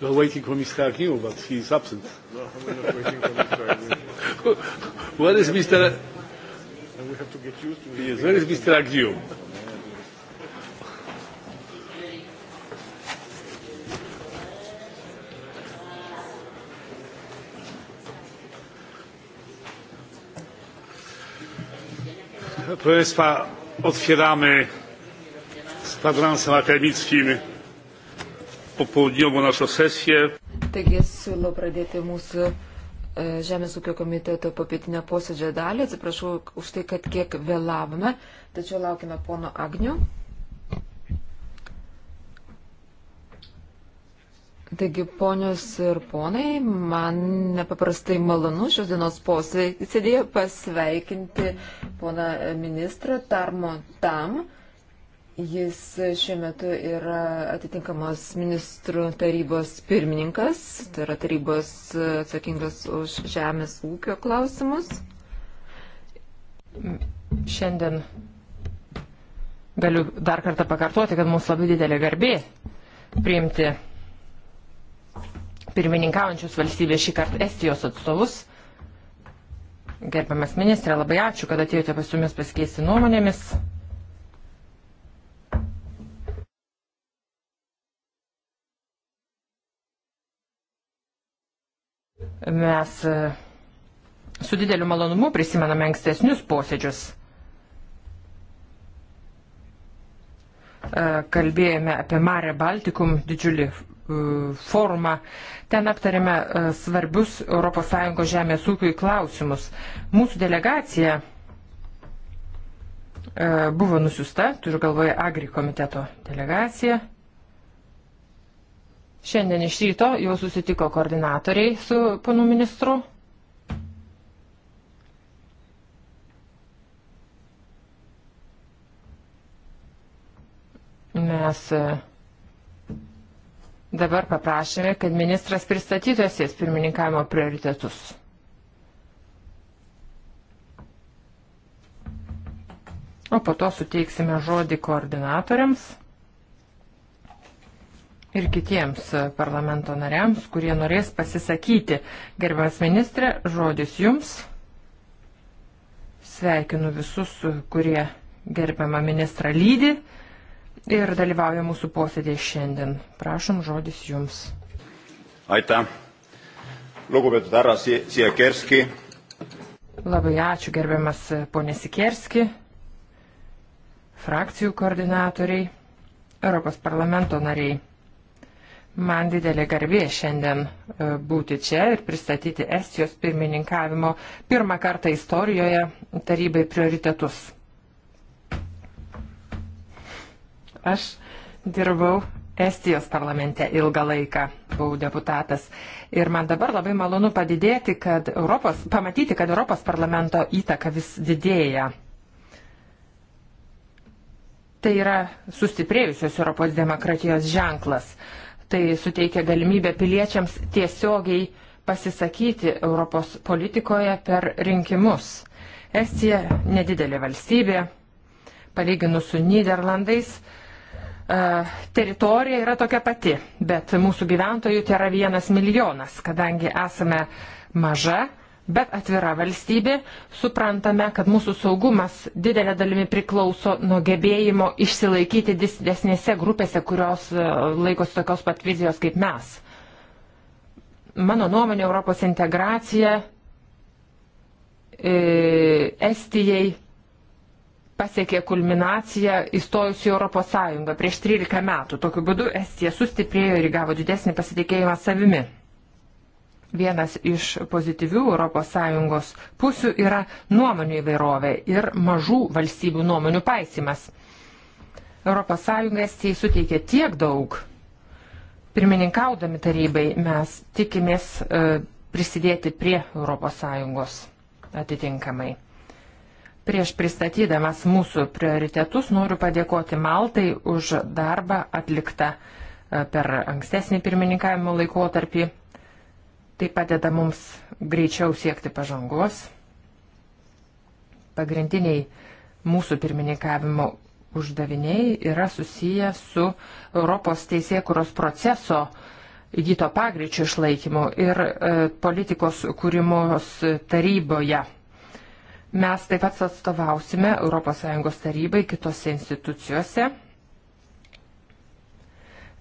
We're waiting for Mr. Agnew, but he's absent. No, we're not waiting for Mr. Agnew. Where is Mr. And we have to get used to it. Yes, where is Mr. Agnew? Proszę Państwa, otwieramy z kwadransem akademickim popołudniową naszą sesję. Taigi siūlau pradėti mūsų e, Žemės ūkio komiteto papietinę posėdžio dalį. Atsiprašau už tai, kad kiek vėlavome, tačiau laukime pono Agnių. Taigi, ponios ir ponai, man nepaprastai malonu šios dienos posėdėje pasveikinti poną ministrą Tarmo Tam. tam Jis šiuo metu yra atitinkamos ministrų tarybos pirmininkas, tai yra tarybos atsakingas už žemės ūkio klausimus. Šiandien galiu dar kartą pakartoti, kad mums labai didelė garbė priimti pirmininkaujančius valstybės šį kartą Estijos atstovus. Gerbiamas ministrė, labai ačiū, kad atėjote pas jumis pasikeisti nuomonėmis. Mes e, su dideliu malonumu prisimename ankstesnius posėdžius. E, kalbėjome apie Mare Baltikum didžiulį e, forumą. Ten aptarėme svarbius ES žemės ūkiui klausimus. Mūsų delegacija buvo nusiusta, turiu galvoje Agri komiteto delegacija. Šiandien iš ryto jau susitiko koordinatoriai su panu ministru. Mes e, dabar paprašėme, kad ministras pristatytų esės pirmininkavimo prioritetus. O po to suteiksime žodį koordinatoriams ir kitiems parlamento nariams, kurie norės pasisakyti. Gerbiamas ministrė, žodis jums. Sveikinu visus, kurie gerbiamą ministrą lydi ir dalyvauja mūsų posėdėje šiandien. Prašom, žodis jums. Aita. Lugupeetud härra Siekerski. Labai ačiū, gerbiamas ponė Sikerski, frakcijų koordinatoriai, Europos parlamento nariai. Man didelė garbė šiandien e, būti čia ir pristatyti Estijos pirmininkavimo pirmą kartą istorijoje tarybai prioritetus. Aš dirbau Estijos parlamente ilgą laiką, buvau deputatas. Ir man dabar labai malonu padidėti, kad Europos, pamatyti, kad Europos parlamento įtaka vis didėja. Tai yra sustiprėjusios Europos demokratijos ženklas. Uh, Tai suteikia galimybę piliečiams tiesiogiai pasisakyti Europos politikoje per rinkimus. Estija nedidelė valstybė, palyginus su Niderlandais, e, teritorija yra tokia pati, bet mūsų gyventojų tai yra vienas milijonas, kadangi esame maža bet atvira valstybė, suprantame, kad mūsų saugumas didelė dalimi priklauso nuo gebėjimo išsilaikyti didesnėse grupėse, kurios e, laikosi tokios pat vizijos kaip mes. Mano nuomonė, Europos integracija e, Estijai pasiekė kulminaciją įstojus į Europos Sąjungą prieš 13 metų. Tokiu būdu Estija sustiprėjo ir įgavo didesnį pasitikėjimą savimi. Vienas iš pozityvių ES pusių yra nuomonių įvairovė ir mažų valstybių nuomonių paisimas. ES jai suteikė tiek daug. Pirmininkaudami tarybai mes tikimės e, prisidėti prie ES atitinkamai. Prieš pristatydamas mūsų prioritetus noriu padėkoti Maltai už darbą atliktą e, per ankstesnį pirmininkavimo laikotarpį Tai padeda mums greičiau siekti pažangos. Pagrindiniai mūsų pirmininkavimo uždaviniai yra susiję su Europos teisėkuros proceso įgyto pagreičio išlaikymu ir e, politikos kūrimos taryboje. Mes taip pat atstovausime ES tarybai kitose institucijose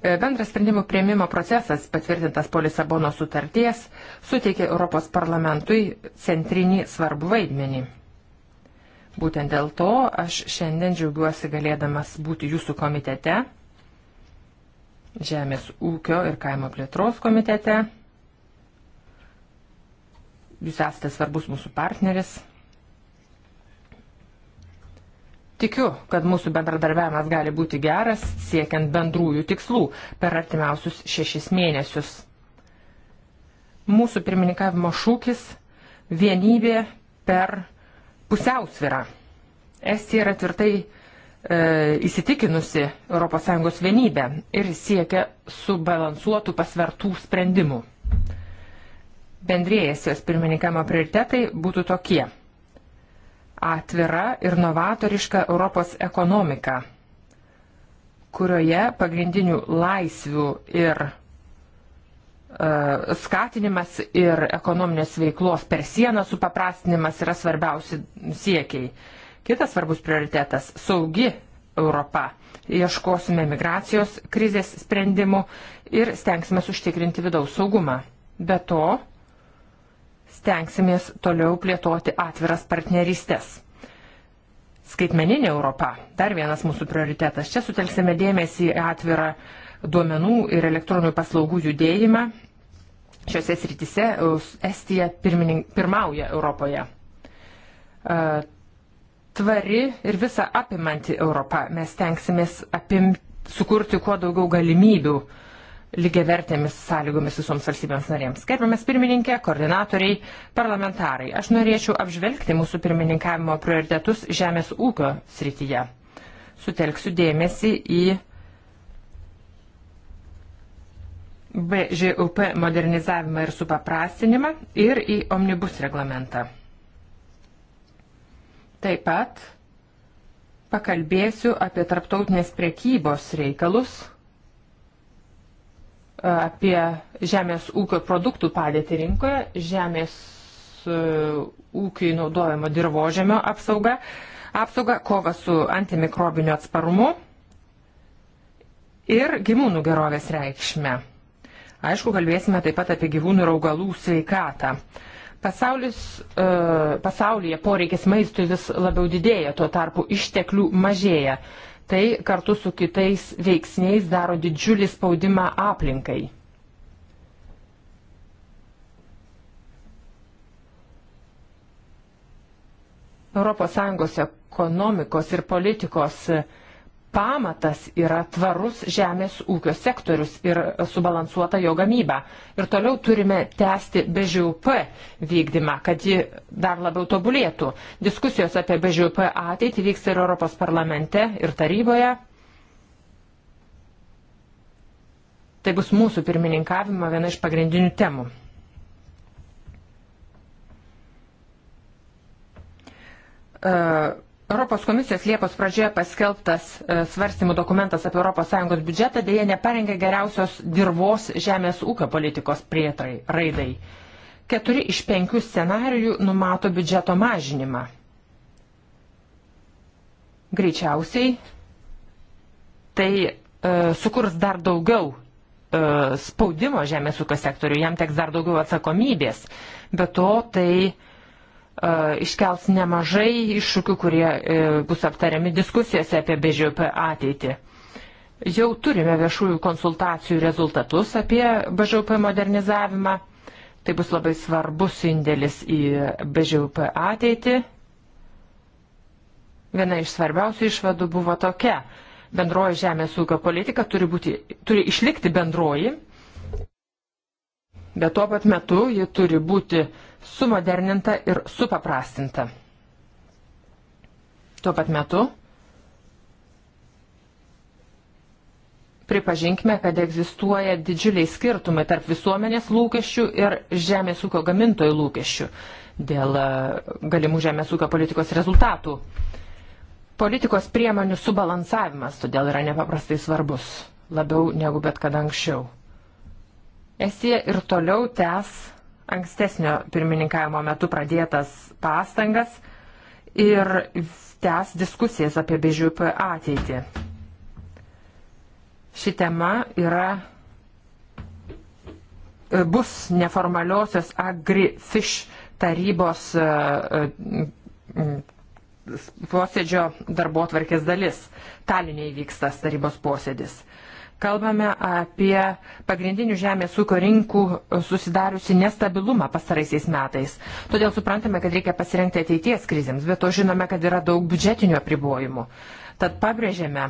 Bendras sprendimų prieimimo procesas, patvirtintas po Lisabono sutarties, suteikė Europos parlamentui centrinį svarbų vaidmenį. Būtent dėl to aš šiandien džiaugiuosi galėdamas būti jūsų komitete, Žemės ūkio ir kaimo plėtros komitete. Jūs esate svarbus mūsų partneris. Tikiu, kad mūsų bendradarbiavimas gali būti geras, siekiant bendrųjų tikslų per artimiausius šešis mėnesius. Mūsų pirmininkavimo šūkis - vienybė per pusiausvirą. Estija yra tvirtai e, įsitikinusi ES vienybę ir siekia subalansuotų pasvertų sprendimų. Bendrėjai Estijos pirmininkavimo prioritetai būtų tokie atvira ir novatoriška Europos ekonomika, kurioje pagrindinių laisvių ir e, skatinimas ir ekonominės veiklos per sieną supaprastinimas yra svarbiausi siekiai. Kitas svarbus prioritetas - saugi Europa. Ieškosime migracijos krizės sprendimų ir stengsime užtikrinti vidaus saugumą. Be to, stengsimės toliau plėtoti atviras partnerystės. Skaitmeninė Europa - dar vienas mūsų prioritetas. Čia sutelksime dėmesį į atvirą duomenų ir elektroninių paslaugų judėjimą. Šiuose srityse e, Estija pirmauja Europoje. E, tvari ir visą apimanti Europą. Mes tenksimės apim, sukurti kuo daugiau galimybių uh, lygiavertėmis sąlygomis visoms valstybėms narėms. Gerbiamas pirmininkė, koordinatoriai, parlamentarai, aš norėčiau apžvelgti mūsų pirmininkavimo prioritetus žemės ūkio srityje. Sutelksiu dėmesį į BŽUP modernizavimą ir supaprastinimą ir į omnibus reglamentą. Taip pat pakalbėsiu apie tarptautinės priekybos reikalus apie žemės ūkio produktų padėtį rinkoje, žemės e, ūkiai naudojamo dirbožemio apsauga, apsauga, kova su antimikrobiniu atsparumu ir gyvūnų gerovės reikšmę. Aišku, kalbėsime taip pat apie gyvūnų ir augalų sveikatą. Pasaulis, e, pasaulyje poreikis maistui vis labiau didėja, tuo tarpu išteklių mažėja. Tai kartu su kitais veiksniais daro didžiulį spaudimą aplinkai. ES ekonomikos ir politikos uh, pamatas yra tvarus žemės ūkio sektorius ir subalansuota jo gamyba. Ir toliau turime tęsti BŽUP vykdymą, kad ji dar labiau tobulėtų. Diskusijos apie BŽUP ateitį vyksta ir Europos parlamente, ir taryboje. Tai bus mūsų pirmininkavimo viena iš pagrindinių temų. Uh, Europos komisijos Liepos pradžioje paskelbtas e, svarstymų dokumentas apie ES biudžetą dėje neparengė geriausios dirvos žemės ūkio politikos prietrai raidai. Keturi iš penkių scenarijų numato biudžeto mažinimą. Greičiausiai tai e, sukurs dar daugiau e, spaudimo žemės ūkio sektoriu, jam teks dar daugiau atsakomybės. Be to, tai e, E, iškels nemažai iššūkių, kurie e, bus aptariami diskusijose apie BŽP ateitį. Jau turime viešųjų konsultacijų rezultatus apie BŽP modernizavimą. Tai bus labai svarbus indėlis į BŽP ateitį. Viena iš svarbiausių išvadų buvo tokia. Bendroji žemės ūkio politika turi, būti, turi išlikti bendroji, bet tuo pat metu ji turi būti uh, sumoderninta ir supaprastinta. Tuo pat metu pripažinkime, kad egzistuoja didžiuliai skirtumai tarp visuomenės lūkesčių ir žemės ūkio gamintojų lūkesčių dėl e, galimų žemės ūkio politikos rezultatų. Politikos priemonių subalansavimas todėl yra nepaprastai svarbus, labiau negu bet kada anksčiau. Esija ir toliau tęs ankstesnio pirmininkavimo metu pradėtas pastangas ir tęs diskusijas apie BŽP ateitį. Ši tema yra e, bus neformaliosios AgriFish tarybos e, e, posėdžio darbo tvarkės dalis. Talinėje vyks tas tarybos posėdis. Kalbame apie pagrindinių žemės ūkio rinkų susidariusi nestabilumą pastaraisiais metais. Todėl suprantame, kad reikia pasirengti ateities krizėms, bet to žinome, kad yra daug biudžetinių apribojimų. Tad pabrėžėme,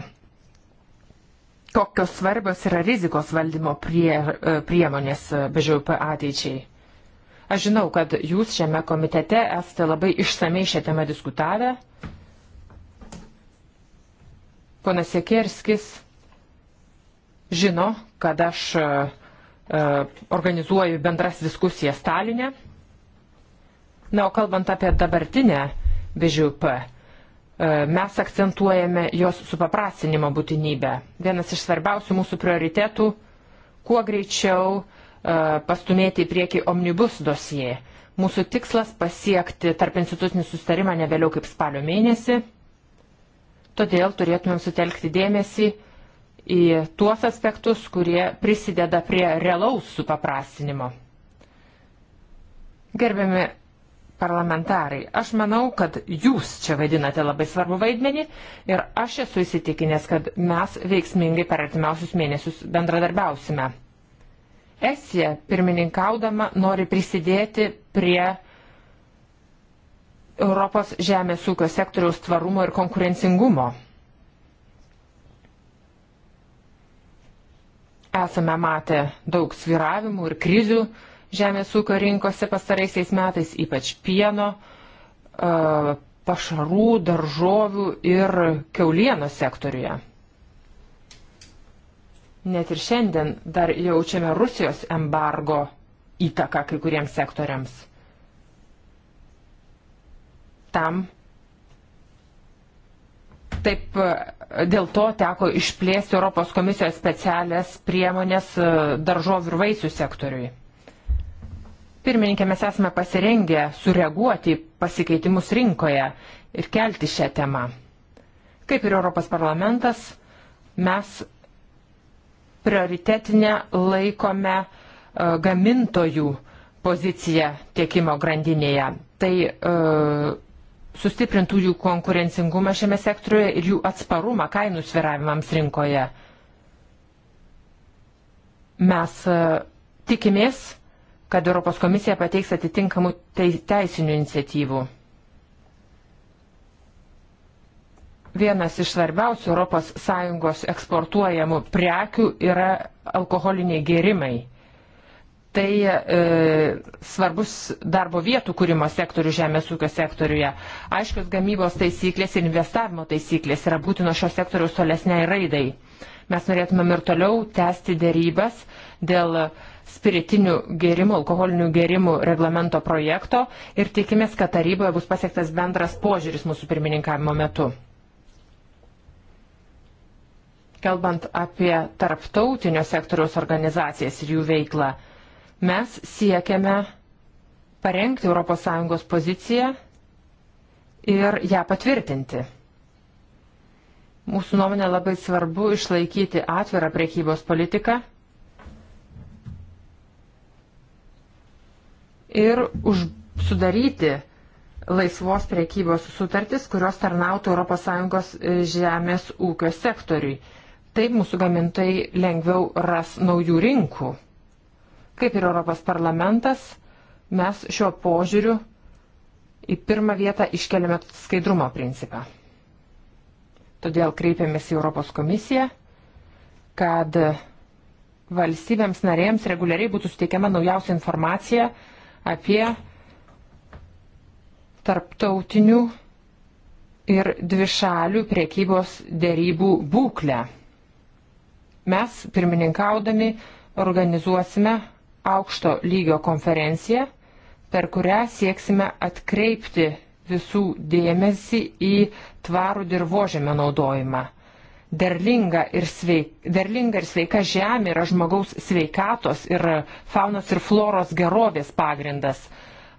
kokios svarbios yra rizikos valdymo prie, e, priemonės e, BŽUP ateičiai. Aš žinau, kad jūs šiame komitete esate labai išsamei šią temą diskutavę. Ponas Sekerskis žino, kad aš e, e, organizuoju bendras diskusijas Talinė. Na, o kalbant apie dabartinę BŽUP, e, mes akcentuojame jos supaprastinimo būtinybę. Vienas iš svarbiausių mūsų prioritetų - kuo greičiau pastumėti į priekį omnibus dosijai. Mūsų tikslas pasiekti tarp institucinį sustarimą ne vėliau kaip spalio mėnesį. Todėl turėtumėm sutelkti dėmesį į tuos aspektus, kurie prisideda prie realaus supaprastinimo. Gerbiami parlamentarai, aš manau, kad jūs čia vaidinate labai svarbu vaidmenį ir aš esu įsitikinęs, kad mes veiksmingai per artimiausius mėnesius bendradarbiausime. Esija, pirmininkaudama, nori prisidėti prie Europos žemės ūkio sektoriaus tvarumo ir konkurencingumo. Esame matę daug sviravimų ir krizių žemės ūkio rinkose pastaraisiais metais, ypač pieno, e, pašarų, daržovių ir keulienos sektoriuje. Net ir šiandien dar jaučiame Rusijos embargo įtaką kai kuriems sektoriams. Tam taip dėl to teko išplėsti Europos komisijos specialias priemonės e, daržovių ir vaisių sektoriui. Pirmininkė, mes esame pasirengę sureaguoti pasikeitimus rinkoje ir kelti šią temą. Kaip ir Europos parlamentas, mes prioritetinę laikome e, gamintojų poziciją tiekimo grandinėje. Tai e, sustiprintų jų konkurencingumą šiame sektoriuje ir jų atsparumą kainų sviravimams rinkoje. Mes e, tikimės, kad Europos komisija pateiks atitinkamų teisinių iniciatyvų. Vienas iš svarbiausių ES eksportuojamų prekių yra alkoholiniai gėrimai tai e, svarbus darbo vietų kūrimo sektorių žemės ūkio sektoriuje. Aiškios gamybos taisyklės ir investavimo taisyklės yra būtino šio sektoriaus tolesniai raidai. Mes norėtumėm ir toliau tęsti dėrybas dėl spiritinių gėrimų, alkoholinių gėrimų reglamento projekto ir tikimės, kad taryboje bus pasiektas bendras požiūris mūsų pirmininkavimo metu. Kalbant apie tarptautinio sektoriaus organizacijas ir jų veiklą, Mes siekiame parengti ES poziciją ir ją patvirtinti. Mūsų nuomonė labai svarbu išlaikyti atvirą priekybos politiką ir už, sudaryti laisvos priekybos sutartis, kurios tarnautų ES e, žemės ūkio sektoriui. Taip mūsų gamintai lengviau ras naujų rinkų. Kaip ir Europos parlamentas, mes šiuo požiūriu į pirmą vietą iškeliame skaidrumo principą. Todėl kreipiamės į Europos komisiją, kad valstybėms narėms reguliariai būtų suteikiama naujausia informacija apie tarptautinių ir dvišalių priekybos dėrybų būklę. Mes, pirmininkaudami, organizuosime aukšto lygio konferenciją, per kurią sieksime atkreipti visų dėmesį į tvarų dirbožėmio naudojimą. Derlinga ir, sveik, derlinga ir sveika žemė yra žmogaus sveikatos ir faunos ir floros gerovės pagrindas.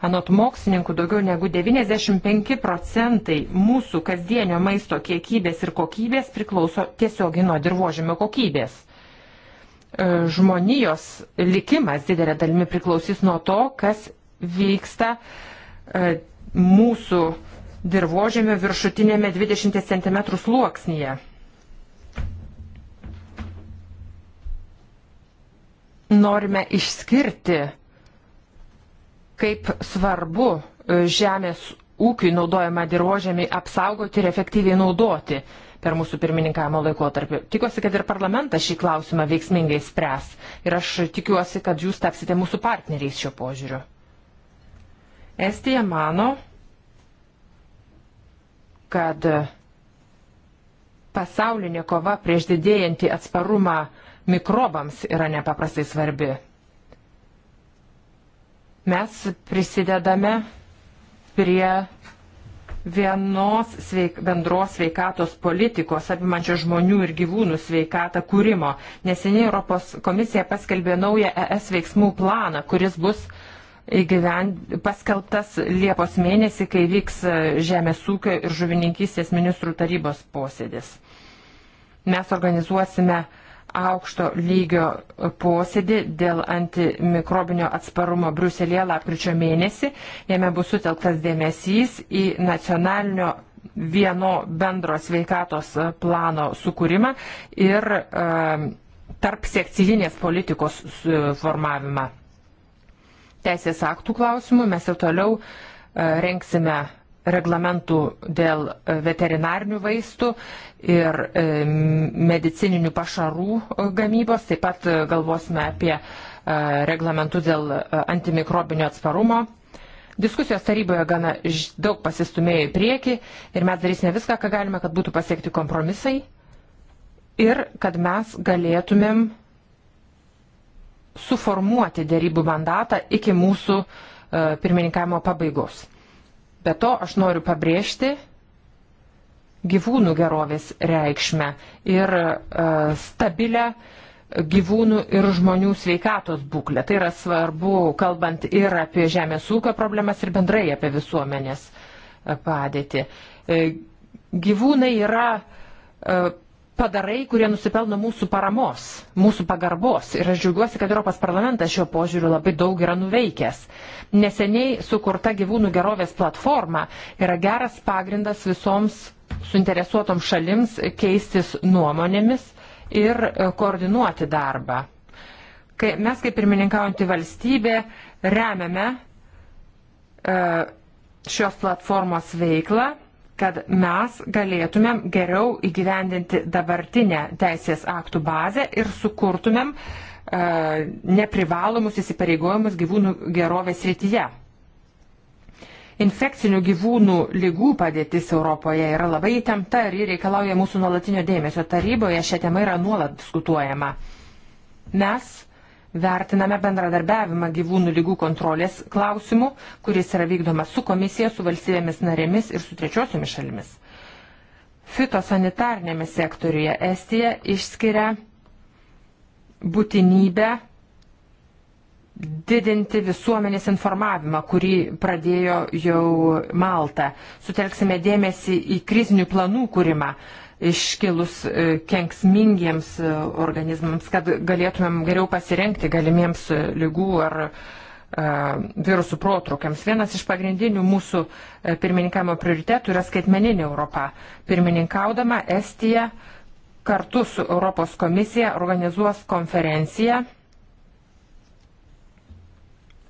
Anot mokslininkų daugiau negu 95 procentai mūsų kasdienio maisto kiekybės ir kokybės priklauso tiesiogiai nuo dirbožėmio kokybės. E, žmonijos likimas didelė dalimi priklausys nuo to, kas vyksta e, mūsų dirbožėmio viršutinėme 20 cm sluoksnyje. Norime išskirti, kaip svarbu e, žemės ūkiui naudojama dirbožėmį apsaugoti ir efektyviai naudoti per mūsų pirmininkavimo laikotarpį. Tikiuosi, kad ir parlamentas šį klausimą veiksmingai spręs ir aš tikiuosi, kad jūs tapsite mūsų partneriais šio požiūriu. Estija mano, kad pasaulinė kova prieš didėjantį atsparumą mikrobams yra nepaprastai svarbi. Mes prisidedame prie vienos sveik, bendros sveikatos politikos apimančios žmonių ir gyvūnų sveikatą kūrimo. Neseniai Europos komisija paskelbė naują ES veiksmų planą, kuris bus įgyvend... paskelbtas Liepos mėnesį, kai vyks e, Žemės ūkio ir žuvininkystės ministrų tarybos posėdis. Mes organizuosime uh, aukšto lygio posėdį dėl antimikrobinio atsparumo Bruselėje lapkričio mėnesį. Jame bus sutelktas dėmesys į nacionalinio vieno bendro sveikatos plano sukūrimą ir e, tarp sekcijinės politikos formavimą. Teisės aktų klausimų mes ir toliau e, renksime reglamentų dėl veterinarnių vaistų ir e, medicininių pašarų e, gamybos. Taip pat e, galvosime apie reglamentus dėl antimikrobinio atsparumo. Diskusijos taryboje gana daug pasistumėjo į priekį ir mes darysime viską, ką galime, kad būtų pasiekti kompromisai ir kad mes galėtumėm suformuoti dėrybų mandatą iki mūsų pirmininkavimo pabaigos. Be to aš noriu pabrėžti gyvūnų gerovės reikšmę ir e, stabilę gyvūnų ir žmonių sveikatos būklę. Tai yra svarbu, kalbant ir apie žemės ūkio problemas ir bendrai apie visuomenės e, padėtį. E, gyvūnai yra e, padarai, kurie nusipelno mūsų paramos, mūsų pagarbos. Ir aš džiaugiuosi, kad Europos parlamentas šio požiūriu labai daug yra nuveikęs. Neseniai sukurta gyvūnų gerovės platforma yra geras pagrindas visoms suinteresuotom šalims keistis nuomonėmis ir e, koordinuoti darbą. Kai mes kaip pirmininkaujantį valstybę remiame e, šios platformos veiklą kad mes galėtumėm geriau įgyvendinti dabartinę teisės aktų bazę ir sukurtumėm e, neprivalomus įsipareigojimus gyvūnų gerovės rytyje. Infekcinių gyvūnų lygų padėtis Europoje yra labai įtempta ir ji reikalauja mūsų nuolatinio dėmesio. Taryboje šią temą yra nuolat diskutuojama. Mes vertiname bendradarbiavimą gyvūnų lygų kontrolės klausimų, kuris yra vykdomas su komisija, su valstybėmis narėmis ir su trečiosiomis šalimis. Fitosanitarnėme sektoriuje Estija išskiria būtinybę didinti visuomenės informavimą, kurį pradėjo jau Malta. Sutelksime dėmesį į krizinių planų kūrimą, iškilus e, kenksmingiems e, organizmams, kad galėtumėm geriau pasirenkti galimiems e, lygų ar virusų protrukiams. Vienas iš pagrindinių mūsų pirmininkamo prioritetų yra skaitmeninė Europa. Pirmininkaudama Estija kartu su Europos komisija organizuos konferenciją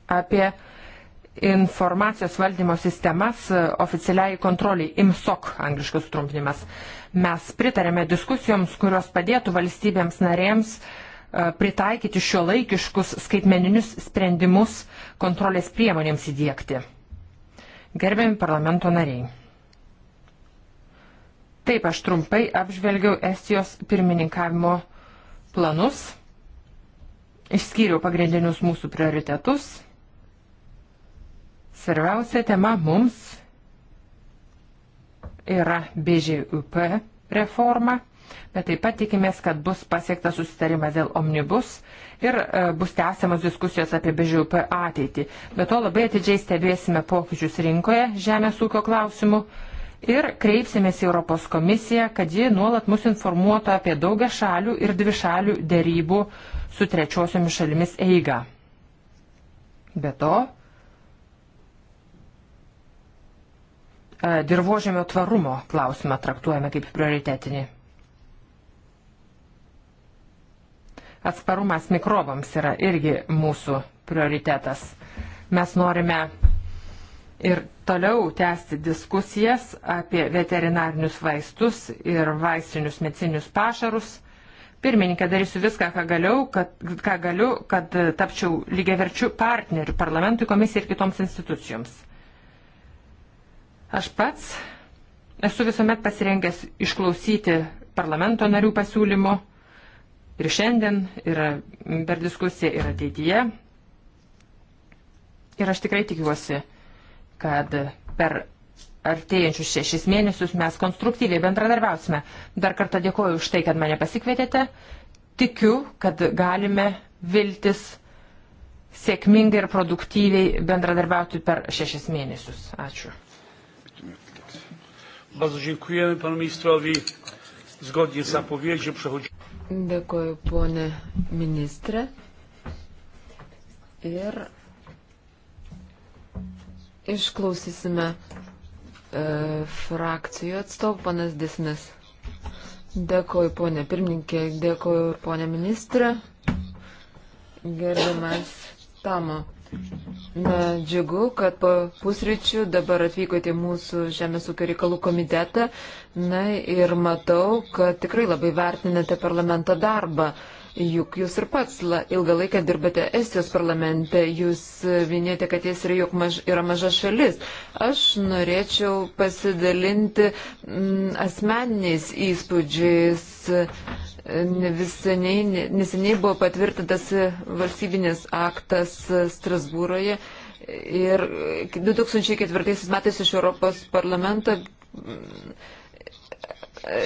apie informacijos valdymo sistemas oficialiai kontroliai, IMSOC angliškas sutrumpinimas. Mes pritarėme diskusijoms, kurios padėtų valstybėms narėms e, pritaikyti šio laikiškus skaitmeninius sprendimus kontrolės priemonėms įdėkti. Gerbiami parlamento nariai. Taip aš trumpai apžvelgiau Estijos pirmininkavimo planus, išskyriau pagrindinius mūsų prioritetus. Svarbiausia tema mums yra BŽUP reforma, bet taip pat tikimės, kad bus pasiektas susitarimas dėl omnibus ir e, bus tęsiamos diskusijos apie BŽUP ateitį. Bet to labai atidžiai stebėsime pokyčius rinkoje žemės ūkio klausimų ir kreipsimės į Europos komisiją, kad ji nuolat mus informuotų apie daugia šalių ir dvi šalių dėrybų su trečiosiomis šalimis eigą. Be to, dirbožėmio tvarumo klausimą traktuojame kaip prioritetinį. Atsparumas mikrobams yra irgi mūsų prioritetas. Mes norime ir toliau tęsti diskusijas apie veterinarinius vaistus ir vaistinius medicinius pašarus. Pirmininkė, darysiu viską, ką, galiau, kad, ką galiu, kad tapčiau lygiaverčių partnerių parlamentui, komisijai ir kitoms institucijoms. Aš pats esu visuomet pasirengęs išklausyti parlamento narių pasiūlymų ir šiandien, ir per diskusiją, ir ateityje. Ir aš tikrai tikiuosi, kad per artėjančius šešis mėnesius mes konstruktyviai bendradarbiausime. Dar kartą dėkoju už tai, kad mane pasikvietėte. Tikiu, kad galime viltis sėkmingai ir produktyviai bendradarbiauti per šešis mėnesius. Ačiū. Bardzo dziękujemy panu ministrowi. Zgodnie z zapowiedzią przechodzimy. Dėkuoju, ponė ministrė. Ir išklausysime e, frakcijų atstovų, panas Disnis. Dėkuoju, ponė pirmininkė, dėkuoju ir ponė ministrė. Gerbiamas Tamo. Na, džiugu, kad po pusryčių dabar atvykote į mūsų Žemės ūkio reikalų komitetą. Na ir matau, kad tikrai labai vertinate parlamento darbą. Juk jūs ir pats la, ilgą laiką dirbate Estijos parlamente, jūs minėjote, kad jis yra, maž, yra maža šalis. Aš norėčiau pasidalinti m, mm, asmeniniais įspūdžiais. Neseniai, neseniai buvo patvirtintas valstybinis aktas Strasbūroje ir 2004 metais iš Europos parlamento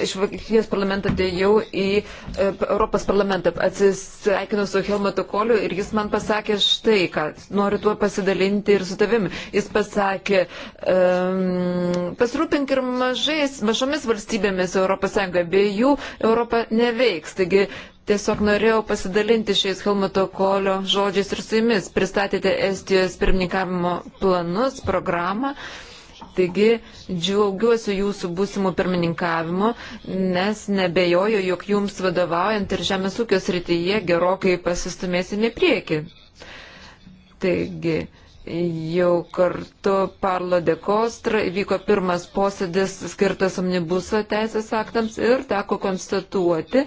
iš Vokietijos parlamento atėjau į e, Europos parlamentą. Atsisveikinau su Helmutu Koliu ir jis man pasakė štai, ką noriu tuo pasidalinti ir su tavimi. Jis pasakė, um, pasirūpink ir mažais, mažomis valstybėmis ES, be jų Europa neveiks. Taigi, Tiesiog norėjau pasidalinti šiais Helmuto Kolio žodžiais ir su jumis. Pristatėte Estijos pirmininkavimo planus, programą. Uh, Taigi džiaugiuosi jūsų būsimų pirmininkavimo, nes nebejoju, jog jums vadovaujant ir žemės ūkio srityje gerokai pasistumėsime prieki. Taigi, jau kartu Parlo de Kostra įvyko pirmas posėdis skirtas omnibuso teisės aktams ir teko konstatuoti,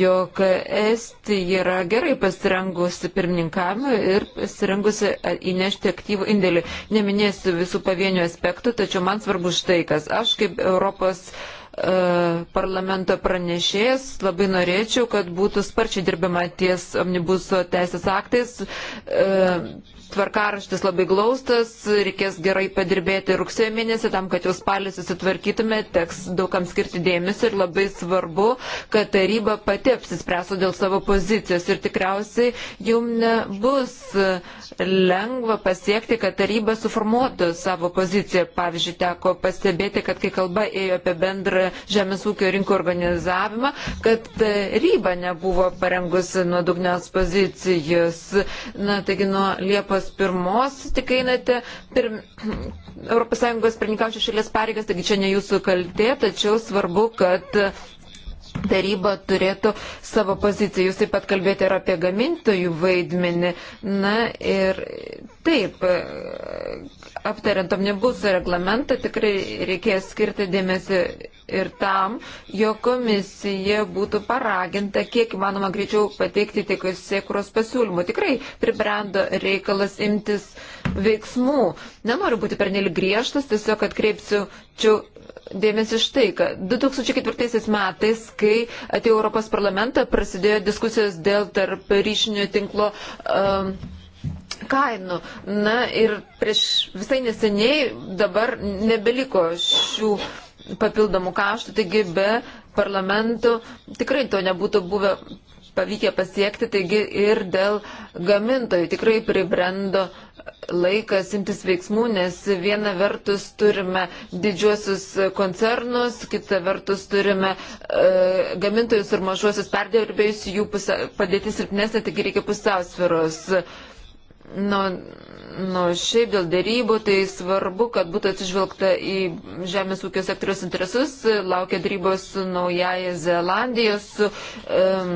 jog Estija yra gerai pasirengusi pirmininkavimui ir pasirengusi įnešti aktyvų indėlį. Neminėsiu visų pavienių aspektų, tačiau man svarbu štai kas. Aš kaip Europos uh, E, parlamento pranešėjas, labai norėčiau, kad būtų sparčiai dirbama ties omnibuso teisės aktais. E, tvarkaraštis labai glaustas, reikės gerai padirbėti rugsėjo mėnesį, tam, kad jau spalį susitvarkytume, teks daugam skirti dėmesio ir labai svarbu, kad taryba pati apsispręsų dėl savo pozicijos ir tikriausiai jums nebus lengva pasiekti, kad taryba suformuotų savo poziciją. Pavyzdžiui, teko pastebėti, kad kai kalba ėjo apie bendrą žemės ūkio rinkų organizavimą, kad taryba nebuvo parengusi nuodugnios pozicijos. Na, taigi nuo Liepos 1 tik einate pirm... ES pirmininkaučio šalies pareigas, taigi čia ne jūsų kaltė, tačiau svarbu, kad taryba turėtų savo poziciją. Jūs taip pat kalbėjote ir apie gamintojų vaidmenį. Na ir taip, aptariant omnibus reglamentą, tikrai reikės skirti dėmesį ir tam, jo komisija būtų paraginta, kiek įmanoma greičiau pateikti tik sėkuros pasiūlymų. Tikrai pribrendo reikalas imtis veiksmų. Nenoriu būti pernelik griežtas, tiesiog atkreipsiu čia dėmesį štai, kad 2004 metais, kai atėjo Europos parlamentą, prasidėjo diskusijos dėl tarp ryšinio tinklo um, kainų. Na ir prieš visai neseniai dabar nebeliko šių papildomų kaštų, taigi be parlamentų tikrai to nebūtų buvę pavykę pasiekti, taigi ir dėl gamintojų tikrai pribrendo laikas imtis veiksmų, nes viena vertus turime didžiuosius koncernus, kita vertus turime e, gamintojus ir mažuosius perdirbėjus, jų pusa, padėtis silpnesnė, taigi reikia pusiausviros. E, Nu, nu, šiaip dėl dėrybų, tai svarbu, kad būtų atsižvelgta į žemės ūkio sektoriaus interesus, laukia dėrybos su Naujaja Zelandija, su um,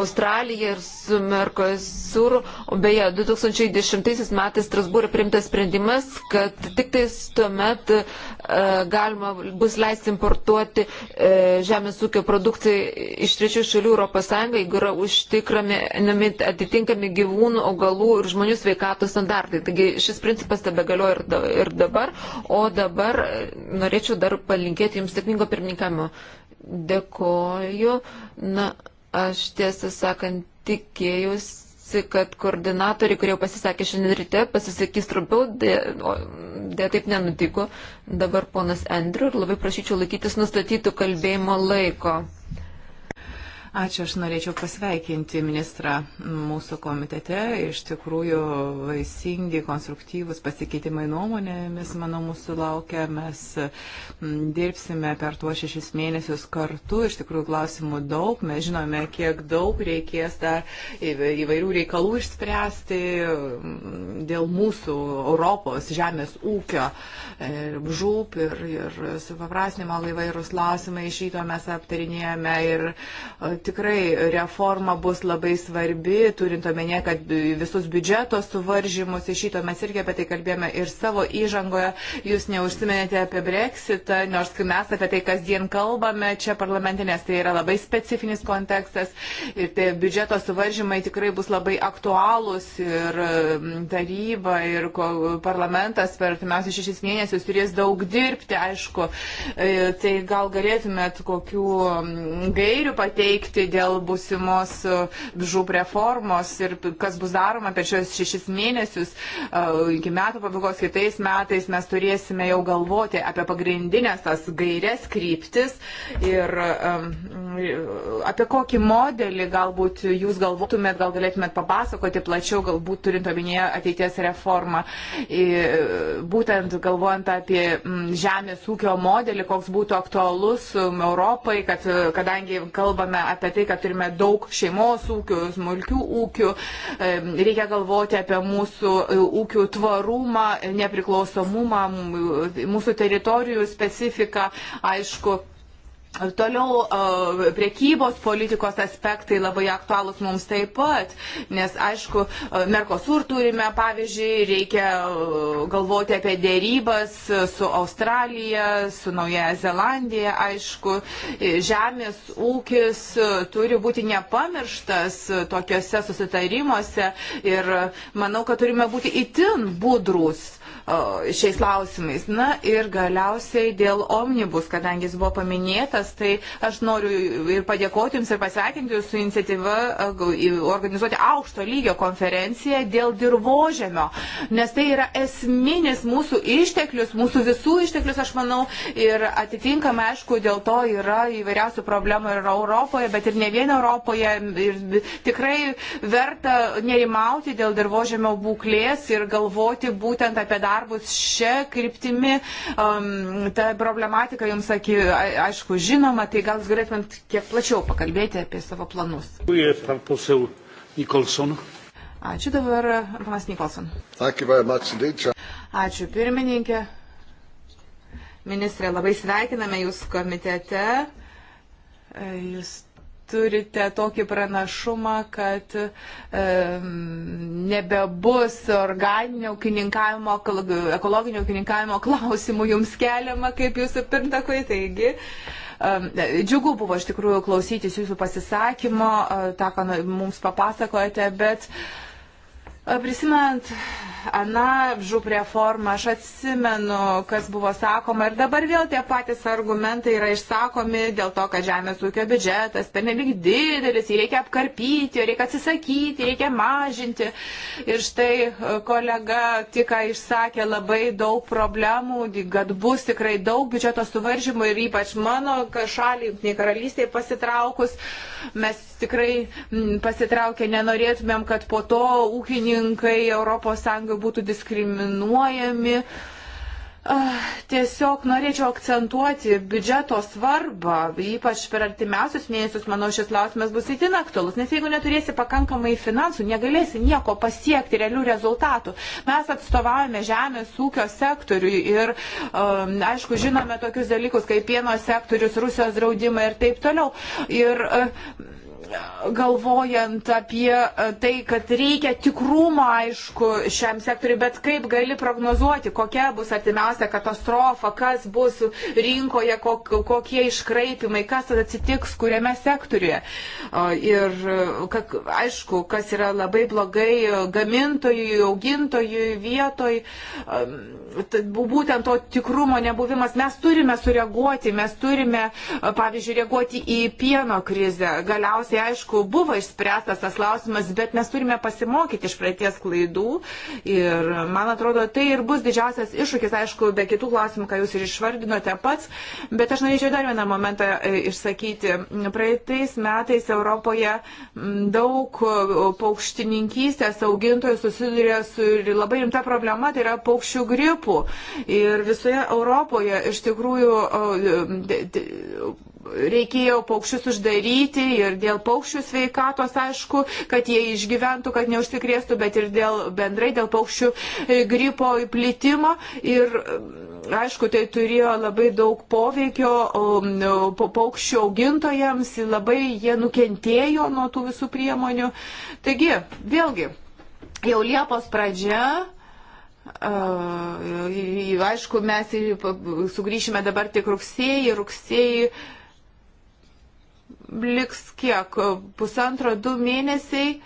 Australija ir su Merkosur. O beje, 2010 metais Strasbūrė primtas sprendimas, kad tik tais tuomet uh, galima bus leisti importuoti uh, žemės ūkio produkciją iš trečių šalių Europos Sąjungą, jeigu yra užtikrinami atitinkami gyvūnų, augalų ir žmonių žmonių sveikatos standartai. Taigi šis principas tebe galioja ir, da, ir dabar, o dabar e, norėčiau dar palinkėti jums sėkmingo pirmininkamo. Dėkoju. Na, aš tiesą sakant, tikėjus kad koordinatoriai, kurie pasisakė šiandien ryte, pasisakys trumpiau, dėja taip nenutiko. Dabar ponas Andriu ir labai prašyčiau laikytis nustatytų kalbėjimo laiko. Ačiū, aš norėčiau pasveikinti ministrą mūsų komitete. Iš tikrųjų, vaisingi, konstruktyvus pasikeitimai nuomonėmis, manau, mūsų laukia. Mes dirbsime per tuos šešis mėnesius kartu. Iš tikrųjų, klausimų daug. Mes žinome, kiek daug reikės dar įvairių reikalų išspręsti dėl mūsų Europos žemės ūkio ir e, žūp ir, ir supaprasnimo laivairūs klausimai. Iš ryto mes aptarinėjame ir e, tikrai reforma bus labai svarbi, turint omenyje, kad visus biudžeto suvaržymus iš šito mes irgi apie tai kalbėjome ir savo įžangoje. Jūs neužsiminėte apie breksitą, nors mes apie tai kasdien kalbame čia parlamentinės, tai yra labai specifinis kontekstas ir tai biudžeto suvaržymai tikrai bus labai aktualūs ir mm, taryba ir parlamentas per artimiausius šešis mėnesius turės daug dirbti, aišku. E, tai gal galėtumėt kokių mm, gairių pateikti laukti dėl būsimos e, žūp reformos ir kas bus daroma per šios šešis mėnesius e, iki metų pabaigos kitais metais mes turėsime jau galvoti apie pagrindinės tas gairias kryptis ir apie kokį modelį galbūt jūs galvotumėt, gal galėtumėt papasakoti plačiau, galbūt turint omenyje ateities reformą, būtent galvojant apie žemės ūkio modelį, koks būtų aktualus Europai, kad, kadangi kalbame apie tai, kad turime daug šeimos ūkių, smulkių ūkių, reikia galvoti apie mūsų e, ūkių tvarumą, nepriklausomumą, mūsų teritorijų specifiką, aišku, Toliau priekybos politikos aspektai labai aktualūs mums taip pat, nes aišku, Merkosur turime, pavyzdžiui, reikia galvoti apie dėrybas su Australija, su Naujaja Zelandija, aišku, e, žemės ūkis turi būti nepamirštas tokiuose susitarimuose ir manau, kad turime būti itin budrus šiais klausimais. Na ir galiausiai dėl omnibus, kadangi jis buvo paminėtas, tai aš noriu ir padėkoti Jums ir pasveikinti Jūsų iniciatyvą organizuoti aukšto lygio konferenciją dėl dirbožėmio, nes tai yra esminis mūsų išteklius, mūsų visų išteklius, aš manau, ir atitinkamai, aišku, dėl to yra įvairiausių problemų ir Europoje, bet ir ne vien Europoje. Ir tikrai verta nerimauti dėl dirbožėmio būklės ir galvoti būtent apie darbą darbus šią kryptimį. Um, ta problematika jums, sakė, aišku, žinoma, tai gal jūs galėtumėt kiek plačiau pakalbėti apie savo planus. Ačiū dabar, panas Nikolson. Ačiū pirmininkė. Ministrė, labai sveikiname jūs komitete. Jūs turite tokį pranašumą, kad e, nebebus organinio ūkininkavimo, ekologinio ūkininkavimo klausimų jums keliama, kaip jūsų pirmtakui. Taigi, e, džiugu buvo iš tikrųjų klausytis jūsų pasisakymo, e, tą, ką mums papasakojate, bet e, Prisimant aną žūp reformą, aš atsimenu, kas buvo sakoma ir dabar vėl tie patys argumentai yra išsakomi dėl to, kad žemės ūkio biudžetas pernelyg didelis, jį reikia apkarpyti, reikia atsisakyti, reikia mažinti. Ir štai e, kolega tik išsakė labai daug problemų, kad bus tikrai daug biudžeto suvaržymų ir ypač mano šaliai, jungtiniai karalystiai pasitraukus, mes tikrai pasitraukę nenorėtumėm, kad po to ūkiniai ūkininkai ES būtų diskriminuojami. Ah, tiesiog norėčiau akcentuoti biudžeto svarbą, ypač per artimiausius mėnesius, manau, šis klausimas bus įtin aktualus, nes jeigu neturėsi pakankamai finansų, negalėsi nieko pasiekti realių rezultatų. Mes atstovaujame žemės ūkio sektoriui ir, um, aišku, žinome tokius dalykus kaip pieno sektorius, Rusijos draudimai ir taip toliau. Ir, um, galvojant apie e, tai, kad reikia tikrumo, aišku, šiam sektoriu, bet kaip gali prognozuoti, kokia bus artimiausia katastrofa, kas bus rinkoje, kokie iškraipimai, kas atsitiks, kuriame sektoriuje. Ir aišku, kas yra labai blogai gamintojui, augintojui, vietoj, būtent to tikrumo nebuvimas. Mes turime sureaguoti, mes turime, pavyzdžiui, reaguoti į pieno krizę. Galiausiai tai aišku buvo išspręstas tas klausimas, bet mes turime pasimokyti iš praeities klaidų ir man atrodo, tai ir bus didžiausias iššūkis, aišku, be kitų klausimų, ką jūs ir išvardinote pats, bet aš norėčiau dar vieną momentą e, išsakyti. Praeitais metais Europoje daug e, paukštininkystės augintojų susidurė su labai rimta problema, tai yra paukščių gripų. Ir visoje Europoje iš tikrųjų e, reikėjo paukščius uždaryti ir dėl paukščių sveikatos, aišku, kad jie išgyventų, kad neužsikrėstų, bet ir dėl bendrai dėl paukščių e, gripo įplitimo. Ir mm, aišku, tai turėjo labai daug poveikio mm, paukščių augintojams, labai jie nukentėjo nuo tų visų priemonių. Taigi, vėlgi, jau Liepos pradžia Uh, aišku, mes sugrįšime dabar tik rugsėjai, rugsėjai liks kiek pusantro, du mėnesiai.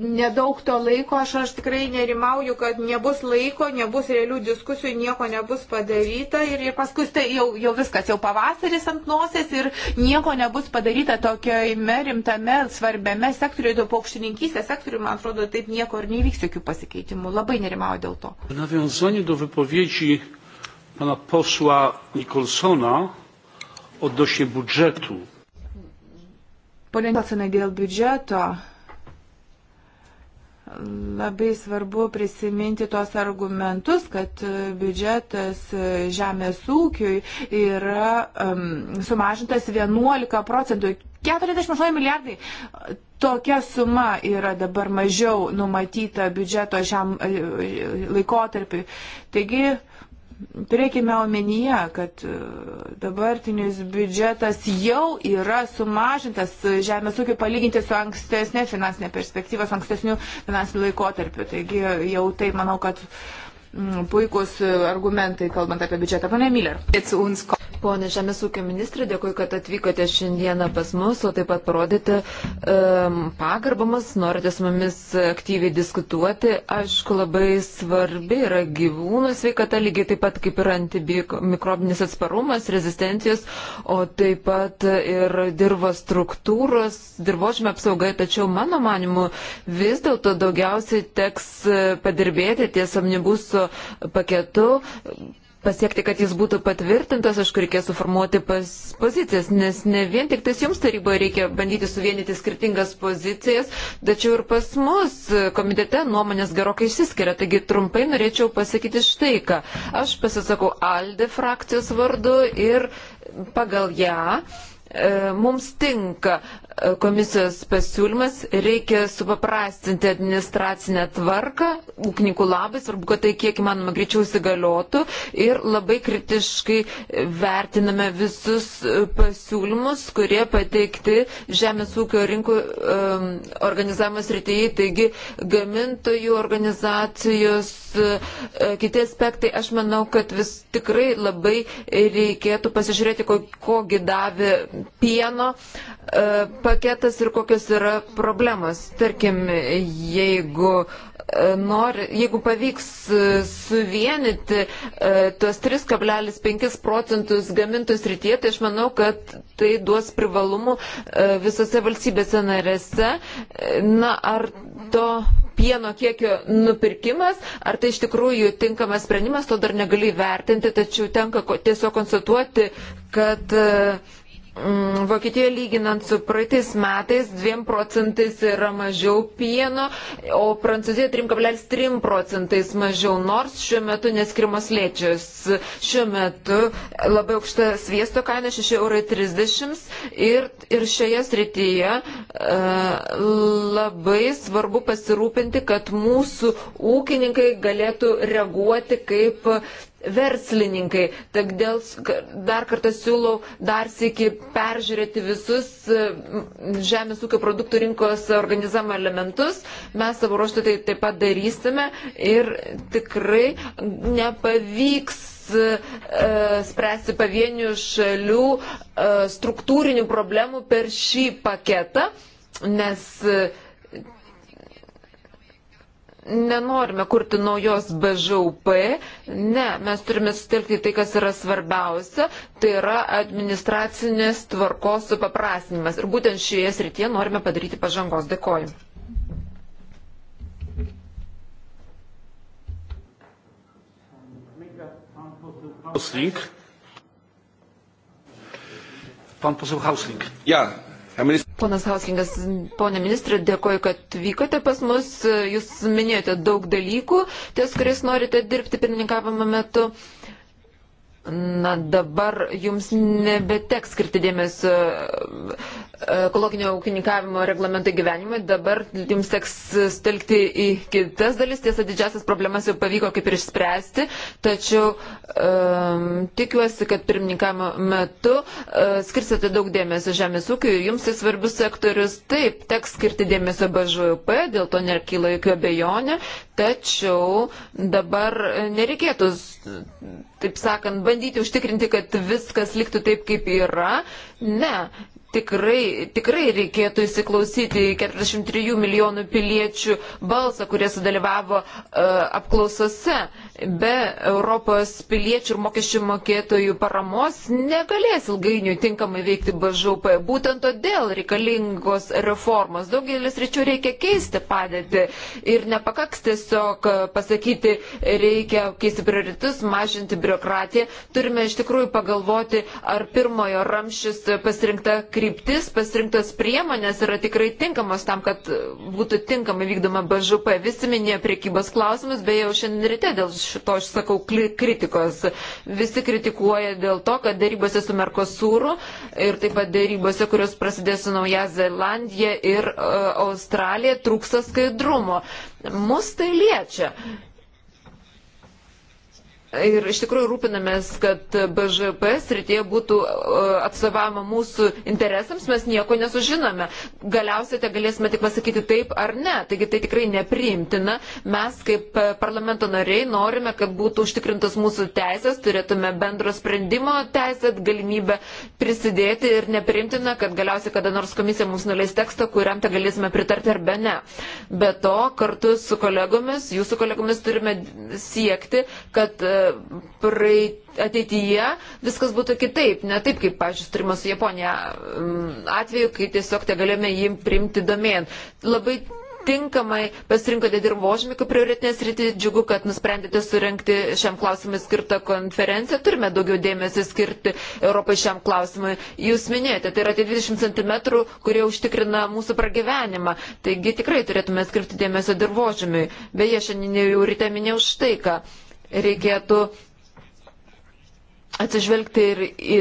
Nedaug to laiko, aš, aš tikrai nerimauju, kad nebus laiko, nebus realių diskusijų, nieko nebus padaryta ir, ir paskui tai jau, jau viskas, jau pavasaris ant nosės ir nieko nebus padaryta tokiojame rimtame, svarbiame sektoriuje, to paukštininkystės sektoriuje, man atrodo, taip nieko ir nevyks jokių pasikeitimų. Labai nerimauju dėl to. Nawiązanie do wypowiedzi pana posła Nicholsona odnośnie budżetu. Pone dėl biudžeto labai svarbu prisiminti tos argumentus, kad biudžetas žemės ūkiui yra um, sumažintas 11 procentų. 48 milijardai. Tokia suma yra dabar mažiau numatyta biudžeto šiam e, laikotarpiu. Taigi Turėkime omenyje, kad e, dabartinis biudžetas jau yra sumažintas žemės ūkiu palyginti su ankstesnė finansinė perspektyva, su ankstesniu finansiniu laikotarpiu. Taigi jau tai manau, kad puikus argumentai, kalbant apie biudžetą. Pane Miller. Pone Žemės ūkio ministrė, dėkui, kad atvykote šiandieną pas mus, o taip pat parodėte um, pagarbamas, norite su mumis aktyviai diskutuoti. Aišku, labai svarbi yra gyvūnų sveikata, lygiai taip pat kaip ir antimikrobinis atsparumas, rezistencijos, o taip pat ir dirbos struktūros, dirbožime apsaugai, tačiau mano manimu vis dėlto daugiausiai teks padirbėti ties amnibusų paketu pasiekti, kad jis būtų patvirtintas, aišku, reikės suformuoti pas, pozicijas, nes ne vien tik tais jums taryboje reikia bandyti suvienyti skirtingas pozicijas, tačiau ir pas mus komitete nuomonės gerokai išsiskiria. Taigi trumpai norėčiau pasakyti štai ką. Aš pasisakau ALDE frakcijos vardu ir pagal ją E, mums tinka e, komisijos pasiūlymas, reikia supaprastinti administracinę tvarką, ūkininkų labai svarbu, kad tai kiek įmanoma greičiau įsigaliotų ir labai kritiškai vertiname visus e, pasiūlymus, kurie pateikti žemės ūkio rinkų um, organizavimo srityje, taigi gamintojų organizacijos, uh, kiti aspektai, aš manau, kad vis tikrai labai reikėtų pasižiūrėti, ko, kogi davė pieno e, paketas ir kokios yra problemos. Tarkim, jeigu e, nori, jeigu pavyks e, suvienyti tuos 3,5 procentus gamintus rytie, tai aš manau, kad tai duos privalumų visose valstybėse narėse. Na, ar to pieno kiekio nupirkimas, ar tai iš tikrųjų tinkamas sprendimas, to dar negali vertinti, tačiau tenka tiesiog konstatuoti, kad uh, Mm, Vokietijoje lyginant su praeitais metais 2 procentais yra mažiau pieno, o Prancūzijoje 3,3 procentais mažiau, nors šiuo metu neskrimos lėčios. Šiuo metu labai aukšta sviesto kaina 6,30 ir, ir šioje srityje e, labai svarbu pasirūpinti, kad mūsų ūkininkai galėtų reaguoti kaip verslininkai. Tad dėl, dar kartą siūlau dar sėki peržiūrėti visus e, žemės ūkio produktų rinkos organizavimo elementus. Mes savo ruoštų tai taip pat darysime ir tikrai nepavyks e, e, spręsti pavienių šalių struktūrinių problemų per šį paketą, nes uh, nenorime kurti naujos BŽUP, ne, mes turime sutelkti tai, kas yra svarbiausia, tai yra administracinės tvarkos supaprasinimas. Ir būtent šioje srityje norime padaryti pažangos. Dėkoju. Hausling. Pan poseł Hausling. Ja, Ponas Hauslingas, ponė ministrė, dėkoju, kad vykote pas mus. Jūs minėjote daug dalykų, ties kuriais norite dirbti pirmininkavimo metu. Uh, Na dabar jums nebeteks skirti dėmesio e, ekologinio ūkininkavimo reglamento gyvenimui, dabar jums teks stelkti į kitas dalis, tiesa didžiasias problemas jau pavyko kaip ir išspręsti, tačiau um, tikiuosi, kad pirmininkavimo metu uh, skirsite daug dėmesio žemės ūkiui, jums tai svarbus sektorius, taip, teks skirti dėmesio BŽUP, dėl to nekyla jokių abejonių, Tačiau dabar nereikėtų, taip sakant, bandyti užtikrinti, kad viskas liktų taip, kaip yra. Ne, tikrai, tikrai reikėtų įsiklausyti 43 milijonų piliečių balsą, kurie sudalyvavo uh, apklausose. Be Europos piliečių ir mokesčių mokėtojų paramos negalės ilgainiui tinkamai veikti BŽUP. Būtent todėl reikalingos reformos. Daugelis ryčių reikia keisti padėtį ir nepakaks tiesiog pasakyti, reikia keisti prioritus, mažinti biurokratiją. Turime iš tikrųjų pagalvoti, ar pirmojo ramšis pasirinkta kryptis kryptis, pasirinktos priemonės yra tikrai tinkamos tam, kad būtų tinkamai vykdoma BŽP. Visi minėjo priekybos klausimus, beje, jau šiandien ryte dėl šito aš sakau kritikos. Visi kritikuoja dėl to, kad darybose su Merkosūru ir taip pat darybose, kurios prasidės su Nauja Zelandija ir uh, Australija, trūksta skaidrumo. Mus tai liečia. Ir iš tikrųjų rūpinamės, kad BŽP srityje būtų e, atstovama mūsų interesams, mes nieko nesužinome. Galiausiai te galėsime tik pasakyti taip ar ne. Taigi tai tikrai nepriimtina. Mes kaip e, parlamento nariai norime, kad būtų užtikrintas mūsų teisės, turėtume bendro sprendimo teisę, galimybę prisidėti ir nepriimtina, kad galiausiai kada nors komisija mums nuleis tekstą, kuriam te galėsime pritarti ar be ne. Be to, kartu su kolegomis, jūsų kolegomis turime siekti, kad e, praeit, ateityje viskas būtų kitaip, ne taip, kaip, pažiūrėjau, turime su Japonija mm, atveju, kai tiesiog te galėjome jį priimti domėn. Labai tinkamai pasirinkote dirbožmį kaip prioritinės rytį. Džiugu, kad nusprendėte surenkti šiam klausimui skirtą konferenciją. Turime daugiau dėmesio skirti Europai šiam klausimui. Jūs minėjote, tai yra tie 20 cm, kurie užtikrina mūsų pragyvenimą. Taigi tikrai turėtume skirti dėmesio dirbožmiui. Beje, šiandien jau ryte minėjau štai ką reikėtų atsižvelgti ir į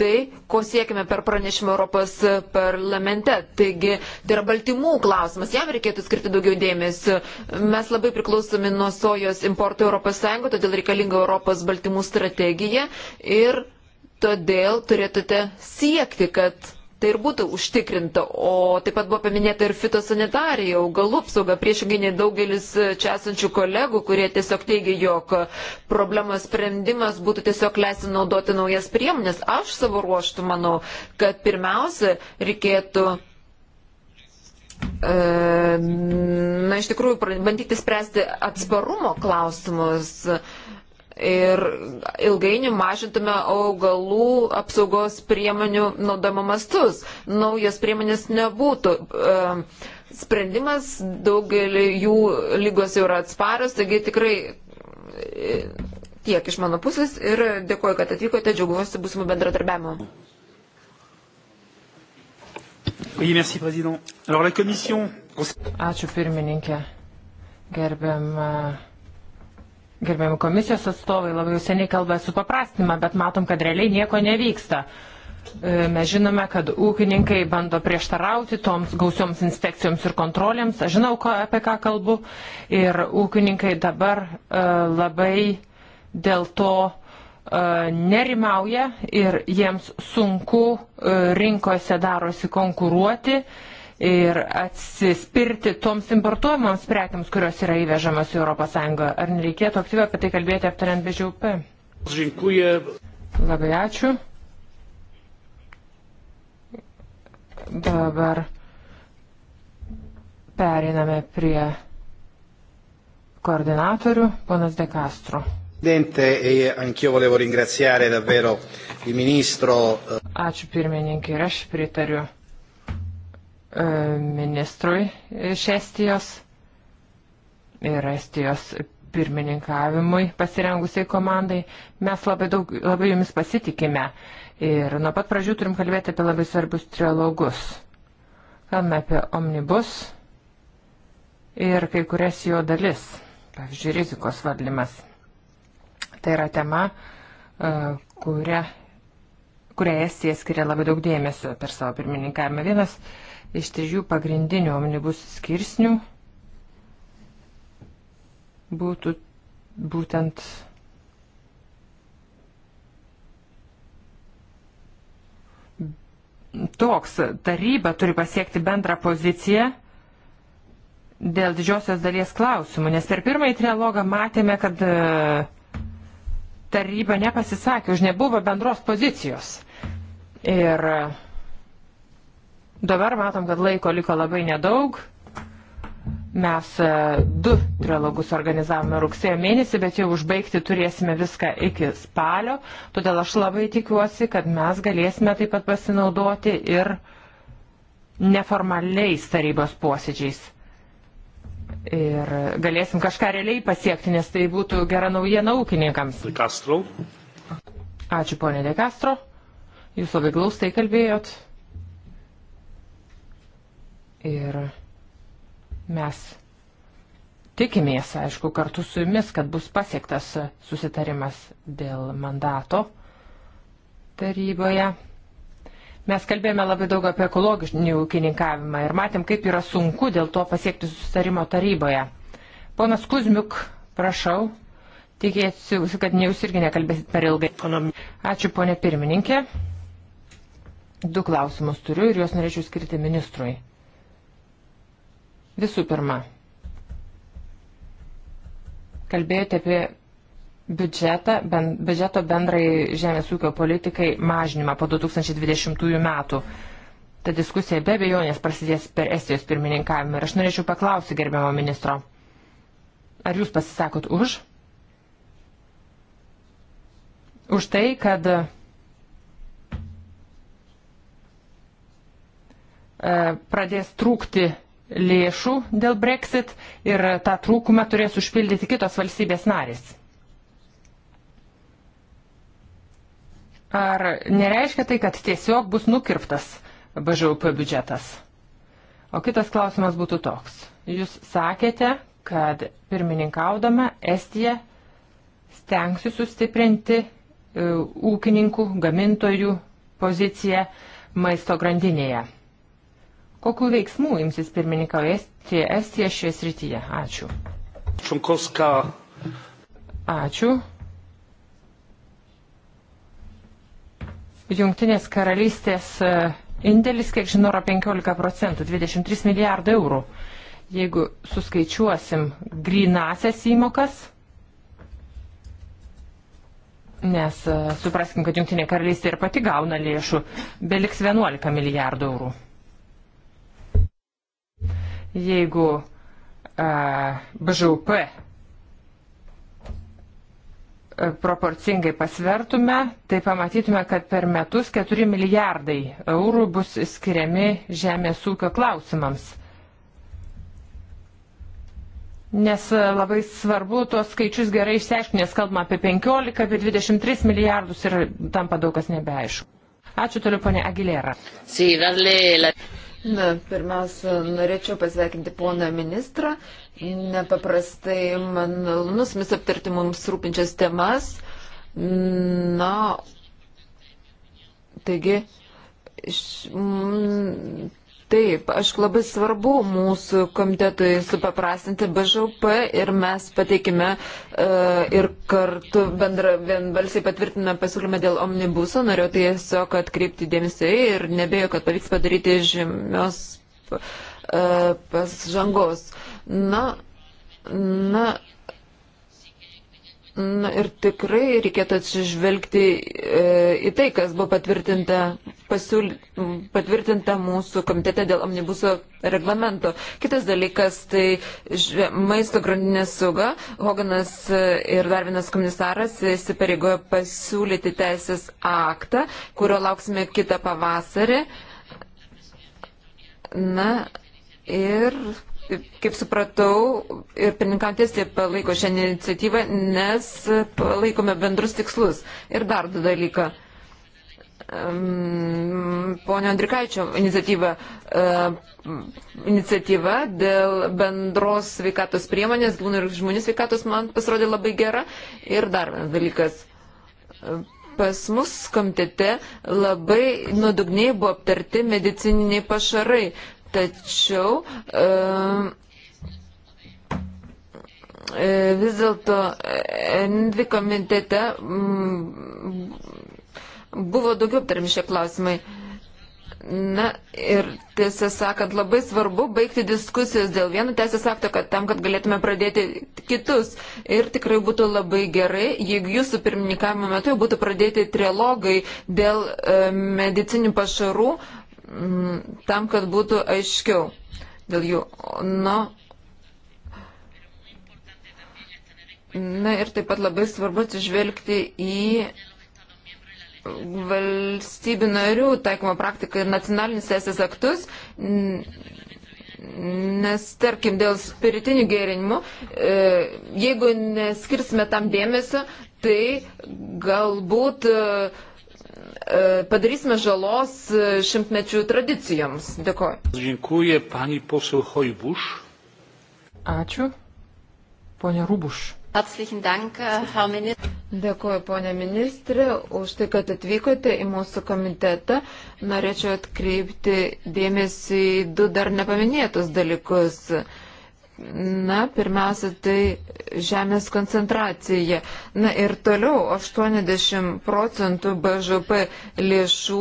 tai, ko siekime per pranešimą Europos parlamente. Taigi, tai yra baltymų klausimas, jam reikėtų skirti daugiau dėmesio. Mes labai priklausomi nuo sojos importo Europos Sąjungo, todėl reikalinga Europos baltymų strategija ir todėl turėtumėte siekti, kad tai ir būtų užtikrinta. O taip pat buvo paminėta ir fitosanitarija, augalų apsauga, priešingai nei daugelis čia esančių kolegų, kurie tiesiog teigia, jog problemos sprendimas būtų tiesiog leisti naudoti naujas priemonės. Aš savo ruoštų manau, kad pirmiausia reikėtų e, Na, iš tikrųjų, bandyti spręsti atsparumo klausimus, ir ilgainiui mažintume augalų apsaugos priemonių naudojimo mastus. Naujos priemonės nebūtų. E, sprendimas daugelį jų lygos jau yra atsparas, taigi tikrai e, tiek iš mano pusės ir dėkoju, kad atvykote, džiaugiuosi būsimų bendradarbiavimo. Ačiū pirmininkė. Gerbiam uh, gerbiami komisijos atstovai labai jau seniai kalba su paprastinimą, bet matom, kad realiai nieko nevyksta. E, mes žinome, kad ūkininkai bando prieštarauti toms gausioms inspekcijoms ir kontrolėms. Aš žinau, ko, apie ką kalbu. Ir ūkininkai dabar uh, labai dėl to uh, nerimauja ir jiems sunku uh, rinkose darosi konkuruoti. Uh, ir atsispirti toms importuojamoms prekiams, kurios yra įvežamas į ES. Ar nereikėtų aktyviau apie tai kalbėti aptariant BŽUP? Dziękuję. Labai ačiū. Dabar periname prie koordinatorių, ponas De Castro. Presidente, e anch'io volevo ringraziare davvero il Ministro. Eh, ačiū pirmininkai ir aš pritariu E, ministrui iš Estijos ir Estijos pirmininkavimui pasirengusiai komandai. Mes labai, daug, labai jumis pasitikime ir nuo pat pradžių turim kalbėti apie labai svarbius trilogus. Kalbame apie omnibus ir kai kurias jo dalis, pavyzdžiui, rizikos valdymas. Tai yra tema, e, kuria, kuria Estija skiria labai daug dėmesio per savo pirmininkavimą. Vienas uh, Iš trijų pagrindinių omnibus skirsnių būtų būtent toks taryba turi pasiekti bendrą poziciją dėl didžiosios dalies klausimų, nes per pirmąjį trialogą matėme, kad e, taryba nepasisakė, už nebuvo bendros pozicijos. Ir Dabar matom, kad laiko liko labai nedaug. Mes e, du trilogus organizavome rugsėjo mėnesį, bet jau užbaigti turėsime viską iki spalio. Todėl aš labai tikiuosi, kad mes galėsime taip pat pasinaudoti ir neformaliais tarybos posėdžiais. Ir galėsim kažką realiai pasiekti, nes tai būtų gera naujiena ūkininkams. De Castro. Ačiū, ponė De Castro. Jūs labai glaustai kalbėjot. Ir mes tikimės, aišku, kartu su jumis, kad bus pasiektas susitarimas dėl mandato taryboje. Mes kalbėjome labai daug apie ekologinį ūkininkavimą ir matėm, kaip yra sunku dėl to pasiekti susitarimo taryboje. Ponas Kuzmiuk, prašau, tikėsiu, kad ne jūs irgi nekalbėsit per ilgai. Ačiū, ponė pirmininkė. Du klausimus turiu ir juos norėčiau skirti ministrui. Visų pirma, kalbėjote apie biudžetą, ben, biudžeto bendrai žemės ūkio politikai mažinimą po 2020 metų. Ta diskusija be abejonės prasidės per Estijos pirmininkavimą ir aš norėčiau paklausyti gerbiamo ministro. Ar jūs pasisakot už? Už tai, kad e, pradės trūkti lėšų dėl Brexit ir tą trūkumą turės užpildyti kitos valstybės narės. Ar nereiškia tai, kad tiesiog bus nukirptas BŽUP biudžetas? O kitas klausimas būtų toks. Jūs sakėte, kad pirmininkaudama Estija stengsiu sustiprinti e, ūkininkų, gamintojų poziciją maisto grandinėje. Kokiu veiksmu imsis pirmininkauja Estija šioje srityje? Ačiū. Šunkovska. Ačiū. Jungtinės karalystės e, indėlis, kiek žinau, yra 15 procentų, 23 milijardai eurų. Jeigu suskaičiuosim grinasias įmokas, nes e, supraskim, kad Jungtinė karalystė ir pati gauna lėšų, beliks 11 milijardų eurų. Jeigu uh, BŽUP proporcingai pasvertume, tai pamatytume, kad per metus 4 milijardai eurų bus skiriami žemės ūkio klausimams. Nes labai svarbu tuos skaičius gerai išsiaiškinti, nes kalbama apie 15, apie 23 milijardus ir tampa daug kas nebeaišku. Ačiū toliau, ponė Agilėra. Sí, Na, pirmiausia, norėčiau pasveikinti poną ministrą. Nepaprastai man malonus vis aptarti mums rūpinčias temas. Na, taigi, iš, m, Taip, aš labai svarbu mūsų komitetui supaprastinti BŽP ir mes pateikime uh, ir kartu bendra, vienbalsiai patvirtiname pasiūlymą dėl omnibuso. Norėjau tiesiog atkreipti dėmesį ir nebėjau, kad pavyks padaryti žymios uh, pažangos. Na, na, Na ir tikrai reikėtų atsižvelgti e, į tai, kas buvo patvirtinta, pasiūl... patvirtinta mūsų komitete dėl omnibuso reglamento. Kitas dalykas - tai ž... maisto grandinės sauga. Hoganas e, ir dar vienas komisaras įsipareigojo pasiūlyti teisės aktą, kurio lauksime kitą pavasarį. Na ir kaip supratau, ir pirmininkantės taip palaiko šią iniciatyvą, nes palaikome bendrus tikslus. Ir dar du dalyką. Pone Andrikaičio iniciatyva, iniciatyva dėl bendros sveikatos priemonės, gyvūnų ir žmonių sveikatos man pasirodė labai gera. Ir dar vienas dalykas pas mus komitete labai nuodugniai buvo aptarti medicininiai pašarai. Tačiau e, vis dėlto e, NV komitete buvo daugiau aptarimi šie klausimai. Na ir tiesą sakant, labai svarbu baigti diskusijas dėl vieno teisės akto, kad tam, kad galėtume pradėti kitus. Ir tikrai būtų labai gerai, jeigu jūsų pirmininkavimo metu būtų pradėti trilogai dėl e, medicinių pašarų. E, Mm, tam, kad būtų aiškiau dėl jų. Na, na ir taip pat labai svarbu atsižvelgti į valstybių narių taikymo praktiką ir nacionalinius teisės aktus, nes tarkim dėl spiritinių gėrinimų, e, jeigu neskirsime tam dėmesio, tai galbūt uh, E, padarysime žalos e, šimtmečių tradicijoms. Dėkuoju. Dėkuoju, pani posel Hojbuš. Ačiū. Pone Rūbuš. Dėkuoju, ponė ministrė, už tai, kad atvykote į mūsų komitetą. Norėčiau atkreipti dėmesį į du dar nepaminėtus dalykus. Na, pirmiausia, tai žemės koncentracija. Na ir toliau 80 procentų BŽP lėšų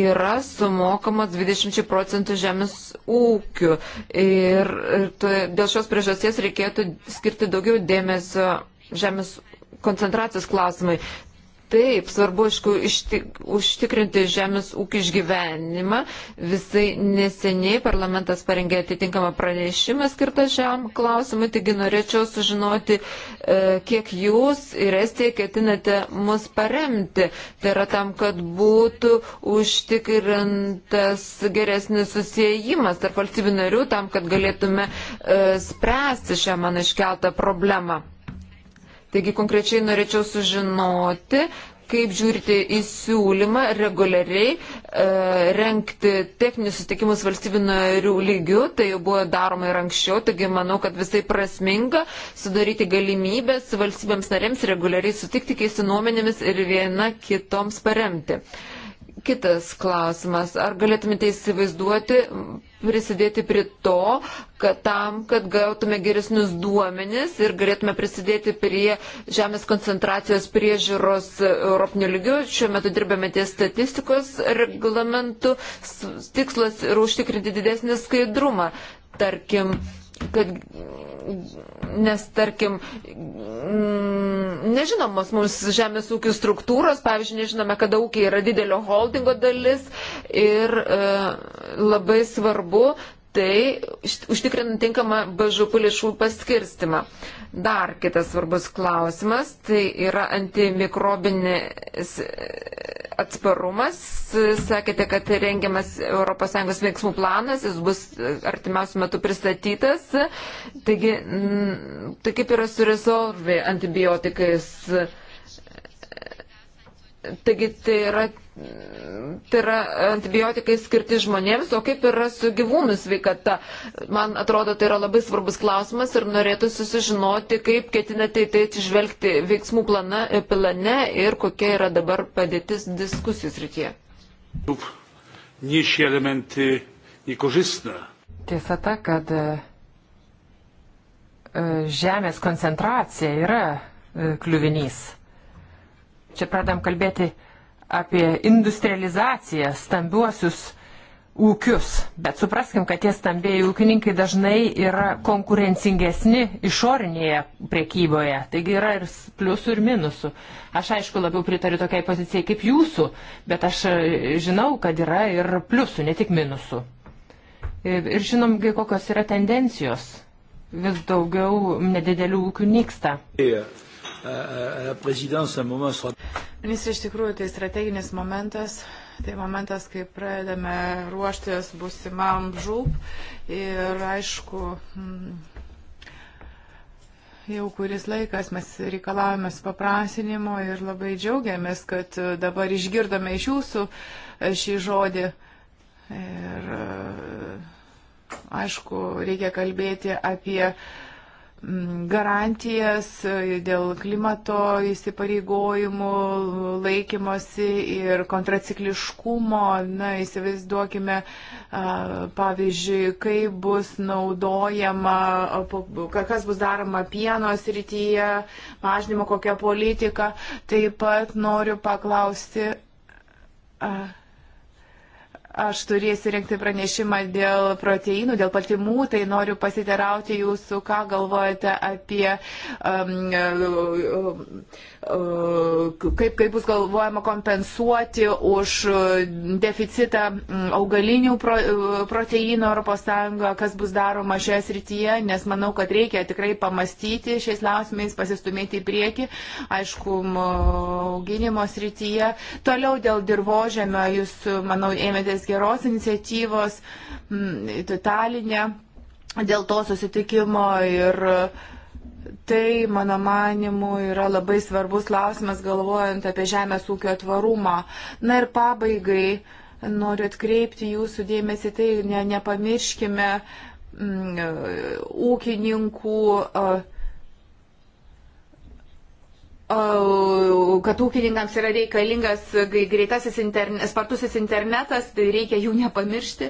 yra sumokamas 20 procentų žemės ūkių. Ir, ir tai, dėl šios priežasties reikėtų skirti daugiau dėmesio žemės koncentracijos klausimai. Taip, svarbu, aišku, ištik, užtikrinti žemės ūkį išgyvenimą. Visai neseniai parlamentas parengė atitinkamą pranešimą skirtą šiam klausimui, taigi norėčiau sužinoti, e, kiek jūs ir Estija ketinate mus paremti. Tai yra tam, kad būtų užtikrintas geresnis susijimas tarp valstybių narių, tam, kad galėtume e, spręsti šią man iškeltą problemą. Taigi konkrečiai norėčiau sužinoti, kaip žiūrite į siūlymą reguliariai e, renkti techninius sutikimus valstybių narių lygių, tai jau buvo daroma ir anksčiau, taigi manau, kad visai prasminga sudaryti galimybės valstybėms narėms reguliariai sutikti, keisti nuomenėmis ir viena kitoms paremti. E, Kitas klausimas, ar galėtumėte įsivaizduoti, prisidėti prie to, kad tam, kad gautume geresnius duomenis ir galėtume prisidėti prie žemės koncentracijos priežiūros Europinio lygio. Šiuo metu dirbame ties statistikos reglamentu, tikslas yra užtikrinti didesnį skaidrumą. Tarkim, kad, nes tarkim, nežinomos mums žemės ūkių struktūros, pavyzdžiui, nežinome, kada ūkiai yra didelio holdingo dalis ir e, labai svarbu tai užtikrinant tinkamą bažupų lėšų paskirstimą. Dar kitas svarbus klausimas, tai yra antimikrobinės atsparumas. Sakėte, kad rengiamas ES veiksmų planas, jis bus artimiausių metų pristatytas. Taigi, tai kaip yra su resolvi antibiotikais? Taigi tai yra, tai yra antibiotikai skirti žmonėms, o kaip yra su gyvūnų sveikata? Man atrodo, tai yra labai svarbus klausimas ir norėtų susižinoti, kaip ketinate į tai atsižvelgti veiksmų plana, plane ir kokia yra dabar padėtis diskusijos rytyje. Tiesa ta, kad e, e, žemės koncentracija yra e, kliuvinys čia pradam kalbėti apie industrializaciją, stambiuosius ūkius. Bet supraskim, kad tie stambėjai ūkininkai dažnai yra konkurencingesni išorinėje priekyboje. Taigi yra ir pliusų, ir minusų. Aš aišku labiau pritariu tokiai pozicijai kaip jūsų, bet aš e, žinau, kad yra ir pliusų, ne tik minusų. Ir, ir žinom, kokios yra tendencijos. Vis daugiau nedidelių ūkių nyksta. Yeah prezidents un moment sera. Ministrė, iš tikrųjų, tai strateginis momentas, tai momentas, kai pradedame ruoštis būsimam žūp ir aišku, mm, jau kuris laikas mes reikalavome supaprasinimo ir labai džiaugiamės, kad dabar išgirdome iš jūsų e, šį žodį. Ir e, aišku, reikia kalbėti apie uh, garantijas e, dėl klimato įsipareigojimų laikymosi ir kontracikliškumo. Na, įsivaizduokime, pavyzdžiui, kaip bus naudojama, kas bus daroma pieno srityje, mažinimo kokią politiką. Taip pat noriu paklausti. Uh Aš turėsiu rengti pranešimą dėl proteinų, dėl patimų, tai noriu pasiterauti jūsų, ką galvojate apie, um, um, um, kaip, kaip bus galvojama kompensuoti už deficitą um, augalinių pro, proteinų ES, kas bus daroma šioje srityje, nes manau, kad reikia tikrai pamastyti šiais klausimais, pasistumėti į priekį, aišku, auginimo srityje. Toliau dėl dirbožėmio jūs, manau, ėmėtės geros iniciatyvos Talinė dėl to susitikimo ir tai, mano manimu, yra labai svarbus klausimas galvojant apie žemės ūkio tvarumą. Na ir pabaigai noriu atkreipti jūsų dėmesį, tai ne, nepamirškime m, ūkininkų. A, kad ūkininkams yra reikalingas greitasis interne, spartusis internetas, tai reikia jų nepamiršti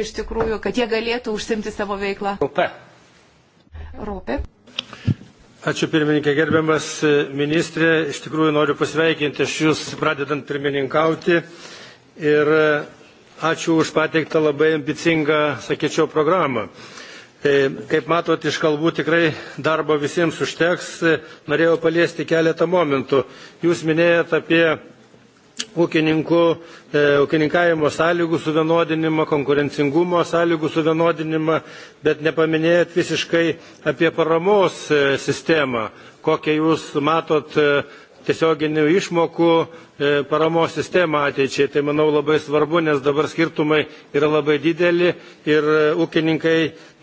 iš tikrųjų, kad jie galėtų užsimti savo veiklą. Rūpe. Rūpe. Ačiū pirmininkė, gerbiamas e, ministrė, iš tikrųjų noriu pasveikinti iš Jūs pradedant pirmininkauti ir e, ačiū už pateiktą labai ambicingą, sakyčiau, programą. Tai kaip matot, iš kalbų tikrai darbo visiems užteks. Norėjau paliesti keletą momentų. Jūs minėjot apie ūkininkų, e, ūkininkavimo sąlygų suvienodinimą, konkurencingumo sąlygų suvienodinimą, bet nepaminėjot visiškai apie paramos e, sistemą, kokią jūs matot e, tiesioginių išmokų e, paramos sistemą ateičiai. Tai manau labai svarbu, nes dabar skirtumai yra labai dideli ir e, ūkininkai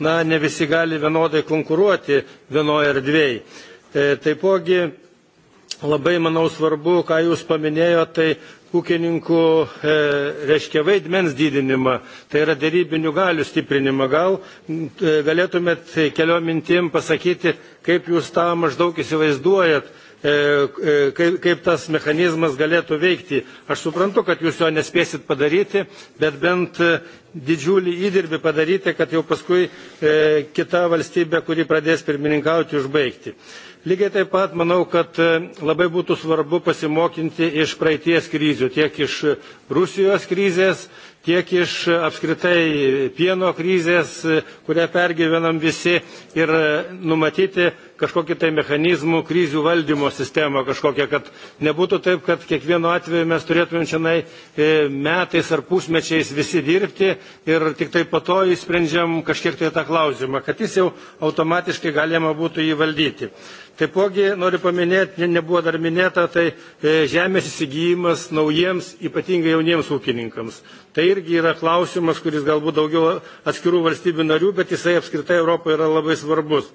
na, ne visi gali vienodai konkuruoti vienoje erdvėje. E, taipogi labai, manau, svarbu, ką Jūs paminėjote, tai ūkininkų e, reiškia vaidmens didinimą, tai yra dėrybinių galių stiprinimą. Gal e, galėtumėt keliom mintim pasakyti, kaip Jūs tą maždaug įsivaizduojat, E, e, kaip, kaip tas mechanizmas galėtų veikti. Aš suprantu, kad jūs jo nespėsit padaryti, bet bent e, didžiulį įdirbį padaryti, kad jau paskui kita valstybė, kuri pradės pirmininkauti, užbaigti. Lygiai taip pat manau, kad labai būtų svarbu pasimokinti iš praeities krizių, tiek iš Rusijos krizės, tiek iš e, apskritai pieno krizės, e, kurią pergyvenam visi ir e, numatyti kažkokį tai mechanizmų krizių valdymo sistemą kažkokią, kad nebūtų taip, kad kiekvienu atveju mes turėtumėm šiandien metais ar pusmečiais visi dirbti ir tik tai po to įsprendžiam kažkiek tai tą klausimą, kad jis jau automatiškai galima būtų jį valdyti. Taipogi noriu paminėti, ne, nebuvo dar minėta, tai e, žemės įsigijimas naujiems, ypatingai jauniems ūkininkams. Tai irgi yra klausimas, kuris galbūt daugiau atskirų valstybių narių, bet jisai apskritai Europoje yra labai svarbus.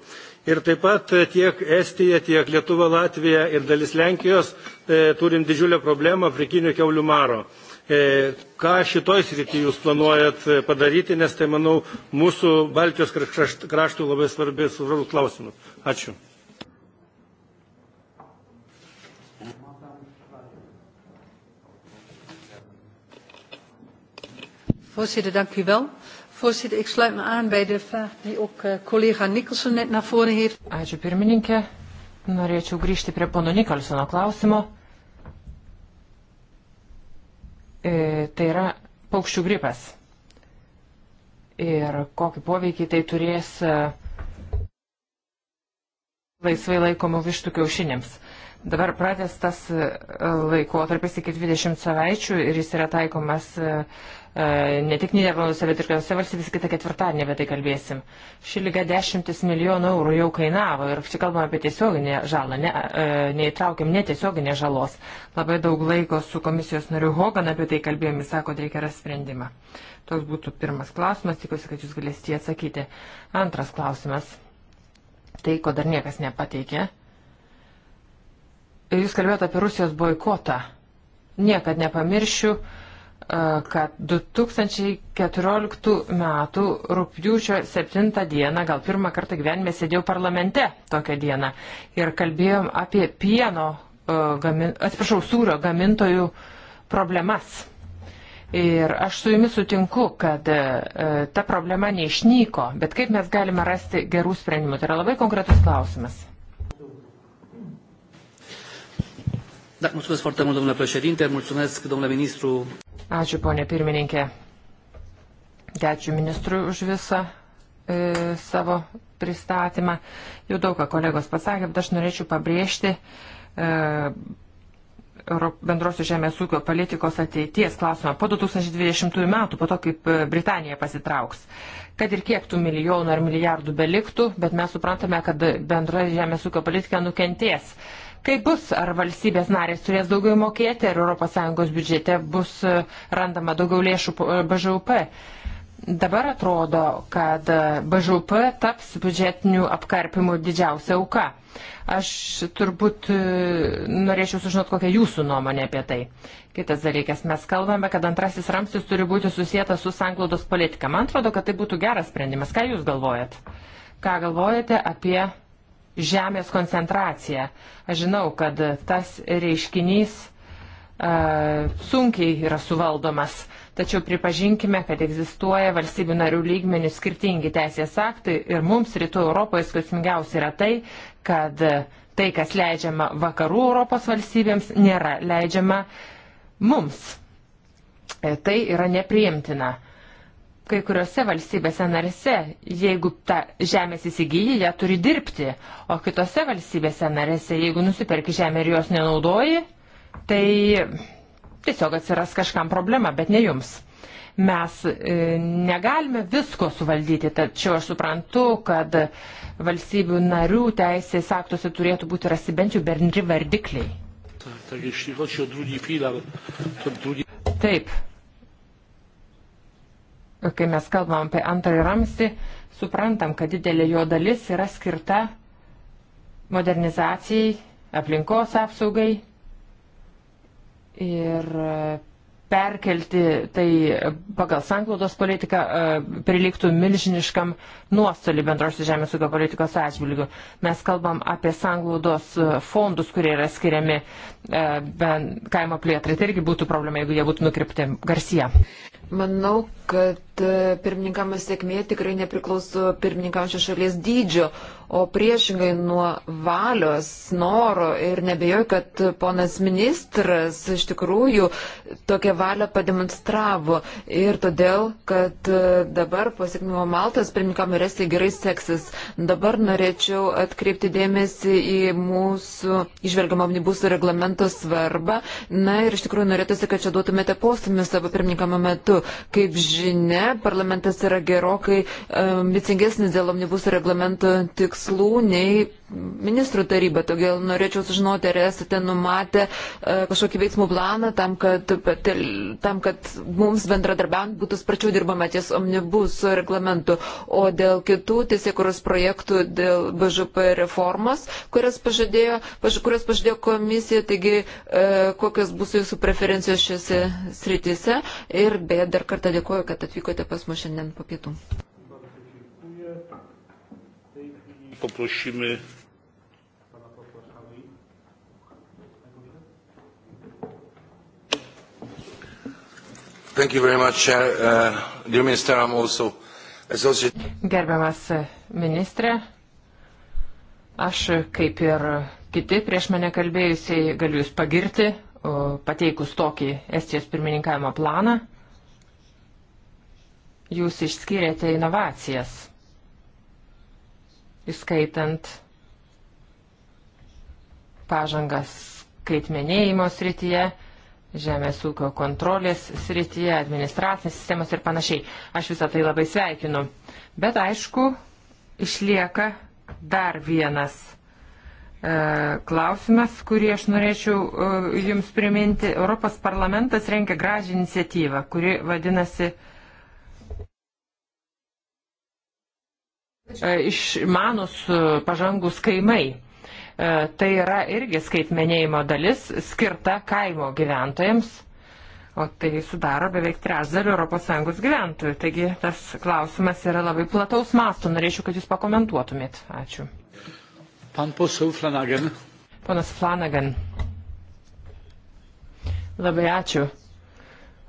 Ir taip pat e, tiek Estija, tiek Lietuva, Latvija ir dalis Lenkijos e, turim didžiulę problemą afrikinio keulių maro. E, ką šitoj srity jūs planuojat e, padaryti, nes tai, manau, mūsų Baltijos kraštų labai svarbi svarbus klausimas. Ačiū. Voorzitter, dank u wel. Voorzitter, ik sluit me aan bij de vraag die ook uh, collega Nicholson net naar voren heeft. Ačiū pirmininkė. Norėčiau grįžti prie pono Nikolsono klausimo. E, tai yra paukščių gripas. Ir kokį poveikį tai turės e, laisvai laikomų vištų kiaušinėms. E, Dabar pratestas e, laikotarpis iki 20 savaičių ir jis yra taikomas e, e, ne tik Niderlanduose, bet ir kitose valstybėse kitą ketvirtadienį apie tai kalbėsim. Ši lyga dešimtis milijonų eurų jau kainavo ir čia kalbame apie tiesioginę žalą, ne, neįtraukiam netiesioginę žalos. Labai daug laiko su komisijos nariu Hogan apie tai kalbėjom, jis sako, reikia rasti sprendimą. Toks būtų pirmas klausimas, tikiuosi, kad jūs galėsite atsakyti. Antras klausimas. Tai, ko dar niekas nepateikė Jūs kalbėjote apie Rusijos boikotą. Niekad nepamiršiu, e, kad 2014 m. rūpjūčio 7 dieną, gal pirmą kartą gyvenime sėdėjau parlamente tokią dieną ir kalbėjom apie pieno, e, gamin, atsiprašau, sūrio gamintojų problemas. Ir aš su jumis sutinku, kad e, ta problema neišnyko, bet kaip mes galime rasti gerų sprendimų, tai yra labai konkretus klausimas. Da, mulțumesc foarte mult, domnule președinte, mulțumesc, domnule ministru. Ačiū, ponė pirmininkė. Ačiū ministrui už visą e, savo pristatymą. Jau daug ką kolegos pasakė, bet aš norėčiau pabrėžti e, bendrosios žemės ūkio politikos ateities klausimą po 2020 metų, po to, kaip e, Britanija pasitrauks. Kad ir kiek tų milijonų ar milijardų beliktų, bet mes suprantame, kad bendra žemės ūkio politika nukentės. E, Kaip bus, ar valstybės narės turės daugiau mokėti, ar ES biudžete bus e, randama daugiau lėšų e, BŽUP? Dabar atrodo, kad e, BŽUP taps biudžetinių apkarpimų didžiausia auka. Aš turbūt norėčiau sužinoti, kokia jūsų nuomonė apie tai. Kitas dalykas, mes kalbame, kad antrasis ramstis turi būti susijęs su sanglaudos politika. Man atrodo, kad tai būtų geras sprendimas. Ką jūs galvojat? Ką galvojate apie žemės koncentracija. Aš žinau, kad tas reiškinys uh, sunkiai yra suvaldomas, tačiau pripažinkime, kad egzistuoja valstybių narių lygmenių skirtingi teisės aktai ir mums rytų Europoje skausmingiausia yra tai, kad tai, kas leidžiama vakarų Europos valstybėms, nėra leidžiama mums. E, tai yra nepriimtina kai kuriuose valstybėse narėse, jeigu tą žemės įsigyji, ją turi dirbti, o kitose valstybėse narėse, jeigu nusiperki žemę ir jos nenaudoji, tai tiesiog atsiras kažkam problema, bet ne jums. Mes e, negalime visko suvaldyti, tačiau aš suprantu, kad valstybių narių teisės aktuose turėtų būti rasti bent jau bendri vardikliai. Taip, kai mes kalbam apie antrąjį ramstį, suprantam, kad didelė jo dalis yra skirta modernizacijai, aplinkos apsaugai ir e, perkelti tai pagal sanklaudos politiką e, priliktų milžiniškam nuostolį bendrosios žemės ūkio politikos atžvilgių. Mes kalbam apie sanklaudos e, fondus, kurie yra skiriami kaimo plėtrai. Tai irgi būtų problema, jeigu jie būtų nukreipti Garcia. Manau, kad e, pirmininkamas sėkmė tikrai nepriklauso pirmininkamčio šalies dydžio, o priešingai nuo valios, noro ir nebejoju, kad ponas ministras iš tikrųjų tokią valią pademonstravo ir todėl, kad e, dabar po sėkmimo Maltas pirmininkam ir esi gerai seksis. Dabar norėčiau atkreipti dėmesį į mūsų išvelgiamą omnibusų reglamento svarbą. Na ir iš tikrųjų norėtųsi, kad čia duotumėte postumius savo pirmininkamo metu metu. Kaip žinia, parlamentas yra gerokai e, ambicingesnis dėl omnibus reglamento tikslų nei ministrų taryba, todėl norėčiau sužinoti, ar esate numatę e, kažkokį veiksmų planą tam, kad, tam, kad mums bendradarbiant būtų sparčiau dirbama ties omnibus reglamentu, o dėl kitų tiesiekuros projektų, dėl BŽP reformos, kurias pažadėjo, paž, kurias pažadėjo komisija, taigi e, kokios bus jūsų preferencijos šiose sritise ir beje dar kartą dėkuoju, kad atvykote pas mus šiandien po pietų. Poprosimy Thank you very much, Chair. Uh, dear Minister, I'm also associate. Gerbiamas uh, ministrė, aš uh, kaip ir uh, kiti prieš mane kalbėjusiai galiu Jūs pagirti, pateikus tokį Estijos pirmininkavimo planą. Jūs išskyrėte inovacijas, įskaitant pažangas skaitmenėjimo srityje žemės ūkio kontrolės srityje, administracinės sistemos ir panašiai. Aš visą tai labai sveikinu. Bet aišku, išlieka dar vienas e, klausimas, kurį aš norėčiau e, Jums priminti. Europos parlamentas rengia gražią iniciatyvą, kuri vadinasi e, Išmanus e, pažangus kaimai. E, tai yra irgi skaitmenėjimo dalis skirta kaimo gyventojams, o tai sudaro beveik trečdalį ES gyventojų. Taigi tas klausimas yra labai plataus masto. Norėčiau, kad jūs pakomentuotumėt. Ačiū. Pan posau Flanagan. Ponas Flanagan. Labai ačiū.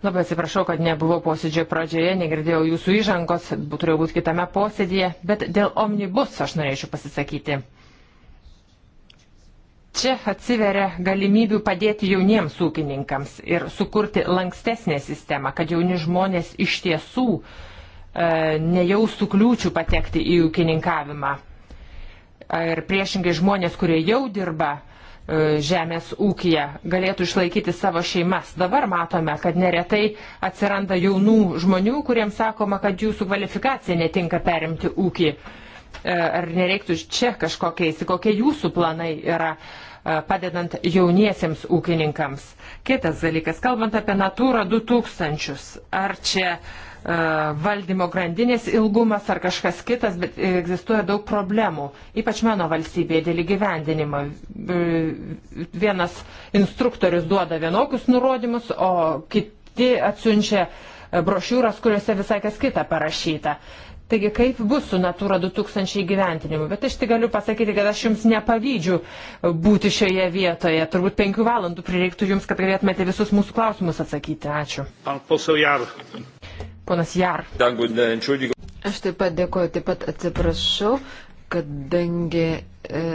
Labai atsiprašau, kad nebuvau posėdžio pradžioje, negirdėjau jūsų įžangos, turėjau būti kitame posėdėje, bet dėl omnibus aš norėčiau pasisakyti. Čia atsiveria galimybių padėti jauniems ūkininkams ir sukurti lankstesnę sistemą, kad jauni žmonės iš tiesų e, nejaustų kliūčių patekti į ūkininkavimą. Ir priešingai žmonės, kurie jau dirba e, žemės ūkija, galėtų išlaikyti savo šeimas. Dabar matome, kad neretai atsiranda jaunų žmonių, kuriems sakoma, kad jūsų kvalifikacija netinka perimti ūkį. E, E, ar nereiktų čia kažko keisti, kokie jūsų planai yra e, padedant jauniesiems ūkininkams. Kitas dalykas, kalbant apie Natūrą 2000, ar čia e, valdymo grandinės ilgumas ar kažkas kitas, bet egzistuoja daug problemų, ypač mano valstybėje dėl įgyvendinimo. Vienas instruktorius duoda vienokius nurodymus, o kiti atsiunčia brošiūras, kuriuose visai kas kita parašyta. Taigi kaip bus su Natura 2000 gyventinimu? Bet aš tik galiu pasakyti, kad aš jums nepavydžiu būti šioje vietoje. Turbūt penkių valandų prireiktų jums, kad galėtumėte visus mūsų klausimus atsakyti. Ačiū. Ponas Jar. Aš taip pat dėkoju, taip pat atsiprašau, kadangi e,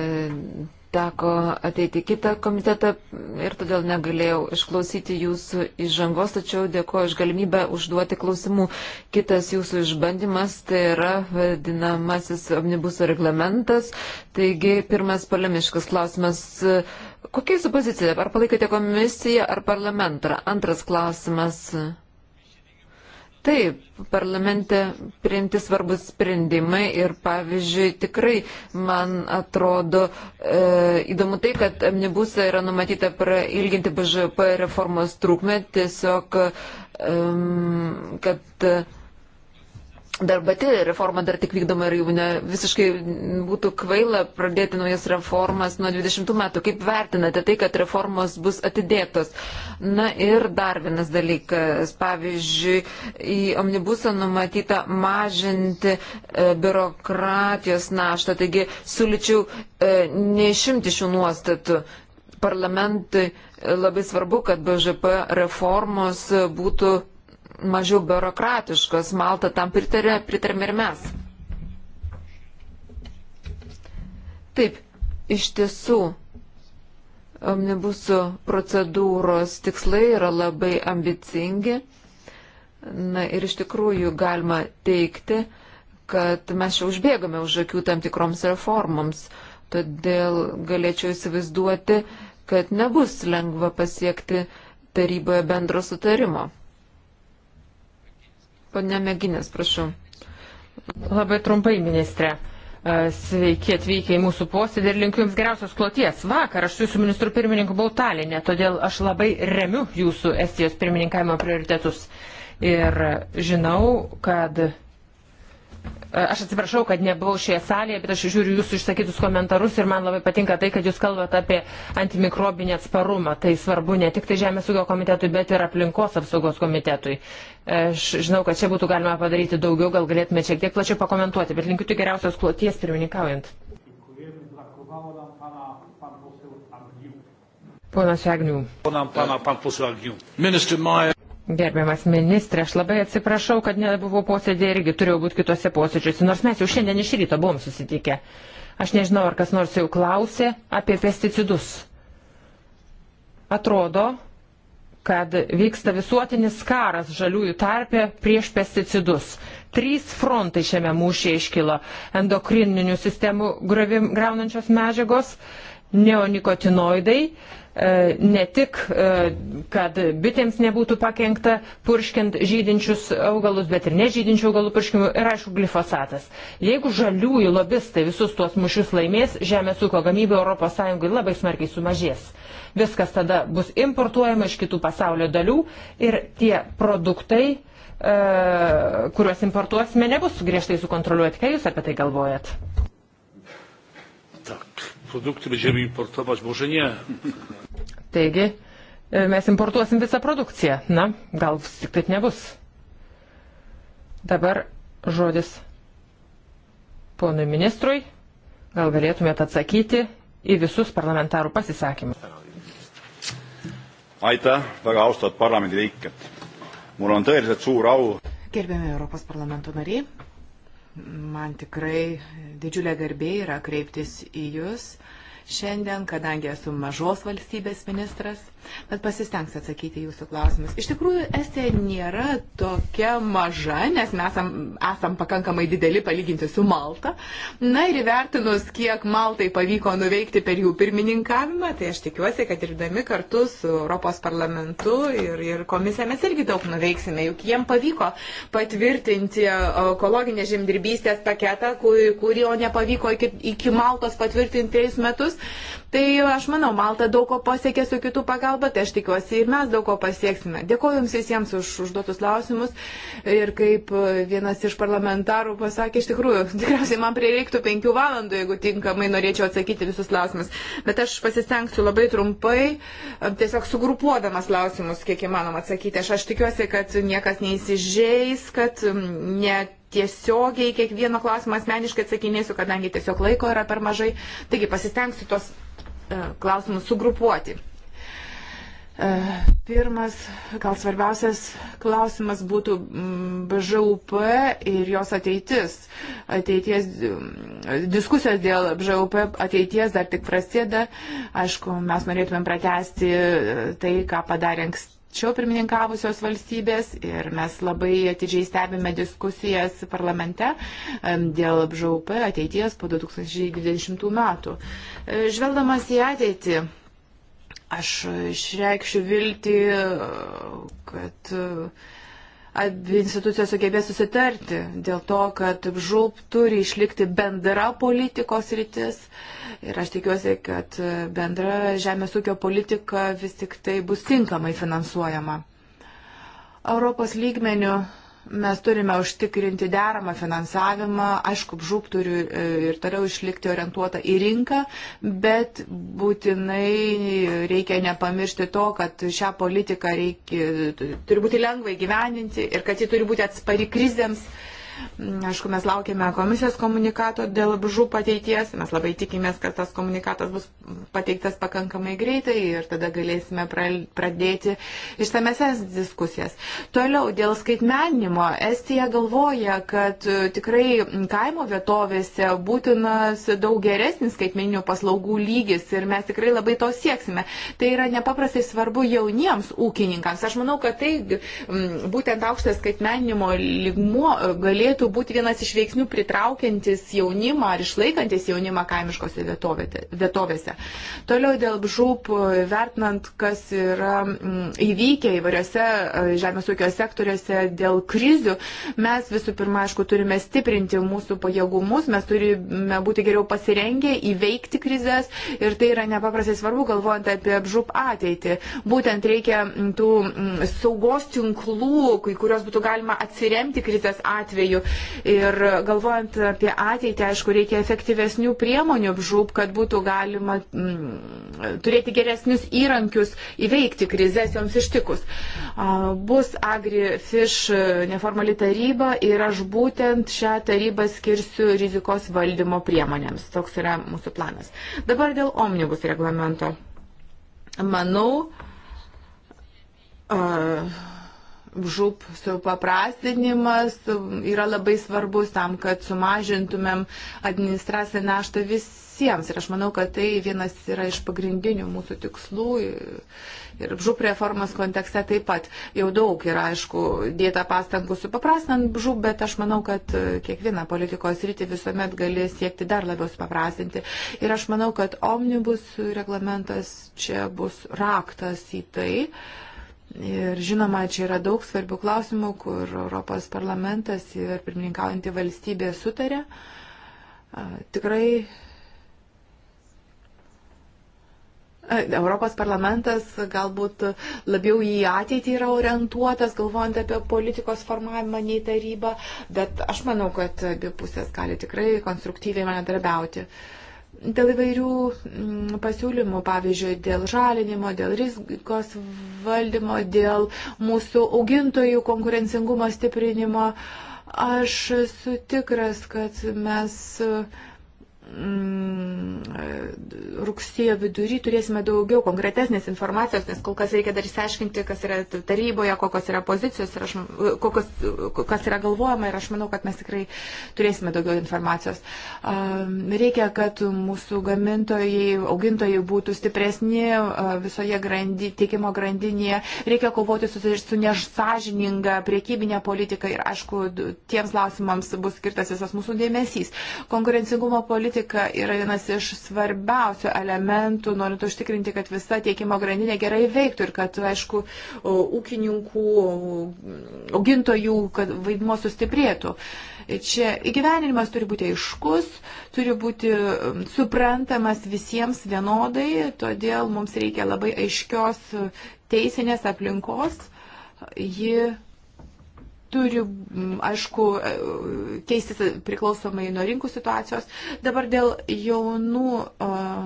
teko ateiti kitą komitetą ir todėl negalėjau išklausyti jūsų įžangos, tačiau dėkoju iš galimybę užduoti klausimų. Kitas jūsų išbandymas tai yra vadinamasis omnibuso reglamentas. Taigi, pirmas polemiškas klausimas. Kokia jūsų pozicija? Ar palaikote komisiją ar parlamentą? Antras klausimas. Taip, parlamente priimti svarbus sprendimai ir pavyzdžiui tikrai man atrodo e, įdomu tai, kad amnibusą yra numatyta prailginti BŽP reformos trukmę tiesiog, e, kad dar pati reforma dar tik vykdoma ir jau ne visiškai būtų kvaila pradėti naujas reformas nuo 20 metų. Kaip vertinate tai, kad reformos bus atidėtos? Na ir dar vienas dalykas. Pavyzdžiui, į omnibusą numatyta mažinti e, biurokratijos naštą. Taigi, siūlyčiau e, neišimti šių nuostatų parlamentui e, labai svarbu, kad BŽP reformos būtų mažiau biurokratiškos. Malta tam pritarė, pritarėm ir mes. Taip, iš tiesų, omnibusų um, procedūros tikslai yra labai ambicingi. Na ir iš tikrųjų galima teikti, kad mes čia užbėgame už akių tam tikroms reformoms. Todėl galėčiau įsivaizduoti, kad nebus lengva pasiekti taryboje bendro sutarimo. Pane Meginės, prašau. Labai trumpai, ministrė. E, sveiki atvykę į mūsų posėdį ir linkiu Jums geriausios kloties. Vakar aš su Jūsų ministru pirmininku buvau Talinė, todėl aš labai remiu Jūsų Estijos pirmininkavimo prioritetus. Ir žinau, kad E, aš atsiprašau, kad nebuvau šioje salėje, bet aš žiūriu jūsų išsakytus komentarus ir man labai patinka tai, kad jūs kalbate apie antimikrobinį atsparumą. Tai svarbu ne tik tai Žemės ūkio komitetui, bet ir aplinkos apsaugos komitetui. E, aš žinau, kad čia būtų galima padaryti daugiau, gal galėtume šiek tiek plačiau pakomentuoti, bet linkiu tik geriausios kloties pirmininkaujant. Ponas Agnių. Gerbiamas ministrė, aš labai atsiprašau, kad nebuvau posėdėje irgi turėjau būti kitose posėdžiuose, nors mes jau šiandien iš ryto buvom susitikę. Aš nežinau, ar kas nors jau klausė apie pesticidus. Atrodo, kad vyksta visuotinis karas žaliųjų tarpė prieš pesticidus. Trys frontai šiame mūšyje iškilo - endokrininių sistemų graunančios medžiagos, neonikotinoidai, E, ne tik, e, kad bitėms nebūtų pakengta purškiant žydinčius augalus, bet ir nežydinčių augalų purškimų ir aišku glifosatas. Jeigu žaliųjų lobistai visus tuos mušius laimės, žemės ūkio gamyba ES labai smarkiai sumažės. Viskas tada bus importuojama iš kitų pasaulio dalių ir tie produktai, e, kuriuos importuosime, nebus griežtai sukontroliuoti. Ką Jūs apie tai galvojat? Tak produkty będziemy importować, może nie. Taigi, e, mes importuosim visą produkciją. Na, gal tik taip nebus. Dabar žodis ponui ministrui. Gal galėtumėte atsakyti į visus parlamentarų pasisakymus. Aitäh, väga austatud parlamendiliikmed. Mul on tõeliselt suur au. Gerbiami Euroopas parlamento nariai, Man tikrai didžiulė garbė yra kreiptis į Jūs. Uh, šiandien, kadangi esu mažos valstybės ministras, bet pasistengsiu atsakyti jūsų klausimus. Iš tikrųjų, Estija nėra tokia maža, nes mes esam, esam pakankamai dideli palyginti su Malta. Na ir įvertinus, kiek Maltai pavyko nuveikti per jų pirmininkavimą, tai aš tikiuosi, kad dirbdami kartu su Europos parlamentu ir, ir komisija mes irgi daug nuveiksime, juk jiem pavyko patvirtinti e, ekologinės žemdirbystės paketą, kurį, kurį jo nepavyko iki, iki Maltos patvirtinti trejus metus metus. Tai aš manau, Malta daug ko pasiekė su kitų pagalba, tai aš tikiuosi ir mes daug ko pasieksime. Dėkuoju Jums visiems už užduotus klausimus ir kaip vienas iš parlamentarų pasakė, iš tikrųjų, tikriausiai man prireiktų penkių valandų, jeigu tinkamai norėčiau atsakyti visus klausimus. Bet aš pasistengsiu labai trumpai, tiesiog sugrupuodamas klausimus, kiek įmanoma atsakyti. Aš, aš tikiuosi, kad niekas neįsižeis, kad mm, net tiesiogiai kiekvieno klausimą asmeniškai atsakinėsiu, kadangi tiesiog laiko yra per mažai. Taigi pasistengsiu tos e, klausimus sugrupuoti. E, pirmas, gal svarbiausias klausimas būtų mm, BŽUP ir jos ateitis. ateities. Mm, diskusijos dėl BŽUP ateities dar tik prasideda. Aišku, mes norėtumėm pratesti e, tai, ką padarė anksti anksčiau pirmininkavusios valstybės ir mes labai atidžiai stebime diskusijas parlamente dėl BŽUP ateities po 2020 metų. E, žvelgdamas į ateitį, aš išreikščiau viltį, e, kad uh, abi institucijos sugebės susitarti dėl to, kad žūp turi išlikti bendra politikos rytis. Ir aš tikiuosi, kad bendra žemės ūkio politika vis tik tai bus tinkamai finansuojama. Europos lygmenių mes turime užtikrinti deramą finansavimą. Aišku, žūp turi e, ir toliau išlikti orientuota į rinką, bet būtinai reikia nepamiršti to, kad šią politiką reikia, turi būti lengva įgyveninti ir kad ji turi būti atspari krizėms. Uh, Aišku, mes laukiame komisijos komunikato dėl žūp ateities. Mes labai tikimės, kad tas komunikatas bus pateiktas pakankamai greitai ir tada galėsime pradėti išsamesias diskusijas. Toliau, dėl skaitmeninimo. Estija galvoja, kad e, tikrai kaimo vietovėse būtinas daug geresnis skaitmeninių paslaugų lygis ir mes tikrai labai to sieksime. Tai yra nepaprastai svarbu jauniems ūkininkams. Aš manau, kad tai būtent aukštas skaitmeninimo lygmuo galėtų turėtų būti vienas iš veiksnių pritraukiantis jaunimą ar išlaikantis jaunimą kaimiškose vietovėse. Toliau dėl žūp, vertinant, kas yra mm, įvykę įvairiose e, žemės ūkio sektoriuose dėl krizių, mes visų pirma, aišku, turime stiprinti mūsų pajėgumus, mes turime būti geriau pasirengę įveikti krizės ir tai yra nepaprastai svarbu, galvojant apie žūp ateitį. Būtent reikia mm, tų mm, saugos tinklų, kuriuos būtų galima atsiremti krizės atveju atveju. Ir galvojant apie ateitį, aišku, reikia efektyvesnių priemonių žūp, kad būtų galima mm, turėti geresnius įrankius įveikti krizės joms ištikus. Bus AgriFish neformali taryba ir aš būtent šią tarybą skirsiu rizikos valdymo priemonėms. Toks yra mūsų planas. Dabar dėl omnibus reglamento. Manau, uh, žūp supaprastinimas yra labai svarbus tam, kad sumažintumėm administracinę naštą visiems. Ir aš manau, kad tai vienas yra iš pagrindinių mūsų tikslų. Ir žūp reformos kontekste taip pat jau daug yra, aišku, dėta pastangų supaprastinant žūp, bet aš manau, kad kiekvieną politikos rytį visuomet gali siekti dar labiau supaprastinti. Ir aš manau, kad omnibus reglamentas čia bus raktas į tai. Uh, Ir žinoma, čia yra daug svarbių klausimų, kur Europos parlamentas ir pirmininkaujantį valstybę sutarė. Tikrai Europos parlamentas galbūt labiau į ateitį yra orientuotas, galvojant apie politikos formavimą nei tarybą, bet aš manau, kad abi pusės gali tikrai konstruktyviai mane darbiauti. Uh, Dėl įvairių mm, pasiūlymų, pavyzdžiui, dėl žalinimo, dėl rizikos valdymo, dėl mūsų augintojų konkurencingumo stiprinimo, aš esu tikras, kad mes mm, rugsėjo vidury turėsime daugiau konkretesnės informacijos, nes kol kas reikia dar išsiaiškinti, kas yra taryboje, kokios yra pozicijos, ir aš, kokios, kas yra galvojama ir aš manau, kad mes tikrai turėsime daugiau informacijos. Reikia, kad mūsų gamintojai, augintojai būtų stipresni visoje grandi, tiekimo grandinėje. Reikia kovoti su, su nesažininga priekybinė politika ir, aišku, tiems klausimams bus skirtas visas mūsų dėmesys. Konkurencingumo politika yra vienas iš svarbiausių elementų, norint užtikrinti, kad visa tiekimo grandinė gerai veiktų ir kad, aišku, ūkininkų, augintojų vaidmo sustiprėtų. Čia įgyveninimas turi būti aiškus, turi būti suprantamas visiems vienodai, todėl mums reikia labai aiškios teisinės aplinkos. Ji turi, aišku, e, keistis priklausomai nuo rinkų situacijos. Dabar dėl jaunų. Uh,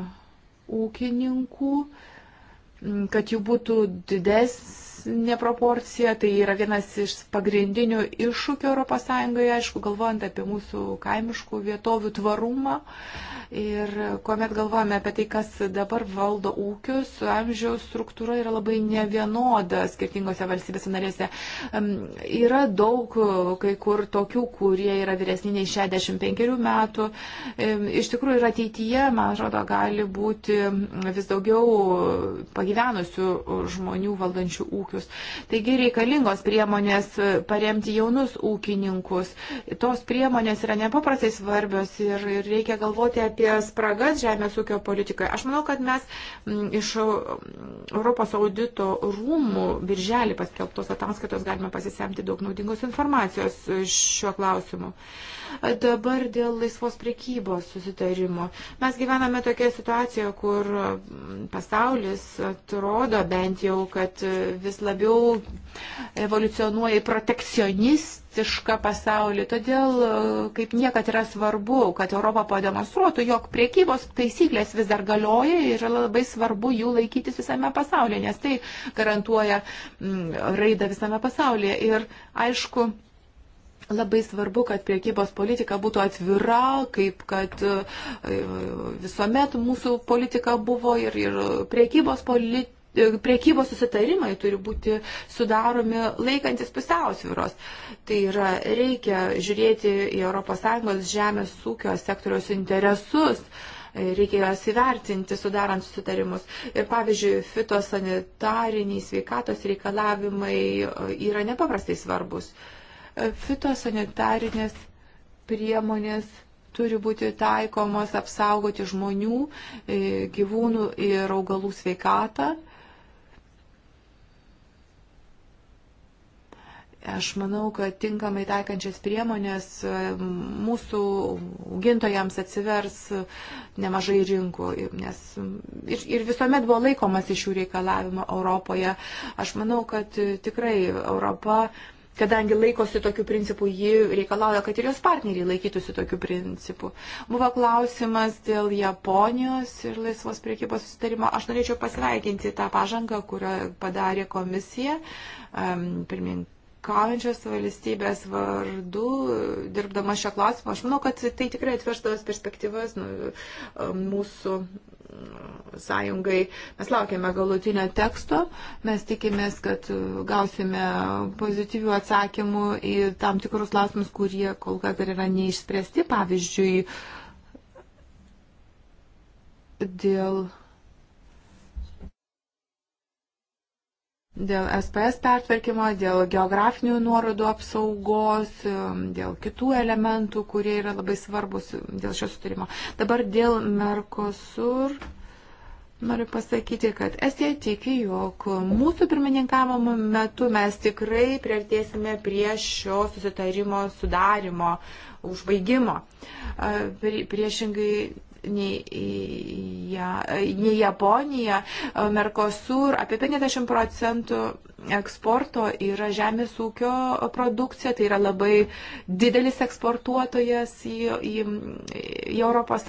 ūkininkų, kad jų būtų didesnis neproporcija, tai yra vienas iš pagrindinių iššūkių ES, aišku, galvojant apie mūsų kaimiškų vietovių tvarumą. Ir kuomet galvojame apie tai, kas dabar valdo ūkius, amžiaus struktūra yra labai nevienoda skirtingose valstybėse narėse. Yra daug kai kur tokių, kurie yra vyresni nei 65 metų. Iš tikrųjų ir ateityje, man atrodo, gali būti vis daugiau pagyvenusių žmonių valdančių ūkių ūkius. Taigi reikalingos priemonės paremti jaunus ūkininkus. Tos priemonės yra nepaprastai svarbios ir, ir reikia galvoti apie spragas žemės ūkio politikoje. Aš manau, kad mes iš Europos audito rūmų birželį paskelbtos ataskaitos galime pasisemti daug naudingos informacijos e, šiuo klausimu. Uh, Dabar dėl laisvos priekybos susitarimo. Mes gyvename tokia situacija, kur mm, pasaulis atrodo bent jau, kad vis labiau evoliucionuoja į protekcionistišką pasaulį. Todėl kaip niekad yra svarbu, kad Europa pademonstruotų, jog priekybos taisyklės vis dar galioja ir labai svarbu jų laikytis visame pasaulyje, nes tai garantuoja mm, raidą visame pasaulyje. Ir aišku, Labai svarbu, kad priekybos politika būtų atvira, kaip kad e, visuomet mūsų politika buvo ir, ir priekybos politika. E, priekybos susitarimai turi būti sudaromi laikantis pusiausvyros. Tai yra, reikia žiūrėti į ES žemės ūkio sektoriaus interesus, e, reikia juos įvertinti, sudarant susitarimus. Ir pavyzdžiui, fitosanitariniai sveikatos reikalavimai yra nepaprastai svarbus. Uh, Fitosanitarinės priemonės turi būti taikomos apsaugoti žmonių, e, gyvūnų ir augalų sveikatą. Aš manau, kad tinkamai taikančias priemonės e, mūsų augintojams atsivers nemažai rinkų, nes ir, ir visuomet buvo laikomas iš jų reikalavimo Europoje. Aš manau, kad e, tikrai Europa kadangi laikosi tokių principų, ji reikalauja, kad ir jos partneriai laikytųsi tokių principų. Buvo klausimas dėl Japonijos ir laisvos priekybos susitarimo. Aš norėčiau pasveikinti tą pažangą, kurią padarė komisija. Um, pirmink, pirmininkaujančios valstybės vardu, dirbdama šio klausimo, aš manau, kad tai tikrai atvežtos perspektyvas nu, mūsų sąjungai. Mes laukiame galutinio teksto, mes tikimės, kad e, gausime pozityvių atsakymų į tam tikrus klausimus, kurie kol kas dar yra neišspręsti. Pavyzdžiui, dėl dėl SPS pertvarkymo, dėl geografinių nuorodų apsaugos, um, dėl kitų elementų, kurie yra labai svarbus dėl šio sutarimo. Dabar dėl Mercosur. Noriu pasakyti, kad Estija tiki, jog mūsų pirmininkavimo metu mes tikrai priartėsime prie šio susitarimo sudarimo, užbaigimo. Priešingai nei, ja, nei Japonija, Mercosur, apie 50 procentų eksporto yra žemės ūkio produkcija, tai yra labai didelis eksportuotojas į, į, į ES,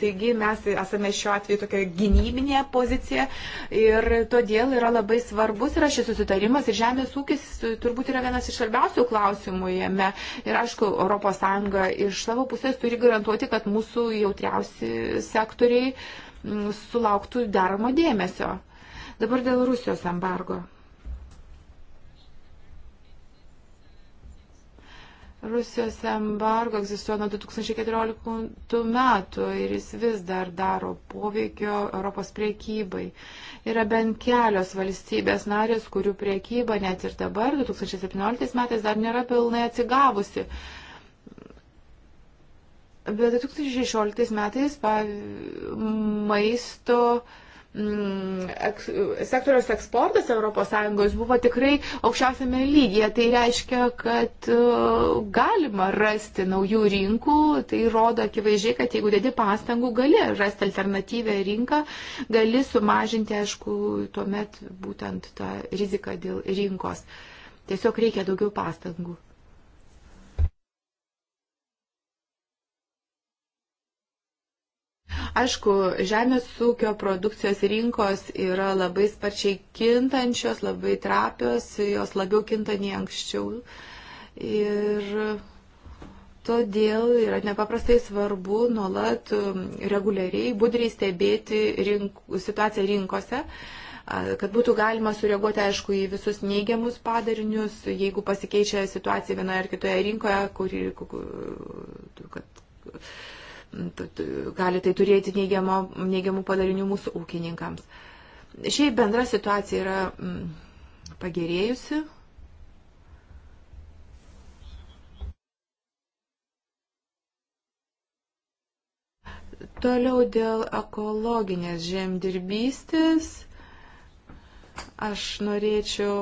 taigi mes esame šiuo atveju tokia gynybinė pozicija ir todėl yra labai svarbus yra šis susitarimas ir žemės ūkis turbūt yra vienas iš svarbiausių klausimų jame ir aišku, ES iš savo pusės turi garantuoti, kad mūsų jautriausi sektoriai mm, sulauktų deramo dėmesio. Dabar dėl Rusijos embargo. Rusijos embargo egzistuoja nuo 2014 metų ir jis vis dar daro poveikio Europos priekybai. Yra bent kelios valstybės narės, kurių priekyba net ir dabar, 2017 metais, dar nėra pilnai atsigavusi. Bet 2016 metais maisto Mm, sektoriaus eksportas ES buvo tikrai aukščiausiame lygyje. Tai reiškia, kad e, galima rasti naujų rinkų. Tai rodo akivaizdžiai, kad jeigu dedi pastangų, gali rasti alternatyvę rinką, gali sumažinti, aišku, tuomet būtent tą riziką dėl rinkos. Tiesiog reikia daugiau pastangų. Aišku, žemės ūkio produkcijos rinkos yra labai sparčiai kintančios, labai trapios, jos labiau kinta nei anksčiau. Ir todėl yra nepaprastai svarbu nuolat um, reguliariai, budriai stebėti rink, situaciją rinkose kad būtų galima sureaguoti, aišku, į visus neigiamus padarinius, jeigu pasikeičia situacija vienoje ar kitoje rinkoje, kuri, kad gali tai turėti neigiamo, neigiamų padarinių mūsų ūkininkams. Šiaip bendra situacija yra mm, pagerėjusi. Toliau dėl ekologinės žemdirbystės aš norėčiau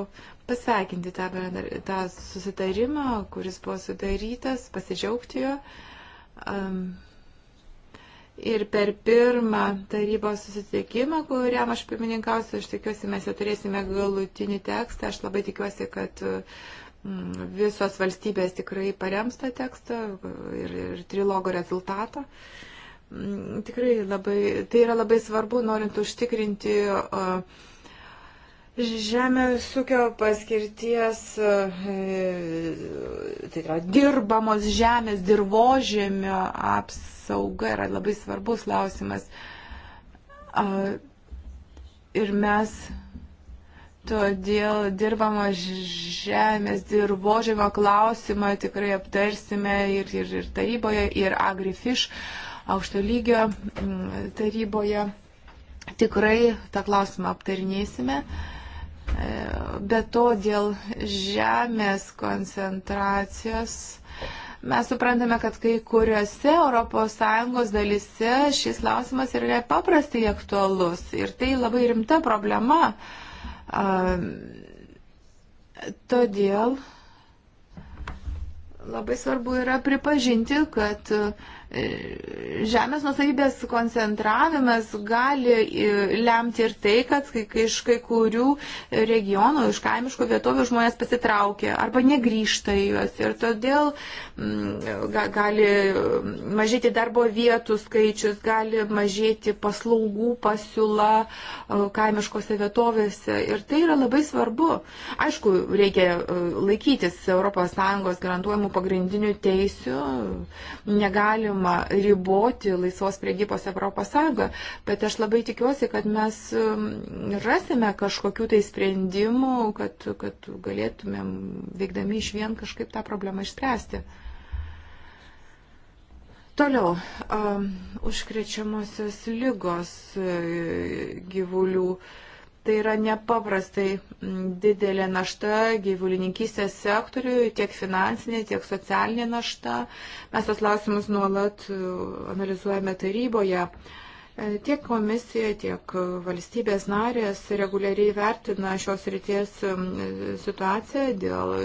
pasveikinti tą, tą susitarimą, kuris buvo sudarytas, pasidžiaugti jo. Um, Ir per pirmą tarybos susitikimą, kuriam aš pirmininkausiu, aš tikiuosi, mes jau turėsime galutinį tekstą. Aš labai tikiuosi, kad mm, visos valstybės tikrai parems tą tekstą ir, ir trilogo rezultatą. Mm, tikrai labai, tai yra labai svarbu, norint užtikrinti uh, Žemės ūkio paskirties, e, tai yra dirbamos žemės, dirbožėmio apsauga yra labai svarbus klausimas. Ir mes todėl dirbamo žemės, dirbožėmio klausimą tikrai aptarsime ir, ir, ir taryboje, ir agrifiš aukšto lygio taryboje. Tikrai tą klausimą aptarinėsime. Uh, Be to, dėl žemės koncentracijos mes suprantame, kad kai kuriuose ES dalise šis klausimas yra paprastai aktualus ir tai labai rimta problema. Todėl labai svarbu yra pripažinti, kad uh, žemės nusavybės koncentravimas gali e, lemti ir tai, kad iš kai kurių regionų, iš kaimiškų vietovių žmonės pasitraukia arba negryžta į juos ir todėl mm, gali mažėti darbo vietų skaičius, gali mažėti paslaugų pasiūla e, kaimiškose vietovėse ir tai yra labai svarbu. Aišku, reikia e, laikytis ES garantuojamų pagrindinių teisių, negalim neįmanoma riboti laisvos priegybos Europos Sąjungą, bet aš labai tikiuosi, kad mes um, rasime kažkokių tai sprendimų, kad, kad galėtumėm veikdami iš vien kažkaip tą problemą išspręsti. Toliau, um, užkrečiamosios lygos e, gyvulių. Uh, Tai yra nepaprastai didelė našta gyvulininkystės sektoriui, tiek finansinė, tiek socialinė našta. Mes tos klausimus nuolat e, analizuojame taryboje. E, tiek komisija, tiek valstybės narės reguliariai vertina šios ryties situaciją dėl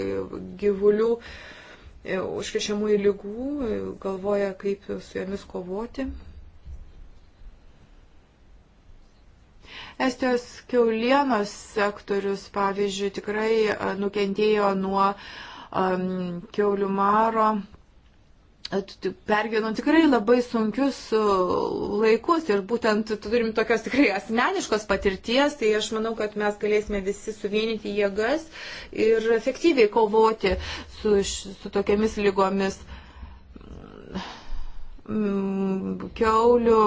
gyvulių e, užkrečiamųjų lygų, galvoja, kaip su jomis kovoti. Estijos keulienos sektorius, pavyzdžiui, tikrai e, nukentėjo nuo um, keulių maro e, pergyveno tikrai labai sunkius e, laikus ir būtent turim tokios tikrai asmeniškos patirties, tai aš manau, kad mes galėsime visi suvienyti jėgas ir efektyviai kovoti su, su tokiamis lygomis. Mm, keulių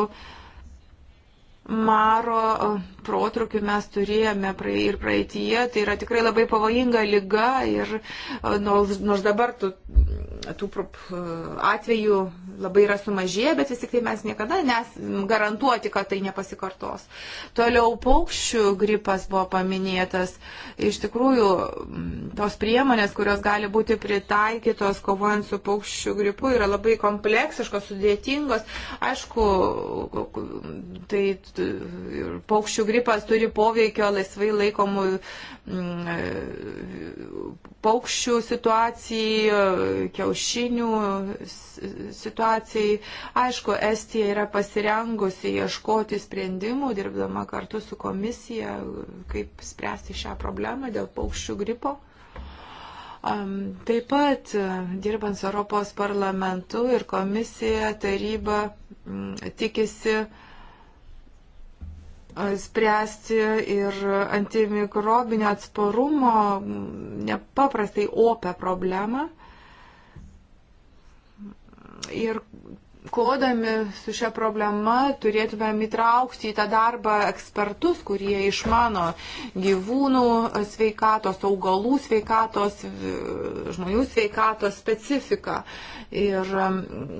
maro e, protrukių mes turėjome ir praeitie, tai yra tikrai labai pavojinga lyga ir e, nors, nors dabar tų, tų e, atvejų labai yra sumažėję, bet vis tik tai mes niekada nesim garantuoti, kad tai nepasikartos. Toliau paukščių gripas buvo paminėtas. Iš tikrųjų, tos priemonės, kurios gali būti pritaikytos kovojant su paukščių gripu, yra labai kompleksiškos, sudėtingos. Aišku, tai paukščių gripas turi poveikio laisvai laikomų paukščių situacijai, kiaušinių situacijai situacijai. Aišku, Estija yra pasirengusi ieškoti sprendimų, dirbdama kartu su komisija, kaip spręsti šią problemą dėl paukščių gripo. Taip pat, dirbant su Europos parlamentu ir komisija, taryba tikisi spręsti ir antimikrobinio atsparumo nepaprastai opę problemą ir kovodami su šia problema turėtumėm įtraukti į tą darbą ekspertus, kurie išmano gyvūnų sveikatos, augalų sveikatos, žmonių sveikatos specifiką. Ir um,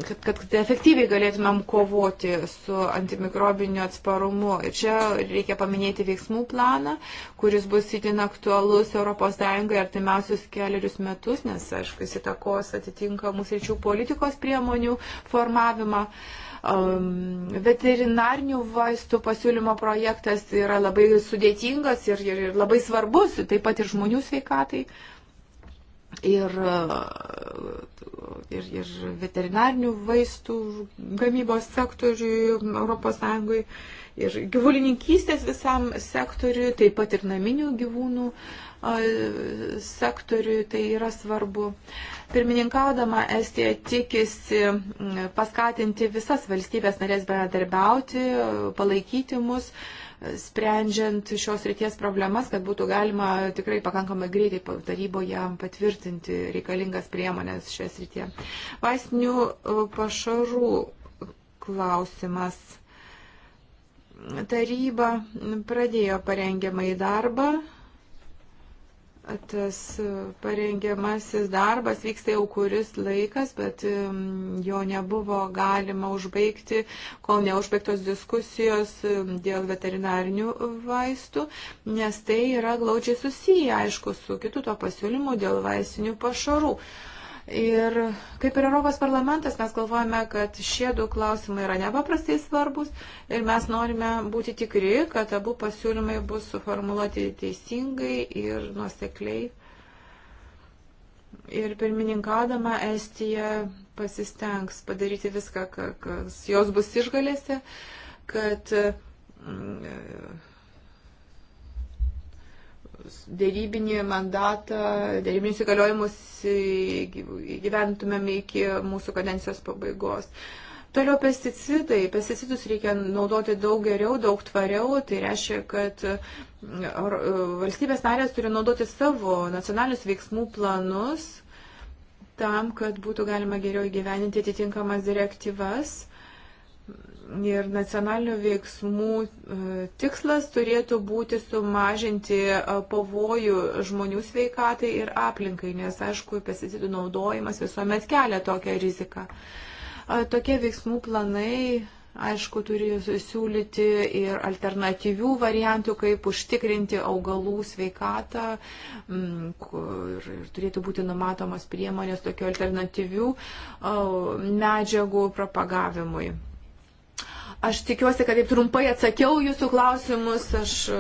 kad, kad efektyviai galėtumėm kovoti su antimikrobiniu atsparumu. Ir čia reikia paminėti veiksmų planą, kuris bus itin aktualus ES artimiausius keliarius metus, nes, aišku, jis įtakos atitinkamus ryčių politikos priemonių formavimą reguliavimą. Veterinarnių vaistų pasiūlymo projektas yra labai sudėtingas ir, ir, ir labai svarbus, taip pat ir žmonių sveikatai. Ir, ir, ir veterinarnių vaistų gamybos sektoriui ES ir gyvulininkystės visam sektoriui, taip pat ir naminių gyvūnų uh, sektoriui tai yra svarbu. Pirmininkaudama Estija tikisi paskatinti visas valstybės narės bendradarbiauti, palaikyti mus, sprendžiant šios ryties problemas, kad būtų galima tikrai pakankamai greitai taryboje patvirtinti reikalingas priemonės šios rytie. Vaistinių e, pašarų klausimas taryba pradėjo parengiamąjį darbą tas e, parengiamasis darbas vyksta jau kuris laikas, bet jo nebuvo galima užbaigti, kol neužbaigtos diskusijos dėl veterinarinių vaistų, nes tai yra glaudžiai susiję, aišku, su kitu to pasiūlymu dėl vaistinių pašarų. Uh, Ir kaip ir Europos parlamentas, mes galvojame, kad šie du klausimai yra nepaprastai svarbus ir mes norime būti tikri, kad abu pasiūlymai bus suformuoluoti teisingai ir nuosekliai. Ir pirmininkaudama Estija pasistengs padaryti viską, kas jos bus išgalėse, kad mm, dėrybinį mandatą, dėrybinius įgaliojimus įgyventumėm iki mūsų kadencijos pabaigos. Toliau pesticidai. Pesticidus reikia naudoti daug geriau, daug tvariau. Tai reiškia, kad mm, valstybės narės turi naudoti savo nacionalinius veiksmų planus tam, kad būtų galima geriau įgyveninti atitinkamas direktyvas ir nacionalinių veiksmų e, tikslas turėtų būti sumažinti e, pavojų žmonių sveikatai ir aplinkai, nes aišku, pesticidų naudojimas visuomet kelia tokią riziką. E, tokie veiksmų planai, aišku, turi siūlyti ir alternatyvių variantų, kaip užtikrinti augalų sveikatą ir turėtų būti numatomas priemonės tokių alternatyvių medžiagų propagavimui. Aš tikiuosi, kad taip trumpai atsakiau jūsų klausimus. Aš e,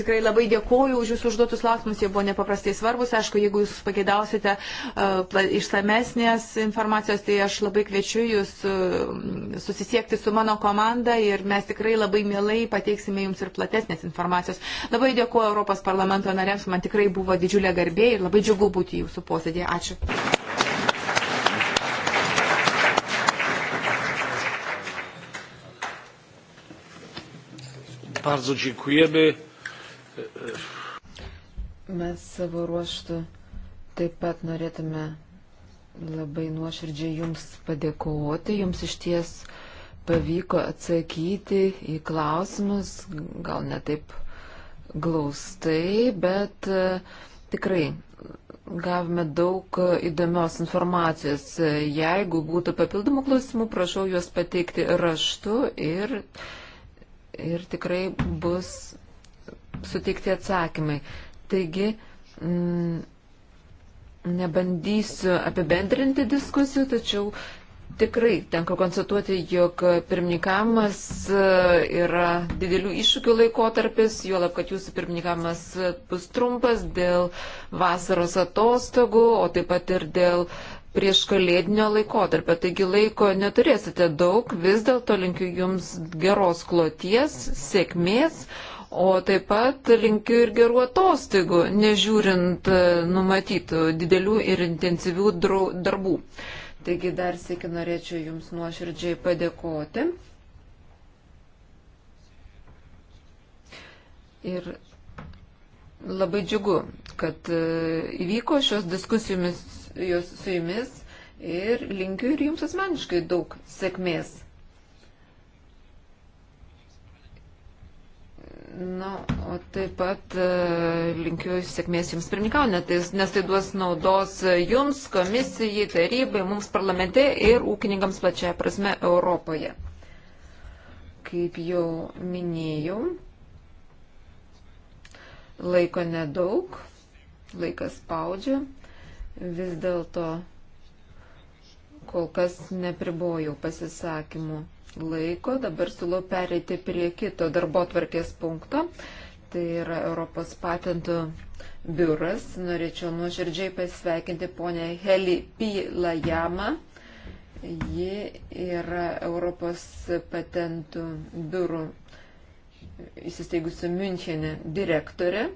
tikrai labai dėkoju už jūsų užduotus klausimus. Jie buvo nepaprastai svarbus. Aišku, jeigu jūs pageidausite uh, išsamesnės informacijos, tai aš labai kviečiu jūs uh, susisiekti su mano komanda ir mes tikrai labai mielai pateiksime jums ir platesnės informacijos. Labai dėkoju Europos parlamento nariams. Man tikrai buvo didžiulė garbė ir labai džiugu būti jūsų posėdėje. Ačiū. Bardzo dziękujemy. Mes savo ruoštų taip pat norėtume labai nuoširdžiai Jums padėkoti. Jums iš ties pavyko atsakyti į klausimus, gal ne taip glaustai, bet e, tikrai gavome daug įdomios informacijos. Jeigu būtų papildomų klausimų, prašau juos pateikti raštu ir ir tikrai bus suteikti atsakymai. Taigi, m, mm, nebandysiu apibendrinti diskusijų, tačiau tikrai tenka konstatuoti, jog pirmininkavimas e, yra didelių iššūkių laikotarpis, juolab, kad jūsų pirmininkavimas bus trumpas dėl vasaros atostogų, o taip pat ir dėl uh, prieš kalėdinio laikotarpio, taigi laiko neturėsite daug, vis dėlto linkiu Jums geros kloties, sėkmės, o taip pat linkiu ir gerų atostygų, nežiūrint e, numatytų didelių ir intensyvių darbų. Taigi dar sėki norėčiau Jums nuoširdžiai padėkoti. Ir labai džiugu, kad e, įvyko šios diskusijomis jos su jumis ir linkiu ir jums asmeniškai daug sėkmės. Na, o taip pat e, linkiu sėkmės jums pirmininkaujant, nes tai duos naudos jums, komisijai, tarybai, mums parlamente ir ūkininkams plačiaja prasme Europoje. Kaip jau minėjau, laiko nedaug, laikas spaudžia vis dėlto kol kas nepribojau pasisakymų laiko. Dabar siūlau pereiti prie kito darbo tvarkės punkto. Tai yra Europos patentų biuras. Norėčiau nuoširdžiai pasveikinti ponę Heli Pilajamą. Ji yra Europos patentų biurų įsisteigusių Münchenė direktorė.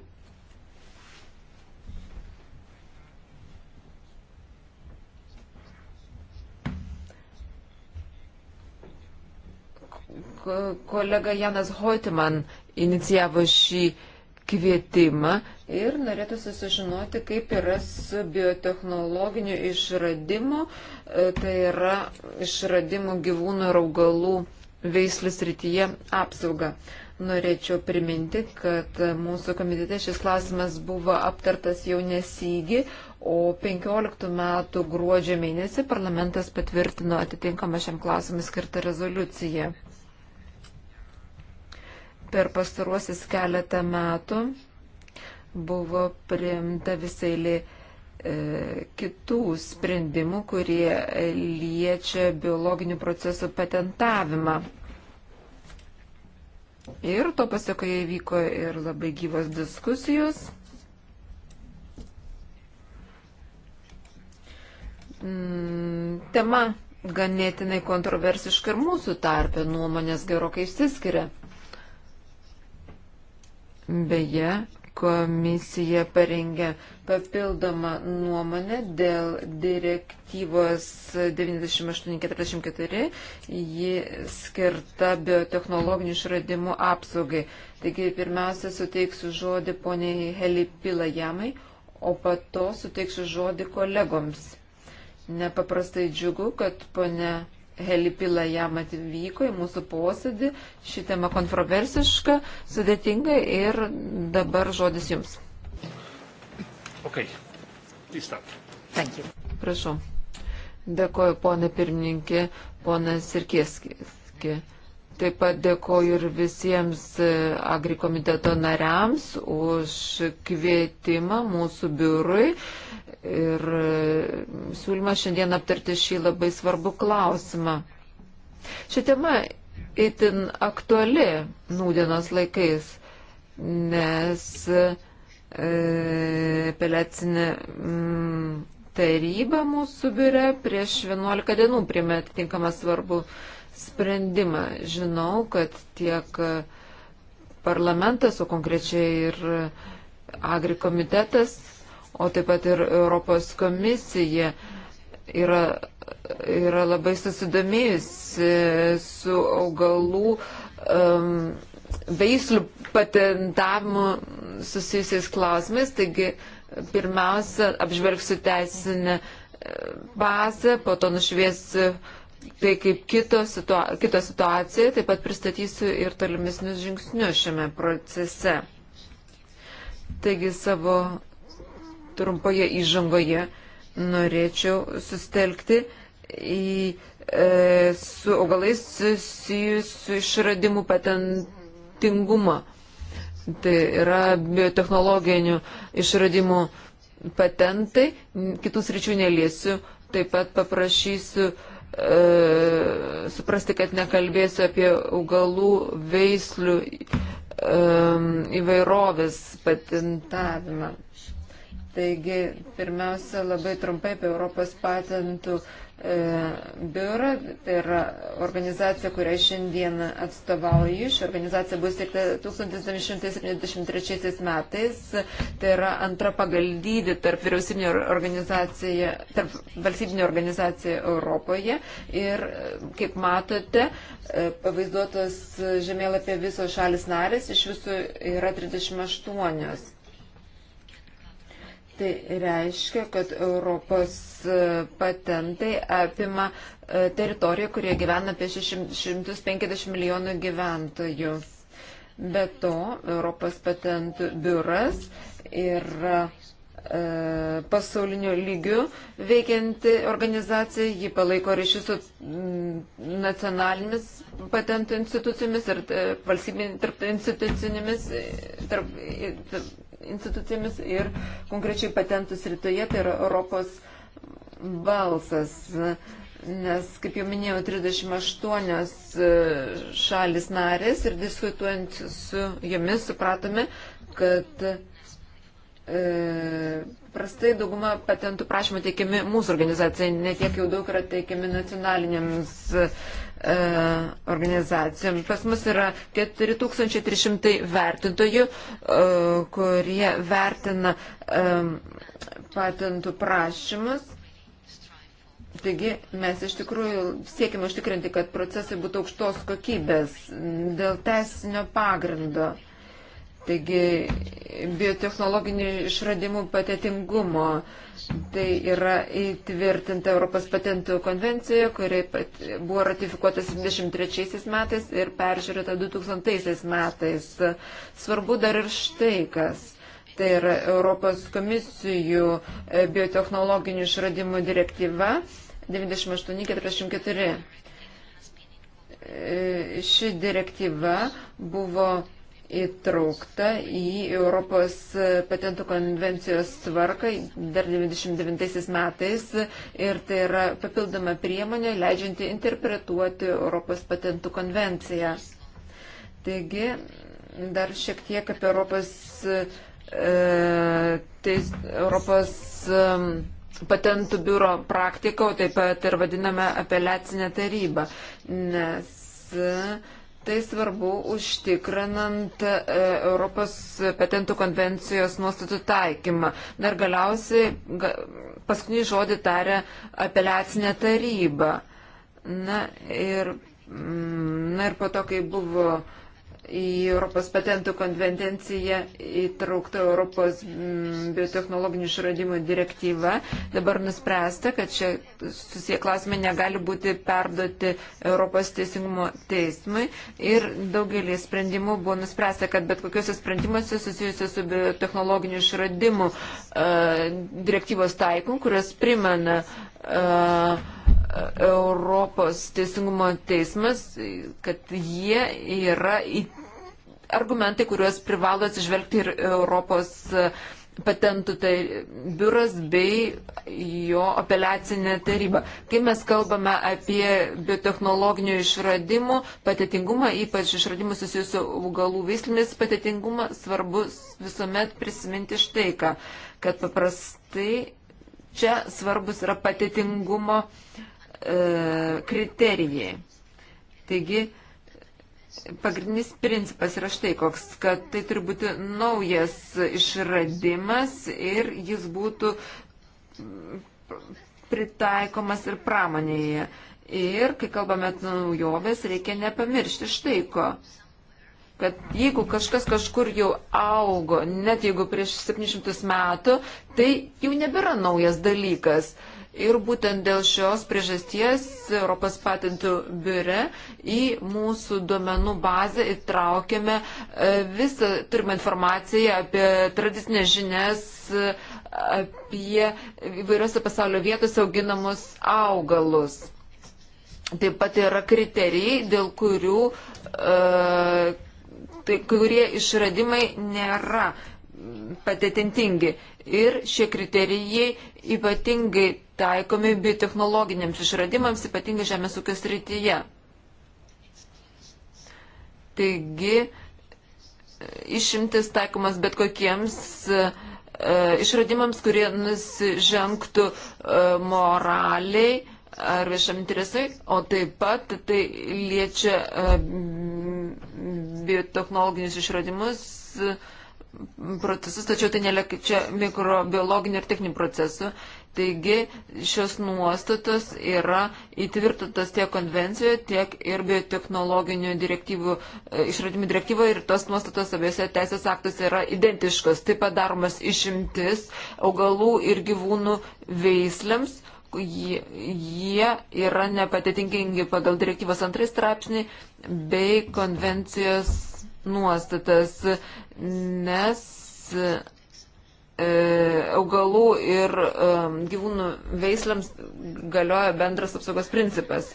kolega Janas Hoitiman inicijavo šį kvietimą ir norėtųsi sužinoti, kaip yra su biotehnologiniu išradimu, e, tai yra išradimu gyvūnų ir augalų veislis rytyje apsauga. Norėčiau priminti, kad mūsų komitete šis klausimas buvo aptartas jau nesygi, o 15 metų gruodžio mėnesį parlamentas patvirtino atitinkamą šiam klausimui skirtą rezoliuciją. Per pastaruosius keletą metų buvo priimta visai li e, kitų sprendimų, kurie liečia biologinių procesų patentavimą. Ir to pasakoje vyko ir labai gyvos diskusijos. Mm, tema ganėtinai kontroversiška ir mūsų tarpė nuomonės gerokai išsiskiria. Beje, komisija parengė papildomą nuomonę dėl direktyvos 9844, ji skirta biotehnologinių išradimų apsaugai. Taigi pirmiausia suteiksiu žodį poniai Helipila Jamai, o po to suteiksiu žodį kolegoms. Nepaprastai džiugu, kad ponia Helipila jam atvyko į mūsų posėdį. Ši tema kontroversiška, sudėtinga ir dabar žodis jums. Okay. Prašau. Dėkoju, ponė pirmininkė, ponas Sirkieski. Taip pat dėkoju ir visiems e, agrikomiteto nariams už kvietimą mūsų biurui ir e, siūlymas šiandien aptarti šį labai svarbų klausimą. Ši tema itin aktuali nūdienos laikais, nes e, apeliacinė mm, taryba mūsų biure prieš 11 dienų primė atitinkamą svarbų sprendimą. Žinau, kad tiek parlamentas, o konkrečiai ir agrikomitetas o taip pat ir Europos komisija yra, yra labai susidomėjusi su augalų um, veislių patentavimu susijusiais klausimais. Taigi, pirmiausia, apžvelgsiu teisinę e, bazę, po to nušviesiu tai kaip kito, situa kito situacija, taip pat pristatysiu ir tolimesnius žingsnius šiame procese. Taigi savo trumpoje įžangoje norėčiau sustelkti į e, su augalais susijusių išradimų patentingumą. Tai yra biotehnologinių išradimų patentai, kitus ryčių neliesiu, taip pat paprašysiu e, suprasti, kad nekalbėsiu apie augalų veislių e, įvairovės patentavimą. Taigi, pirmiausia, labai trumpai apie Europos patentų e, biurą. Tai yra organizacija, kurią šiandien atstovauju. Ši organizacija bus teikta 1973 metais. Tai yra antra pagal dydį tarp vyriausybinio organizacija, tarp valstybinio organizacija Europoje. Ir, kaip matote, e, pavaizduotos žemėlapė visos šalis narės, iš visų yra 38. Tai reiškia, kad Europos e, patentai apima e, teritoriją, kurioje gyvena apie 650 milijonų gyventojų. Be to, Europos patentų biuras yra E, pasauliniu lygiu veikianti organizacija, ji palaiko ryšius su mm, nacionalinėmis patentų institucijomis ir e, valstybinėmis tarp institucinėmis, e, tarp, tarp institucijomis ir konkrečiai patentų srityje, tai yra Europos balsas. Nes, kaip jau minėjau, 38 šalis narės ir diskutuojant su jomis supratome, kad uh, E, prastai dauguma patentų prašymų teikiami mūsų organizacijai, netiek jau daug yra teikiami nacionalinėms e, organizacijoms. Pas mus yra 4300 vertintojų, e, kurie vertina e, patentų prašymus. Taigi mes iš tikrųjų siekime užtikrinti, kad procesai būtų aukštos kokybės dėl teisinio pagrindo. E, Taigi biotechnologinių išradimų patetingumo tai yra įtvirtinta Europos patentų konvencija, kuri buvo ratifikuota 73 metais ir peržiūrėta 2000 metais. Svarbu dar ir štai kas. Tai yra Europos komisijų e, biotechnologinių išradimų direktyva 9844. E, ši direktyva buvo įtraukta į Europos patentų konvencijos tvarką dar 99 metais ir tai yra papildoma priemonė leidžianti interpretuoti Europos patentų konvenciją. Taigi, dar šiek tiek apie Europos, e, teis, Europos e, patentų biuro praktiką, taip pat ir vadiname apeliacinę tarybą, nes e, Tai svarbu užtikrinant e, Europos patentų konvencijos nuostatų taikymą. Dar galiausiai paskutinį žodį tarė apeliacinė taryba. Na ir, mm, na ir po to, kai buvo uh, į Europos patentų konvenciją įtraukta Europos mm, biotechnologinių išradimų direktyva. Dabar nuspręsta, kad šie susiję klausimai negali būti perduoti Europos teisingumo teismui. Ir daugelį sprendimų buvo nuspręsta, kad bet kokiuose sprendimuose susijusiuose su biotechnologinių išradimų uh, direktyvos taikum, kurios primena uh, Europos teisingumo teismas, kad jie yra įtikinti argumentai, kuriuos privalo atsižvelgti ir Europos e, patentų tai biuras bei jo apeliacinė taryba. Kai mes kalbame apie biotehnologinių išradimų patitingumą, ypač išradimų susijusių augalų veislinis patitingumą, svarbu visuomet prisiminti štai ką, kad paprastai čia svarbus yra patitingumo e, kriterijai. Taigi, pagrindinis principas yra štai koks, kad tai turi būti naujas išradimas ir jis būtų pritaikomas ir pramonėje. Ir kai kalbame apie naujoves, reikia nepamiršti štai ko kad jeigu kažkas kažkur jau augo, net jeigu prieš 700 metų, tai jau nebėra naujas dalykas. Uh, Ir būtent dėl šios priežasties Europos patentų biure į mūsų duomenų bazę įtraukėme e, visą turimą informaciją apie tradicinės žinias, apie įvairiose pasaulio vietose auginamus augalus. Taip pat yra kriterijai, dėl kurių e, tai, kurie išradimai nėra patetintingi. Ir šie kriterijai ypatingai taikomi biotechnologiniams išradimams, ypatingai žemės ūkio srityje. Taigi, išimtis taikomas bet kokiems uh, išradimams, kurie nusižengtų uh, moraliai ar viešam interesui, o taip pat tai liečia uh, biotechnologinius išradimus procesus, tačiau tai neliečia mikrobiologinių ir techninių procesų. Taigi šios nuostatos yra įtvirtintas tiek konvencijoje, tiek ir biotechnologinių direktyvų, e, išradimų direktyvoje ir tos nuostatos abiejose teisės aktuose yra identiškos. Taip pat daromas išimtis augalų ir gyvūnų veislėms. Jie yra nepatitinkingi pagal direktyvos antrai straipsnį bei konvencijos nuostatas, nes E, augalų ir e, gyvūnų veislėms galioja bendras apsaugos principas.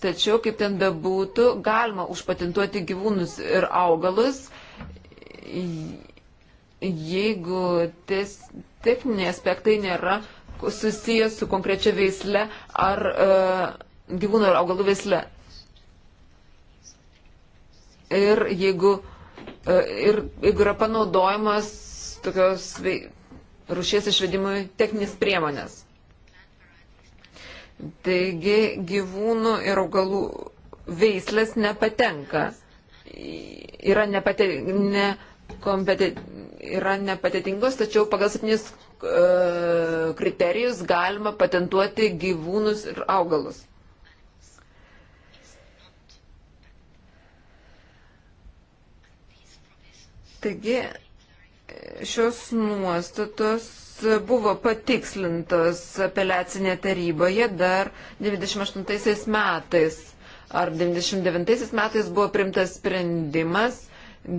Tačiau, kaip ten bebūtų, galima užpatentuoti gyvūnus ir augalus, jeigu ties, techniniai aspektai nėra susijęs su konkrečia veisle ar e, gyvūnų ar augalų veisle. Ir jeigu, e, ir, jeigu yra panaudojamas tokios rušies išvedimui techninės priemonės. Taigi gyvūnų ir augalų veislės nepatenka. Yra, nepate, ne, kompeti, yra nepatitingos, tačiau pagal septynis e, kriterijus galima patentuoti gyvūnus ir augalus. Taigi šios nuostatos buvo patikslintos apeliacinė taryboje dar 98 metais ar 99 metais buvo primtas sprendimas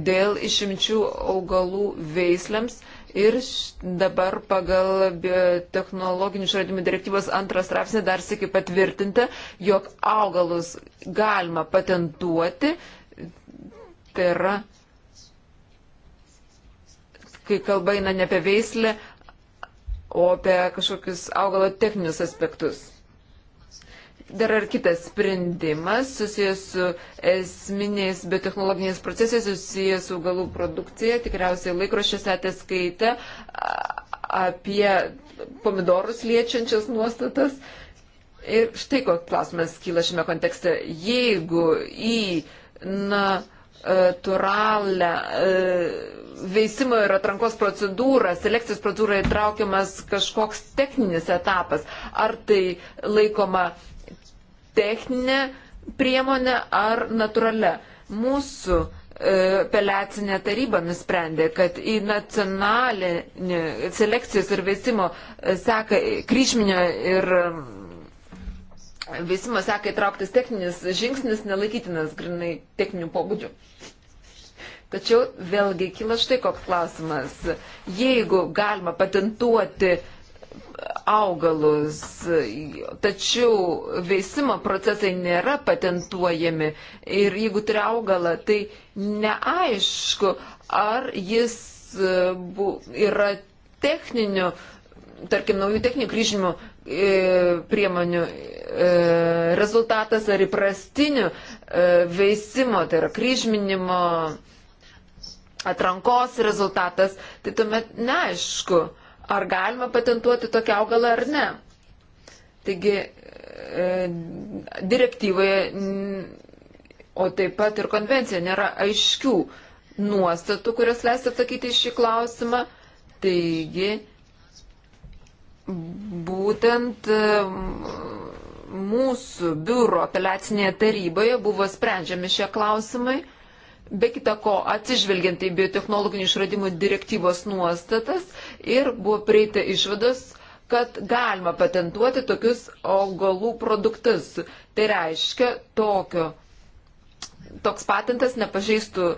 dėl išimčių augalų veislėms ir dabar pagal biotechnologinių išradimų direktyvos antras straipsnį dar sėki patvirtinta, jog augalus galima patentuoti, tai yra kai kalba eina ne apie veislę, o apie kažkokius augalo techninius aspektus. Dar ar kitas sprendimas susijęs su esminiais biotechnologiniais procesais, susijęs su augalų produkcija, tikriausiai laikrošiuose atskaita apie pomidorus liečiančias nuostatas. Ir štai koks klausimas kyla šiame kontekste. Jeigu į na, E, turalę e, veisimo ir atrankos procedūrą, selekcijos procedūrą įtraukiamas kažkoks techninis etapas. Ar tai laikoma techninė priemonė ar natūrale? Mūsų e, apeliacinė taryba nusprendė, kad į nacionalinį selekcijos ir veisimo seka kryžminio ir veisimo seka įtrauktas techninis žingsnis nelaikytinas grinai techninių pobūdžių. Tačiau vėlgi kyla štai koks klausimas. Jeigu galima patentuoti augalus, tačiau veisimo procesai nėra patentuojami ir jeigu turi augalą, tai neaišku, ar jis e, yra techninių, tarkim, naujų techninių kryžminių E, priemonių e, rezultatas ar įprastinių e, veisimo, tai yra kryžminimo atrankos rezultatas, tai tuomet neaišku, ar galima patentuoti tokį augalą ar ne. Taigi direktyvoje, o taip pat ir konvencija nėra aiškių nuostatų, kurios leis atsakyti į šį klausimą. Taigi, būtent e, mūsų biuro apeliacinėje taryboje buvo sprendžiami šie klausimai, be kita ko atsižvelgiant į biotechnologinių išradimų direktyvos nuostatas ir buvo prieita išvados, kad galima patentuoti tokius augalų produktus. Tai reiškia, tokio, toks patentas nepažeistų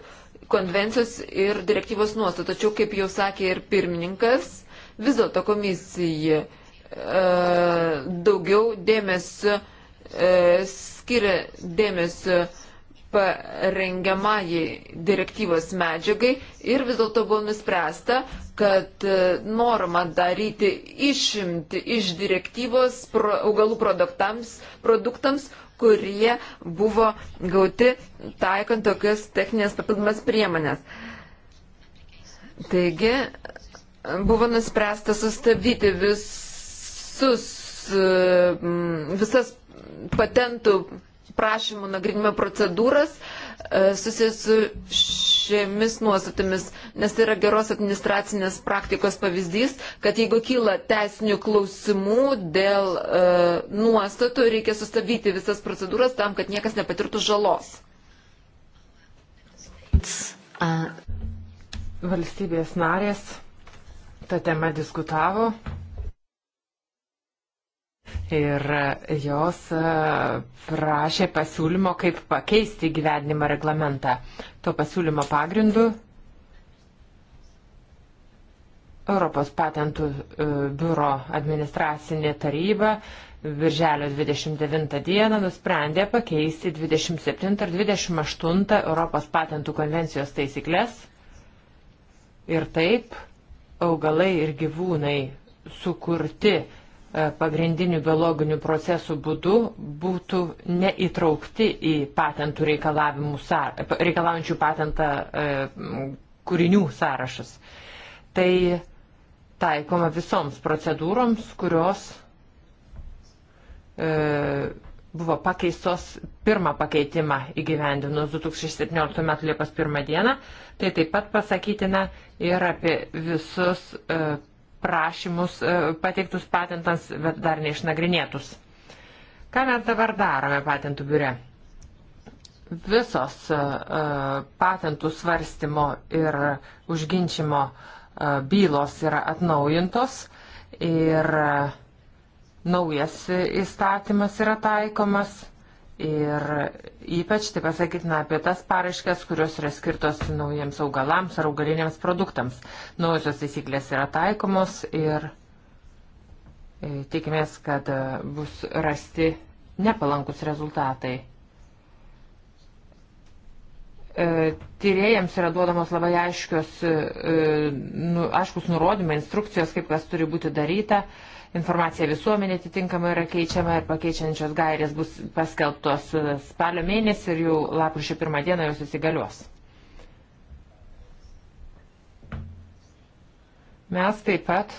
konvencijos ir direktyvos nuostatų. Tačiau, kaip jau sakė ir pirmininkas, Vis dėlto komisija e, daugiau dėmesio e, skiria dėmesio parengiamai direktyvos medžiagai ir vis dėlto buvo nuspręsta, kad e, norma daryti išimti iš direktyvos pro, augalų produktams, produktams, kurie buvo gauti taikant tokias techninės papildomas priemonės. Taigi, buvo nuspręsta sustabdyti visus, e, visas patentų prašymų nagrinimo procedūras e, susijęs su šiomis nuostatomis, nes tai yra geros administracinės praktikos pavyzdys, kad jeigu kyla teisinių klausimų dėl e, nuostatų, reikia sustabdyti visas procedūras tam, kad niekas nepatirtų žalos. Valstybės narės tą temą diskutavo. Ir jos e, prašė pasiūlymo, kaip pakeisti gyvenimo reglamentą. Tuo pasiūlymo pagrindu Europos patentų e, biuro administracinė taryba Birželio 29 dieną nusprendė pakeisti 27 ir 28 Europos patentų konvencijos taisyklės ir taip augalai ir gyvūnai sukurti e, pagrindinių biologinių procesų būdu būtų neįtraukti į patentų reikalaujančių patentą e, kūrinių sąrašas. Tai taikoma visoms procedūroms, kurios e, buvo pakeistos pirmą pakeitimą įgyvendinus 2017 m. Liepos 1 dieną. Tai taip pat pasakytina ir apie visus e, prašymus e, pateiktus patentams, bet dar neišnagrinėtus. Ką mes dabar darome patentų biure? Visos e, patentų svarstymo ir užginčimo bylos yra atnaujintos ir naujas įstatymas yra taikomas Ir ypač tai pasakytina apie tas paraiškas, kurios yra skirtos naujiems augalams ar augaliniams produktams. Naujosios taisyklės yra taikomos ir e, tikimės, kad e, bus rasti nepalankus rezultatai. E, tyrėjams yra duodamos labai aiškios, nu, aiškus nurodymai, instrukcijos, kaip kas turi būti daryta Informacija visuomenė atitinkama yra keičiama ir pakeičiančios gairės bus paskelbtos e, spalio mėnesį ir jau lapkričio pirmą dieną jos įsigalios. Mes taip pat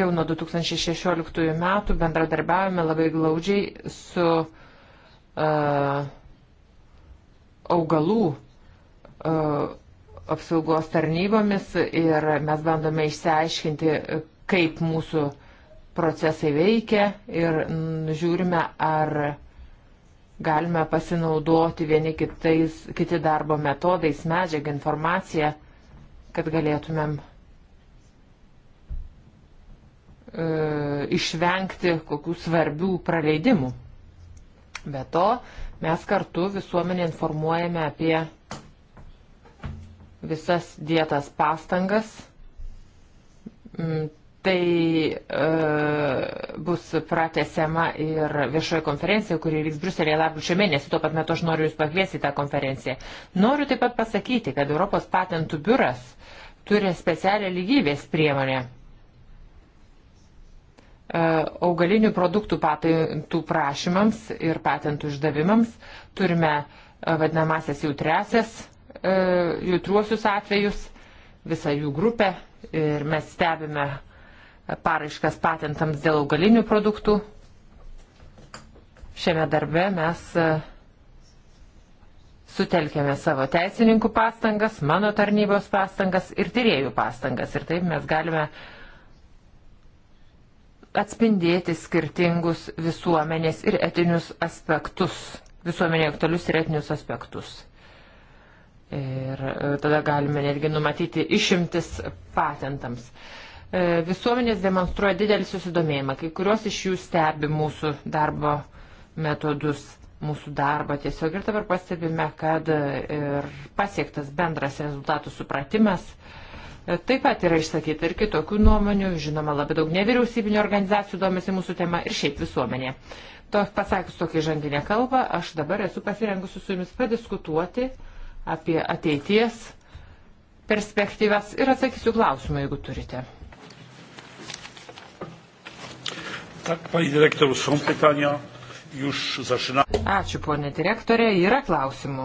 jau nuo 2016 metų bendradarbiavome labai glaudžiai su uh, augalų uh, apsaugos tarnybomis ir mes bandome išsiaiškinti, kaip mūsų procesai veikia ir žiūrime, ar galime pasinaudoti vieni kitais, kiti darbo metodais, medžiagą, informaciją, kad galėtumėm e, išvengti kokių svarbių praleidimų. Be to, mes kartu visuomenį informuojame apie visas dėtas pastangas tai e, bus pratesiama ir viešoji konferencija, kuri vyks Bruselėje lapkričio mėnesį. Tuo pat metu aš noriu Jūs pakviesti į tą konferenciją. Noriu taip pat pasakyti, kad Europos patentų biuras turi specialią lygybės priemonę e, augalinių produktų patentų prašymams ir patentų išdavimams. Turime e, vadinamasias jautresias, e, jautruosius atvejus, visą jų grupę ir mes stebime paraiškas patentams dėl augalinių produktų. Šiame darbe mes e, sutelkėme savo teisininkų pastangas, mano tarnybos pastangas ir tyriejų pastangas. Ir taip mes galime atspindėti skirtingus visuomenės ir etinius aspektus, visuomenėje aktualius ir etinius aspektus. Ir e, tada galime netgi numatyti išimtis patentams. Uh, E, visuomenės demonstruoja didelį susidomėjimą, kai kurios iš jų stebi mūsų darbo metodus, mūsų darbą tiesiog ir dabar pastebime, kad e, ir pasiektas bendras rezultatų supratimas. E, taip pat yra išsakyta ir kitokių nuomonių, žinoma, labai daug nevyriausybinio organizacijų domisi mūsų tema ir šiaip visuomenė. To, pasakius tokį žanginę kalbą, aš dabar esu pasirengusi su jumis padiskutuoti apie ateities perspektyvas ir atsakysiu klausimą, jeigu turite. Tak, pani direktorius, są pytania. Już zaczynamy. Ačiū, ponė direktorė, yra klausimų.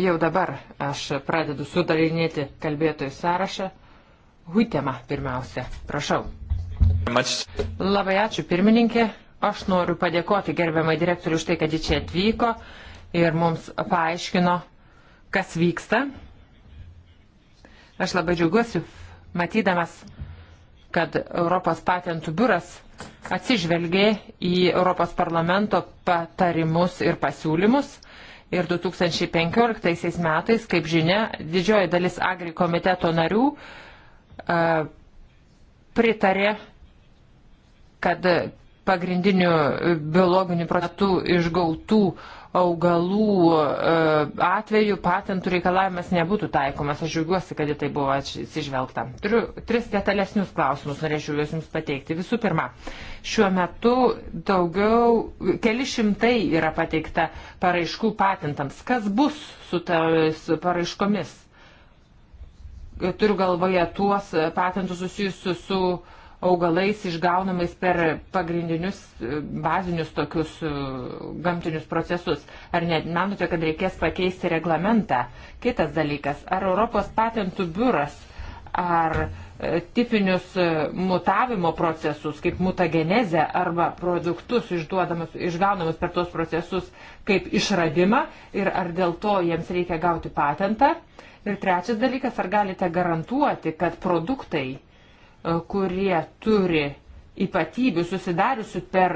Jau dabar aš pradedu sudarinėti kalbėtojų sąrašą. Huitema pirmiausia, prašau. Labai ačiū, pirmininkė. Aš noriu padėkoti gerbiamai direktoriui už tai, kad ji čia atvyko ir mums paaiškino, kas vyksta. Aš labai džiaugiuosi matydamas kad Europos patentų biuras atsižvelgė į Europos parlamento patarimus ir pasiūlymus. Ir 2015 metais, kaip žinia, didžioji dalis agri komiteto narių a, e, pritarė, kad pagrindinių biologinių protų išgautų augalų e, atveju patentų reikalavimas nebūtų taikomas. Aš žiūriuosi, kad į tai buvo atsižvelgta. Turiu tris detalesnius klausimus, norėčiau juos jums pateikti. Visų pirma, šiuo metu daugiau, keli šimtai yra pateikta paraiškų patentams. Kas bus su tais paraiškomis? Turiu galvoje tuos patentus susijusius su. su augalais išgaunamais per pagrindinius e, bazinius tokius e, gamtinius procesus. Ar net manote, kad reikės pakeisti reglamentą? Kitas dalykas, ar Europos patentų biuras, ar e, tipinius mutavimo procesus, kaip mutagenezę arba produktus išgaunamus per tuos procesus kaip išradimą ir ar dėl to jiems reikia gauti patentą. Ir trečias dalykas, ar galite garantuoti, kad produktai E, kurie turi ypatybių susidariusių per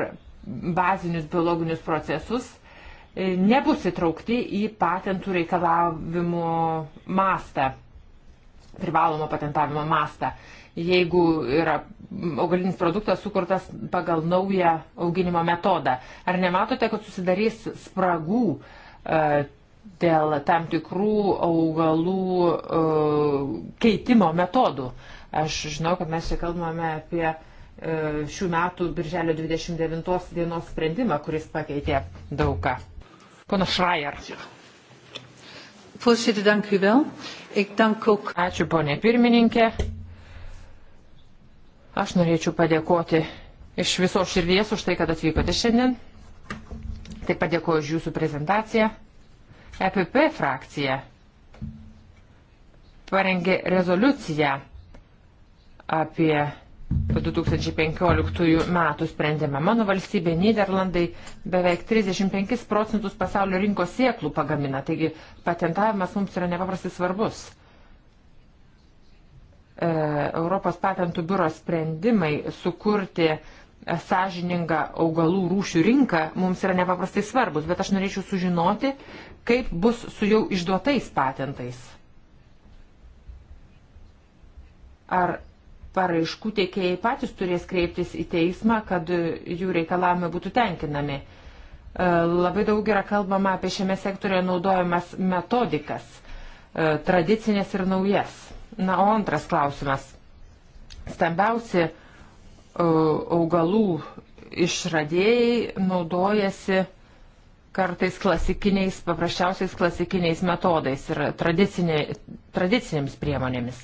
bazinius biologinius procesus, e, nebus įtraukti į patentų reikalavimo mastą, privalomo patentavimo mastą. Jeigu yra augalinis produktas sukurtas pagal naują auginimo metodą, ar nematote, kad susidarys spragų e, dėl tam tikrų augalų keitimo metodų? Aš žinau, kad mes čia kalbame apie e, šių metų birželio 29 dienos sprendimą, kuris pakeitė daugą. Pana Šrajer. Ačiū, ponė pirmininkė. Aš norėčiau padėkoti iš viso širdies už tai, kad atvykote šiandien. Taip padėkoju už jūsų prezentaciją. EPP frakcija parengė rezoliuciją apie 2015 metų sprendimą. Mano valstybė Niderlandai beveik 35 procentus pasaulio rinkos sieklų pagamina, taigi patentavimas mums yra nepaprastai svarbus. E, Europos patentų biuro sprendimai sukurti e, sąžiningą augalų rūšių rinką mums yra nepaprastai svarbus, bet aš norėčiau sužinoti, kaip bus su jau išduotais patentais. Ar paraiškų teikėjai patys turės kreiptis į teismą, kad jų reikalavimai būtų tenkinami. E, labai daug yra kalbama apie šiame sektorėje naudojamas metodikas, e, tradicinės ir naujas. Na, o antras klausimas. Stambiausi e, augalų išradėjai naudojasi kartais klasikiniais, paprasčiausiais klasikiniais metodais ir tradicinėmis priemonėmis.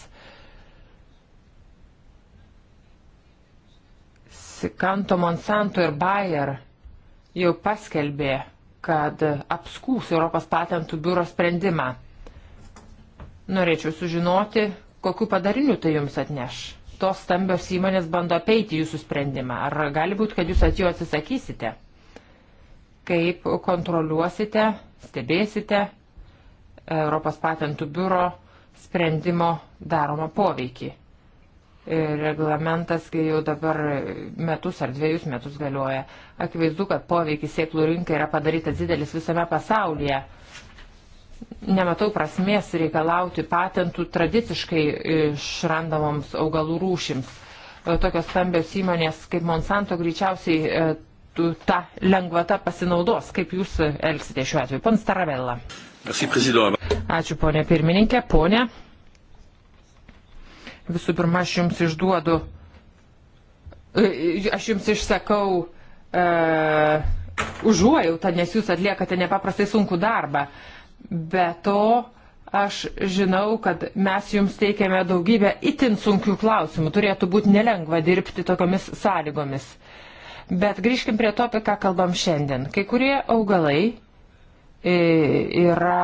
Kanto Monsanto ir Bayer jau paskelbė, kad apskūs Europos patentų biuro sprendimą. Norėčiau sužinoti, kokiu padariniu tai jums atneš. Tos stambios įmonės bando apeiti jūsų sprendimą. Ar gali būti, kad jūs at jo atsisakysite? Kaip kontroliuosite, stebėsite Europos patentų biuro sprendimo daromą poveikį? reglamentas, kai jau dabar metus ar dviejus metus galioja. Akivaizdu, kad poveikis sėklų rinkai yra padarytas didelis visame pasaulyje. Nematau prasmės reikalauti patentų tradiciškai išrandamoms augalų rūšims. E, tokios stambios įmonės kaip Monsanto greičiausiai e, tą lengvatą pasinaudos. Kaip jūs elgsite šiuo atveju? Pons Taravella. Ačiū, ponė pirmininkė. Ponė. Visų pirma, aš jums išduodu, e, aš jums išsakau uh, užuojautą, nes jūs atliekate nepaprastai sunku darbą. Be to, aš žinau, kad mes jums teikiame daugybę itin sunkių klausimų. Turėtų būti nelengva dirbti tokiamis sąlygomis. Bet grįžkim prie to, apie ką kalbam šiandien. Kai kurie augalai e, yra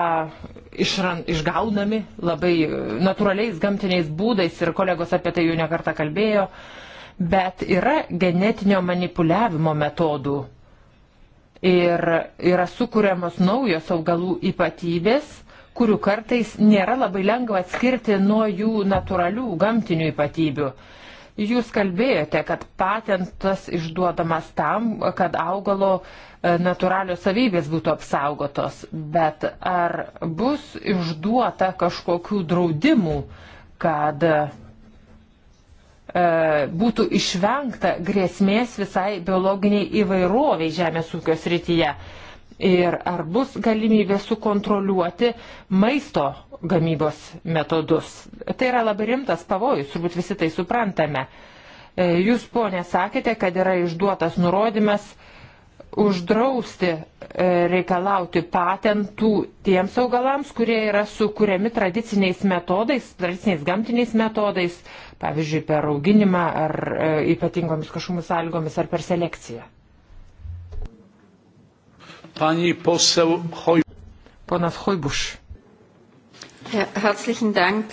išran, išgaunami labai e, natūraliais gamtiniais būdais ir kolegos apie tai jau nekartą kalbėjo, bet yra genetinio manipuliavimo metodų ir yra sukūriamos naujos augalų ypatybės, kurių kartais nėra labai lengva atskirti nuo jų natūralių gamtinių ypatybių. Jūs kalbėjote, kad patentas išduodamas tam, kad augalo e, natūralios savybės būtų apsaugotos, bet ar bus išduota kažkokių draudimų, kad e, būtų išvengta grėsmės visai biologiniai įvairoviai žemės ūkio srityje? ir ar bus galimybė sukontroliuoti maisto gamybos metodus. Tai yra labai rimtas pavojus, turbūt visi tai suprantame. E, jūs, ponė, sakėte, kad yra išduotas nurodymas uždrausti e, reikalauti patentų tiems augalams, kurie yra sukūriami tradiciniais metodais, tradiciniais gamtiniais metodais, pavyzdžiui, per auginimą ar e, ypatingomis kažkomis sąlygomis ar per selekciją. Pani posel Hoj. Ponas Hojbuš. Herzlichen Dank.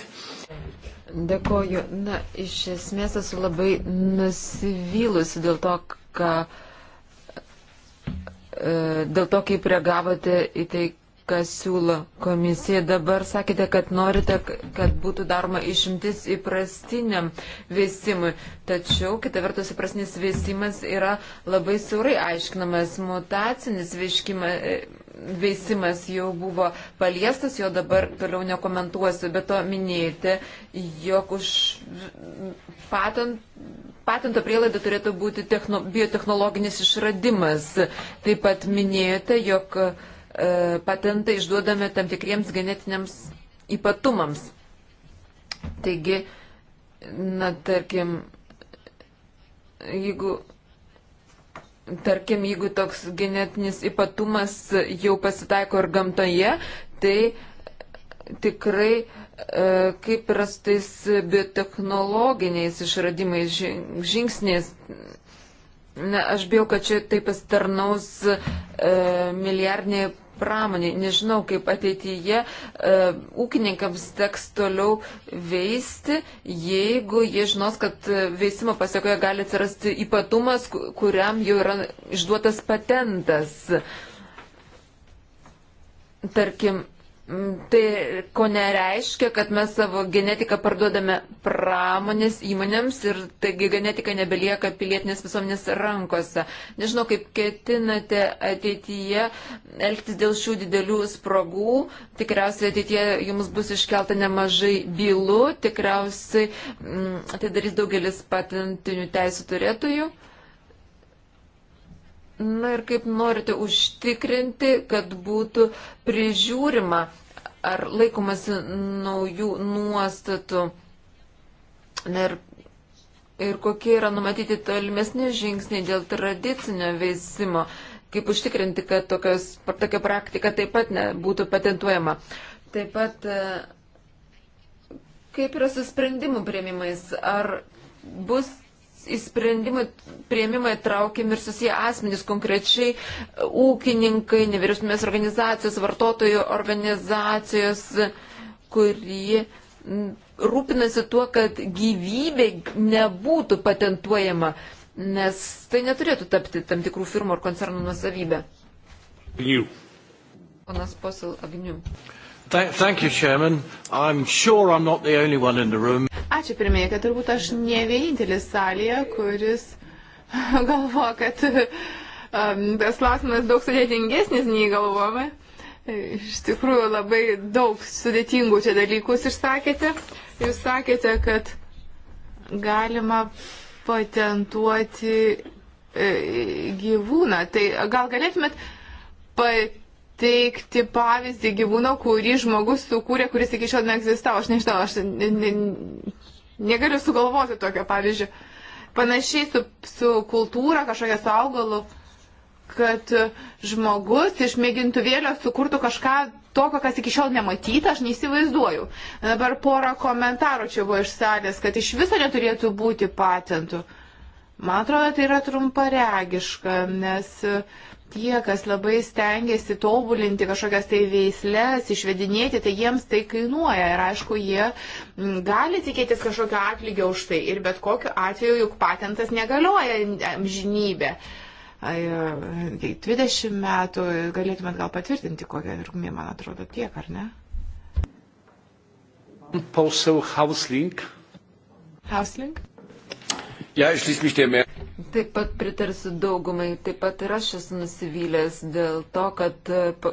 Dėkoju. Na, iš esmės esu labai nusivylusi dėl to, ką. E, dėl to, kaip reagavote į tai, ką siūlo komisija. Dabar sakėte, kad norite, kad būtų daroma išimtis įprastiniam vėsimui. Tačiau, kita vertus, įprastinis vėsimas yra labai siaurai aiškinamas. Mutacinis e, vėsimas jau buvo paliestas, jo dabar toliau nekomentuosiu. Bet to minėjote, jog už patent patento prielaida turėtų būti techno, biotehnologinis išradimas. Taip pat minėjote, jog uh, E, patentai išduodami tam tikriems genetiniams ypatumams. Taigi, na, tarkim, jeigu, tarkim, jeigu toks genetinis ypatumas jau pasitaiko ir gamtoje, tai tikrai e, kaip yra su tais biotehnologiniais išradimais žingsniais Na, aš bijau, kad čia tai pasitarnaus e, milijardiniai pramonė. Nežinau, kaip ateityje e, ūkininkams teks toliau veisti, jeigu jie žinos, kad veisimo pasiekoje gali atsirasti ypatumas, kuriam jau yra išduotas patentas. Tarkim, Tai ko nereiškia, kad mes savo genetiką parduodame pramonės įmonėms ir taigi genetika nebelieka pilietinės visuomenės rankose. Nežinau, kaip ketinate ateityje elgtis dėl šių didelių spragų. Tikriausiai ateityje jums bus iškelta nemažai bylų, tikriausiai m, mm, tai darys daugelis patentinių teisų turėtojų. Na ir kaip norite užtikrinti, kad būtų prižiūrima ar laikomasi naujų nuostatų? Na ir, ir kokie yra numatyti tolimesni žingsniai dėl tradicinio veisimo? Kaip užtikrinti, kad tokios, tokia praktika taip pat nebūtų patentuojama? Taip pat, e, kaip yra su sprendimų prieimimais? Ar bus į sprendimų prieimimą įtraukiami ir susiję asmenys, konkrečiai ūkininkai, nevyriausybės organizacijos, vartotojų organizacijos, kurie rūpinasi tuo, kad gyvybė nebūtų patentuojama, nes tai neturėtų tapti tam tikrų firmų ar koncernų nusavybė. Agnių. Ponas Posil Agnių. Thank you, Chairman. I'm sure I'm not the only one in the room. Ačiū pirmieji, kad turbūt aš ne vienintelis salėje, kuris galvo, kad um, tas klausimas daug sudėtingesnis nei galvojame. Iš tikrųjų labai daug sudėtingų čia dalykus išsakėte. Jūs sakėte, kad galima patentuoti e, gyvūną. Tai gal galėtumėt pat pateikti pavyzdį gyvūno, kurį žmogus sukūrė, kuris iki šiol neegzistavo. Aš nežinau, aš ne, ne, negaliu sugalvoti tokio pavyzdžio. Panašiai su, su kultūra, kažkokia su augalu, kad žmogus iš mėgintuvėlio sukurtų kažką tokio, kas iki šiol nematyta, aš neįsivaizduoju. Dabar pora komentarų čia buvo iš salės, kad iš viso neturėtų būti patentų. Man atrodo, tai yra trumparegiška, nes uh, tie, kas labai stengiasi tobulinti kažkokias tai veislės, išvedinėti, tai jiems tai kainuoja. Ir aišku, jie mm, gali tikėtis kažkokio atlygio už tai. Ir bet kokiu atveju juk patentas negalioja amžinybė. 20 metų galėtumėt gal patvirtinti kokią trukmę, man atrodo, tiek, ar ne? Pausiau Hauslink. Hauslink? Ja, taip pat pritarsiu daugumai, taip pat ir aš esu nusivylęs dėl to, kad,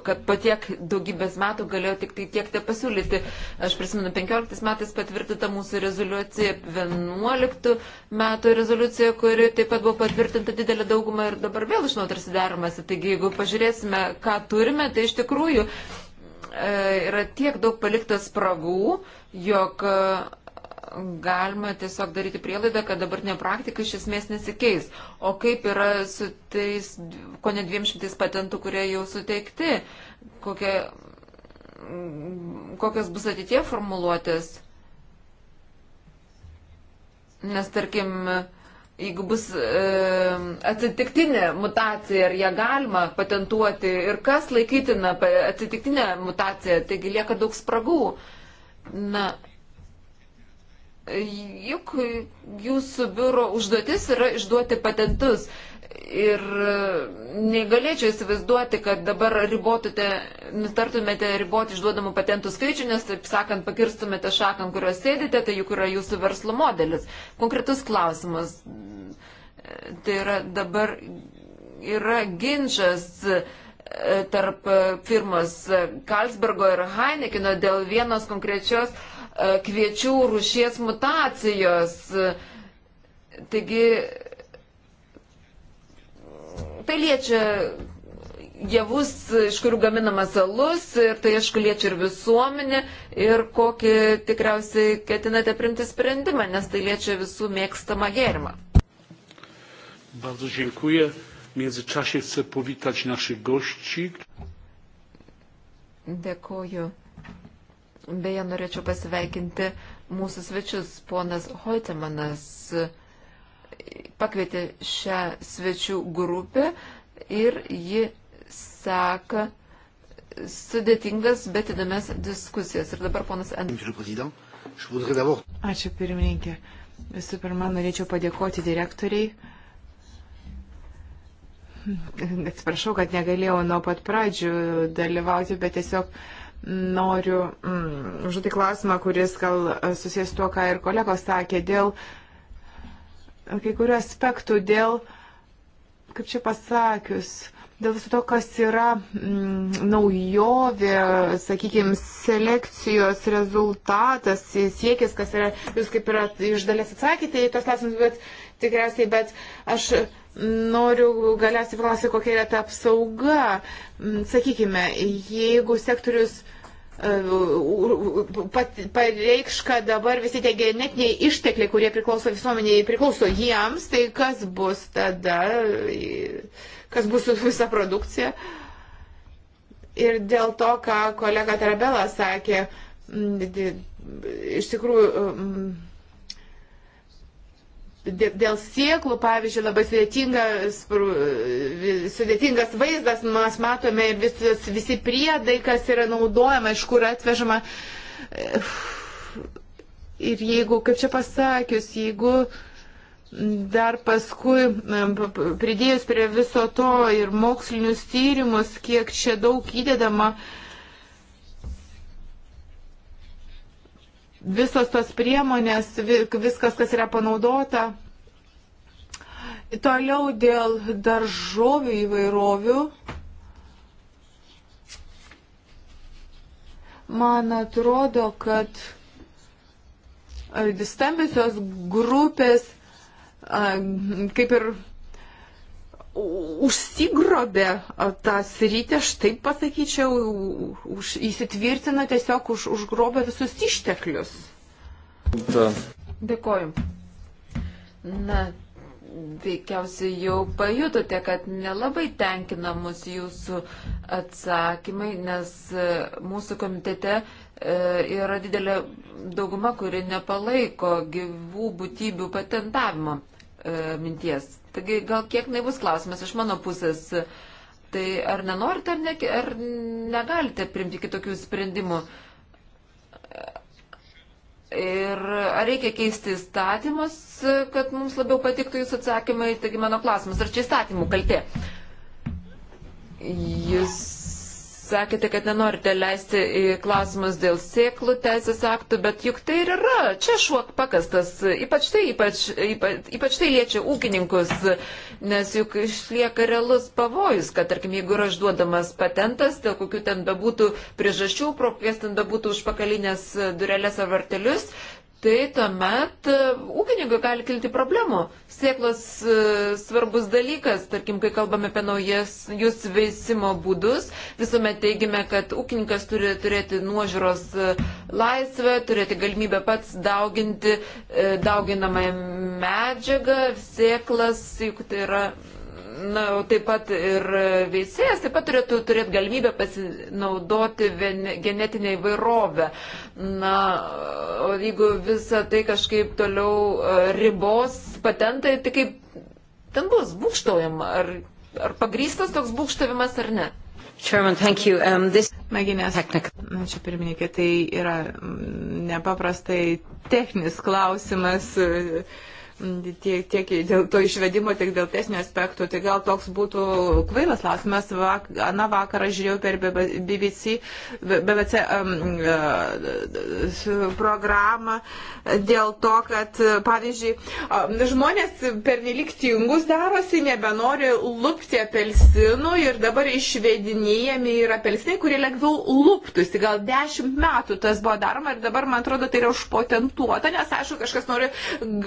kad po tiek daugybės metų galėjo tik tai tiek te pasiūlyti. Aš prisimenu, 15 metais patvirtinta mūsų rezoliucija, 11 metų rezoliucija, kuri taip pat buvo patvirtinta didelė dauguma ir dabar vėl iš naujo tarsi daromasi. Taigi, jeigu pažiūrėsime, ką turime, tai iš tikrųjų e, yra tiek daug paliktas spragų, jog. E, galima tiesiog daryti prielaidą, kad dabartinė praktika iš esmės nesikeis. O kaip yra su tais, ko ne 200 patentų, kurie jau suteikti, kokie, kokios bus ateitie formuluotės? Nes tarkim, jeigu bus e, atsitiktinė mutacija ir ją galima patentuoti ir kas laikytina atsitiktinė mutacija, taigi lieka daug spragų. Na, Juk jūsų biuro užduotis yra išduoti patentus. Ir e, negalėčiau įsivaizduoti, kad dabar ribotute, nutartumėte riboti išduodamų patentų skaičių, nes, taip sakant, pakirstumėte šakam, kurios sėdite, tai juk yra jūsų verslo modelis. Konkretus klausimas. Tai yra dabar yra ginčas e, tarp firmos Karlsbergo ir Heinekino dėl vienos konkrečios uh, E, kviečių rušies mutacijos. Taigi, tai liečia javus, iš kurių gaminamas alus, ir tai aišku liečia ir visuomenę, ir kokį tikriausiai ketinate primti sprendimą, nes tai liečia visų mėgstamą gėrimą. Bardzo dziękuję. W międzyczasie chcę powitać naszych gości. Dėkoju Beje, norėčiau pasveikinti mūsų svečius. Ponas Hoitemanas e, pakvietė šią svečių grupę ir ji seka sudėtingas, bet įdomias diskusijas. Ir dabar ponas Andrius. Ačiū pirmininkė. Visų pirma, norėčiau padėkoti direktoriai. Atsiprašau, kad negalėjau nuo pat pradžių dalyvauti, bet tiesiog uh, noriu mm, užduoti klausimą, kuris gal e, susijęs tuo, ką ir kolegos sakė, dėl e, kai kurių aspektų, dėl, kaip čia pasakius, dėl viso to, kas yra mm, naujovė, sakykime, selekcijos rezultatas, siekis, kas yra, jūs kaip yra iš dalies atsakėte į tos klausimus, bet tikriausiai, bet aš noriu galiausiai paklausyti, kokia yra ta apsauga. Mm, sakykime, jeigu sektorius e, pareikš, kad dabar visi tie genetiniai ištekliai, kurie priklauso visuomeniai, priklauso jiems, tai kas bus tada, e, kas bus su visa produkcija. Ir dėl to, ką kolega Tarabela sakė, mm, iš tikrųjų mm, Dėl sieklų, pavyzdžiui, labai sudėtingas, sudėtingas vaizdas, mes matome ir visus, visi priedai, kas yra naudojama, iš kur atvežama. Ir jeigu, kaip čia pasakius, jeigu dar paskui pridėjus prie viso to ir mokslinius tyrimus, kiek čia daug įdedama, uh, visos tos priemonės, viskas, kas yra panaudota. Toliau dėl daržovių įvairovių. Man atrodo, kad e, stambiosios grupės kaip ir užsigrobė tą sritį, aš taip pasakyčiau, už, įsitvirtina tiesiog už, užgrobė visus išteklius. Ta. Dėkoju. Na, veikiausiai jau pajutote, kad nelabai tenkina mus jūsų atsakymai, nes e, mūsų komitete e, yra didelė dauguma, kuri nepalaiko gyvų būtybių patentavimo e, minties. Taigi gal kiek naivus klausimas iš mano pusės. Tai ar nenorite, ar, ne, ar negalite primti kitokių sprendimų? Ir ar reikia keisti įstatymus, kad mums labiau patiktų jūsų atsakymai? Taigi mano klausimas, ar čia įstatymų kaltė? Jūs sakėte, kad nenorite leisti į klausimus dėl sėklų teisės aktų, bet juk tai ir yra. Čia šuok pakastas. Ypač tai, ypač, ypač, ypač tai liečia ūkininkus, nes juk išlieka realus pavojus, kad, tarkim, jeigu yra išduodamas patentas, dėl kokių ten bebūtų priežasčių, pro kokias ten bebūtų užpakalinės durelės ar vartelius, tai tuomet e, ūkininkui gali kilti problemų. Sėklos e, svarbus dalykas, tarkim, kai kalbame apie naujas jūs veisimo būdus, visuomet teigime, kad ūkininkas turi turėti nuožiūros e, laisvę, turėti galimybę pats dauginti dauginamąją medžiagą, sėklas, juk tai yra na, taip pat ir veisėjas taip pat turėtų turėti galimybę pasinaudoti genetinę įvairovę. Na, o jeigu visą tai kažkaip toliau e, ribos patentai, tai kaip ten bus būkštaujama? Ar, ar pagrystas toks būkštavimas ar ne? Chairman, thank you. Um, this... Maginės, na čia pirmininkė, tai yra mm, nepaprastai techninis klausimas. Uh, tiek, tiek dėl to išvedimo, tiek dėl tesnių aspektų. Tai gal toks būtų kvailas klausimas. Vak, aną vakarą žiūrėjau per BBC, BBC um, e, programą dėl to, kad, pavyzdžiui, žmonės pernelik tingus darosi, nebenori lupti apelsinų ir dabar išvedinėjami yra apelsinai, kurie lengviau luptųsi. Gal dešimt metų tas buvo daroma ir dabar, man atrodo, tai yra užpotentuota, nes, aišku, kažkas nori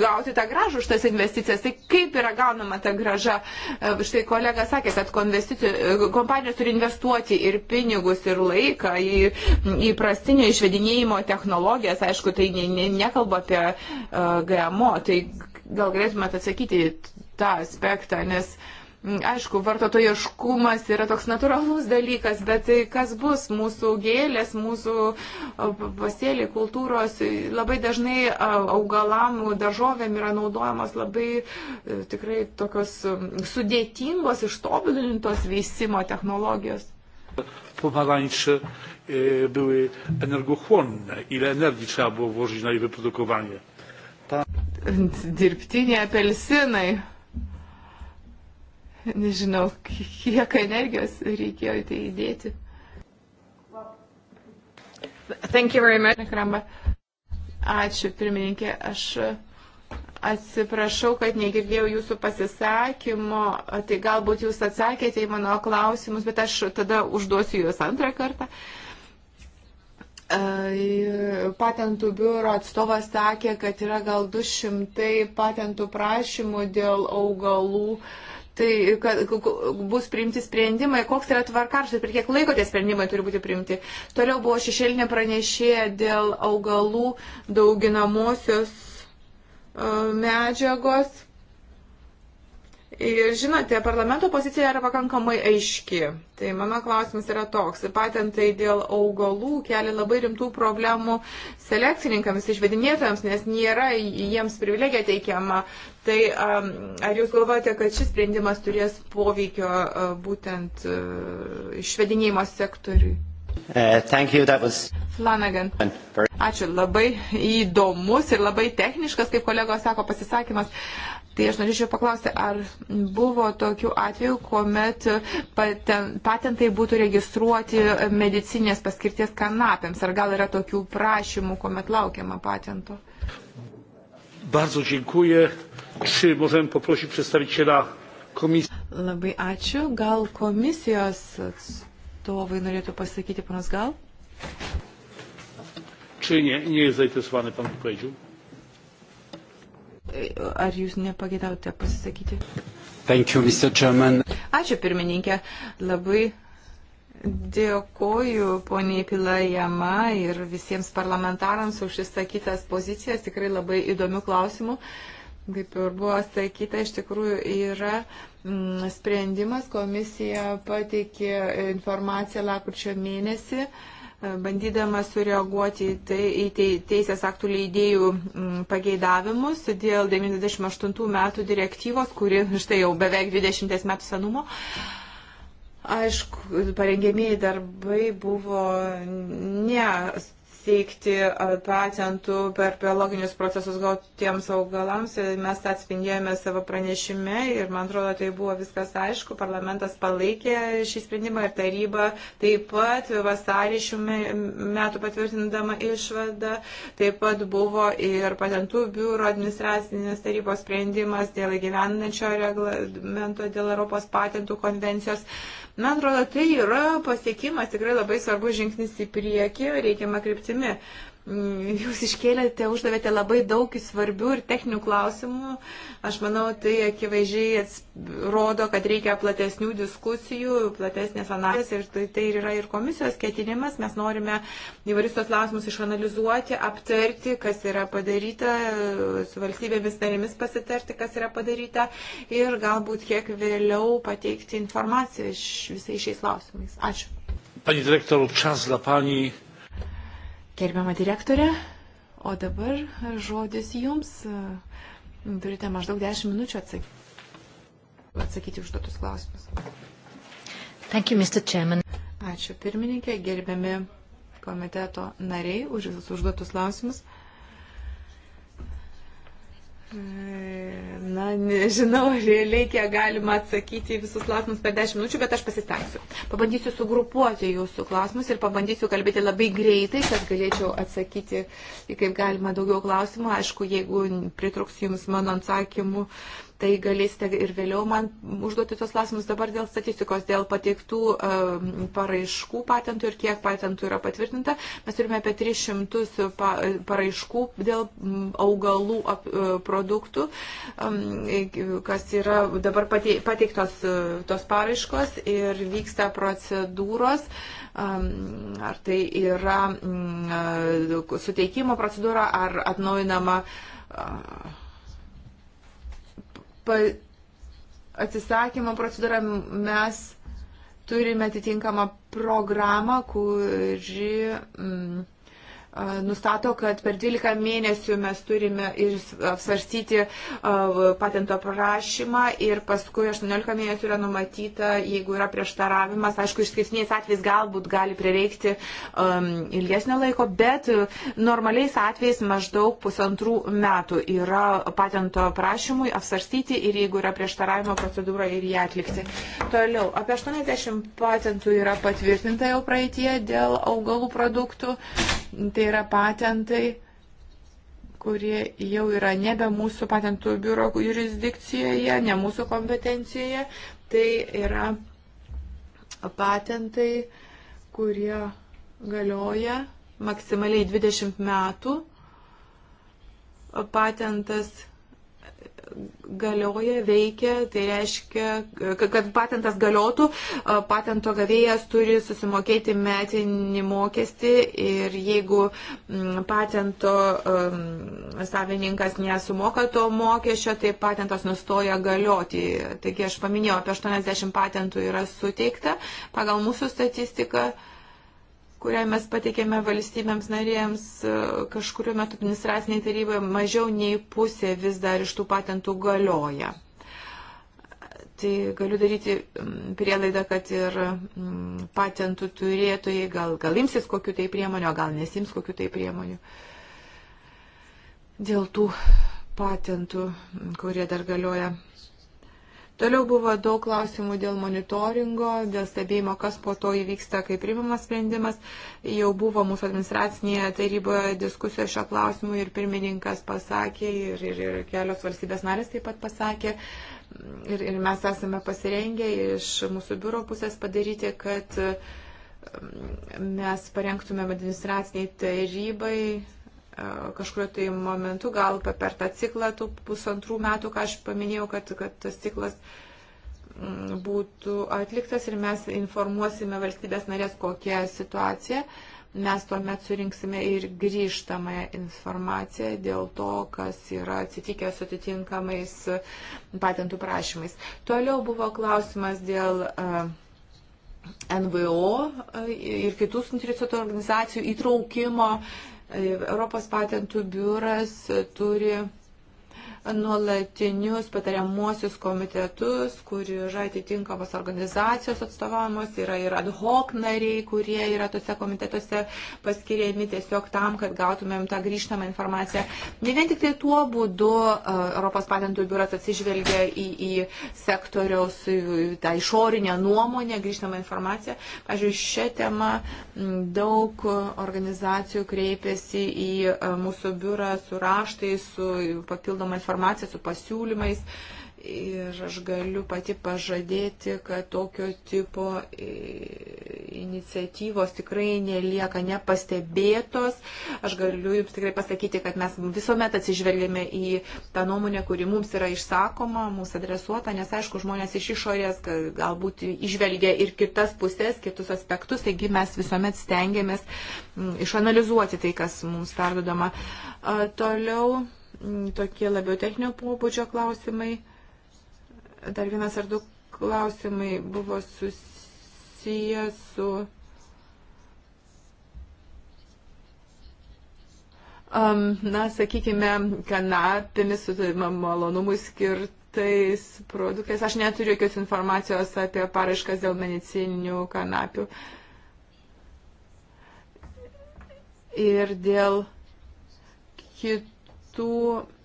gauti tą gražą gražų už tas investicijas, tai kaip yra gaunama ta graža? E, štai kolega sakė, kad e, kompanijos turi investuoti ir pinigus, ir laiką į įprastinio išvedinėjimo technologijas, aišku, tai ne, ne, nekalba apie uh, e, GMO, tai gal galėtumėte atsakyti tą aspektą, nes uh, Aišku, vartotojiškumas yra toks natūralus dalykas, bet tai kas bus mūsų gėlės, mūsų pasėliai, kultūros, labai dažnai augalam, daržovėm yra naudojamos labai e, tikrai tokios sudėtingos, ištobulintos veisimo technologijos. Pomarańcze e, były energochłonne. Ile energii trzeba było włożyć na ich wyprodukowanie? Ta... Dirbtiniai apelsinai nežinau, kiek energijos reikėjo į tai įdėti. Thank you very much. Ačiū, pirmininkė. Aš Atsiprašau, kad negirdėjau jūsų pasisakymo, tai galbūt jūs atsakėte į mano klausimus, bet aš tada užduosiu juos antrą kartą. E, patentų biuro atstovas sakė, kad yra gal 200 patentų prašymų dėl augalų uh, tai kad, bus priimti sprendimai, koks yra tvarkarštas, per kiek laiko tie sprendimai turi būti priimti. Toliau buvo šešėlinė pranešėja dėl augalų dauginamosios e, medžiagos. Ir žinote, parlamento pozicija yra pakankamai aiški. Tai mano klausimas yra toks. Patentai dėl augalų kelia labai rimtų problemų selekcininkams, išvedinėtojams, nes nėra jiems privilegija teikiama Tai ar jūs galvojate, kad šis sprendimas turės poveikio būtent išvedinėjimo sektoriui? Uh, was... Flanagan. Ačiū, labai įdomus ir labai techniškas, kaip kolegos sako, pasisakymas. Tai aš norėčiau paklausti, ar buvo tokių atvejų, kuomet patentai būtų registruoti medicinės paskirties kanapėms, ar gal yra tokių prašymų, kuomet laukiama patento? Bardzo dziękuję. Czy możemy poprosić przedstawiciela komisji? Labai ačiū. Gal komisijos atstovai norėtų pasakyti, panas gal? Czy nie, nie jest zainteresowany pan odpowiedzią? E, ar jūs nepagėdautė pasisakyti? Thank you, Mr. Chairman. Ačiū pirmininkė. Labai Dėkoju poniai Pilajama ir visiems parlamentarams už išsakytas pozicijas, tikrai labai įdomių klausimų. Uh, kaip ir buvo sakyta, iš tikrųjų yra mm, sprendimas, komisija pateikė informaciją lakurčio mėnesį, e, bandydama sureaguoti tai, į teisės aktų leidėjų mm, pageidavimus dėl 98 metų direktyvos, kuri štai jau beveik 20 metų senumo. Aišku, parengėmėjai darbai buvo ne teikti patentų per biologinius procesus gautiems augalams. Mes tą atspindėjome savo pranešime ir man atrodo, tai buvo viskas aišku. Parlamentas palaikė šį sprendimą ir taryba taip pat vasarį šių metų patvirtindama išvadą. Taip pat buvo ir patentų biuro administracinės tarybos sprendimas dėl įgyvendinančio reglamento dėl Europos patentų konvencijos. Man atrodo, tai yra pasiekimas tikrai labai svarbus žingsnis į priekį reikiamą kryptimį. Uh, Mm, jūs iškėlėte, uždavėte labai daug svarbių ir techninių klausimų. Aš manau, tai akivaizdžiai rodo, kad reikia platesnių diskusijų, platesnės analizės ir tai, tai yra ir komisijos ketinimas. Mes norime įvairius tos klausimus išanalizuoti, aptarti, kas yra padaryta, su valstybėmis narėmis pasitarti, kas yra padaryta ir galbūt kiek vėliau pateikti informaciją iš visais šiais klausimais. Ačiū. Pani direktor, čas dla pani. Gerbiama direktorė, o dabar žodis jums. Turite maždaug 10 minučių atsakyti, atsakyti užduotus klausimus. Thank you, Mr. Chairman. Ačiū pirmininkė, gerbiami komiteto nariai už visus užduotus klausimus. E, na, nežinau, realiai kiek galima atsakyti į visus klausimus per 10 minučių, bet aš pasistengsiu. Pabandysiu sugrupuoti jūsų klausimus ir pabandysiu kalbėti labai greitai, kad galėčiau atsakyti į kaip galima daugiau klausimų. Aišku, jeigu pritruks jums mano atsakymų, tai galėsite ir vėliau man užduoti tos klausimus dabar dėl statistikos, dėl pateiktų um, paraiškų patentų ir kiek patentų yra patvirtinta. Mes turime apie 300 paraiškų dėl mm, augalų e, produktų, um, kas yra dabar pateiktos e, tos paraiškos ir vyksta procedūros. Um, ar tai yra mm, e, suteikimo procedūra, ar atnaujinama atsisakymo procedūrą mes turime atitinkamą programą, kuri. Mm, nustato, kad per 12 mėnesių mes turime ir apsvarstyti patento prašymą ir paskui 18 mėnesių yra numatyta, jeigu yra prieštaravimas, aišku, išskirtiniais atvejais galbūt gali prireikti um, ilgesnio laiko, bet normaliais atvejais maždaug pusantrų metų yra patento prašymui apsvarstyti ir jeigu yra prieštaravimo procedūra ir ją atlikti. Toliau, apie 80 patentų yra patvirtinta jau praeitie dėl augalų produktų. Tai tai yra patentai, kurie jau yra nebe mūsų patentų biuro jurisdikcijoje, ne mūsų kompetencijoje. Tai yra patentai, kurie galioja maksimaliai 20 metų. Patentas galioja, veikia, tai reiškia, kad patentas galiotų, patento gavėjas turi susimokėti metinį mokestį ir jeigu patento savininkas nesumoka to mokesčio, tai patentas nustoja galioti. Taigi aš paminėjau, apie 80 patentų yra suteikta pagal mūsų statistiką kurią mes pateikėme valstybėms narėms e, kažkuriuo metu administraciniai tarybai, mažiau nei pusė vis dar iš tų patentų galioja. Tai galiu daryti prielaidą, kad ir patentų turėtojai gal, gal imsis kokiu tai priemoniu, o gal nesims kokiu tai priemoniu. Dėl tų patentų, kurie dar galioja Toliau buvo daug klausimų dėl monitoringo, dėl stebėjimo, kas po to įvyksta, kai primamas sprendimas. Jau buvo mūsų administracinėje taryboje diskusijos šio klausimu ir pirmininkas pasakė, ir, ir, ir kelios valstybės narės taip pat pasakė. Ir, ir mes esame pasirengę iš mūsų biuro pusės padaryti, kad mm, mes parengtumėm administraciniai tarybai E, kažkurio tai momentu, gal per tą ciklą tų pusantrų metų, ką aš paminėjau, kad, kad tas ciklas mm, būtų atliktas ir mes informuosime valstybės narės, kokia situacija. Mes tuomet surinksime ir grįžtamąją informaciją dėl to, kas yra atsitikę su atitinkamais patentų prašymais. Toliau buvo klausimas dėl uh, e, NVO e, ir kitų suinteresuotų organizacijų įtraukimo uh, Europos patentų biuras turi nuolatinius patariamuosius komitetus, kur yra atitinkamos organizacijos atstovamos, yra ir ad hoc nariai, kurie yra tose komitetuose paskiriami tiesiog tam, kad gautumėm tą grįžtamą informaciją. Ne vien tik tai tuo būdu e, Europos patentų biuras atsižvelgia į, į sektoriaus tą išorinę nuomonę, grįžtamą informaciją. Pavyzdžiui, šią temą daug organizacijų kreipėsi į e, mūsų biurą su raštais, su papildoma informacija informacija, su pasiūlymais. Ir aš galiu pati pažadėti, kad tokio tipo e, iniciatyvos tikrai nelieka nepastebėtos. Aš galiu Jums tikrai pasakyti, kad mes visuomet atsižvelgėme į tą nuomonę, kuri mums yra išsakoma, mums adresuota, nes aišku, žmonės iš išorės galbūt išvelgia ir kitas pusės, kitus aspektus, taigi mes visuomet stengiamės išanalizuoti tai, kas mums perdodama. Toliau Mm, tokie labiau techninio pobūdžio klausimai. Dar vienas ar du klausimai buvo susiję su. Um, na, sakykime, kanapėmis su malonumui skirtais produktais. Aš neturiu jokios informacijos apie paraiškas dėl medicininių kanapių. Ir dėl kitų tų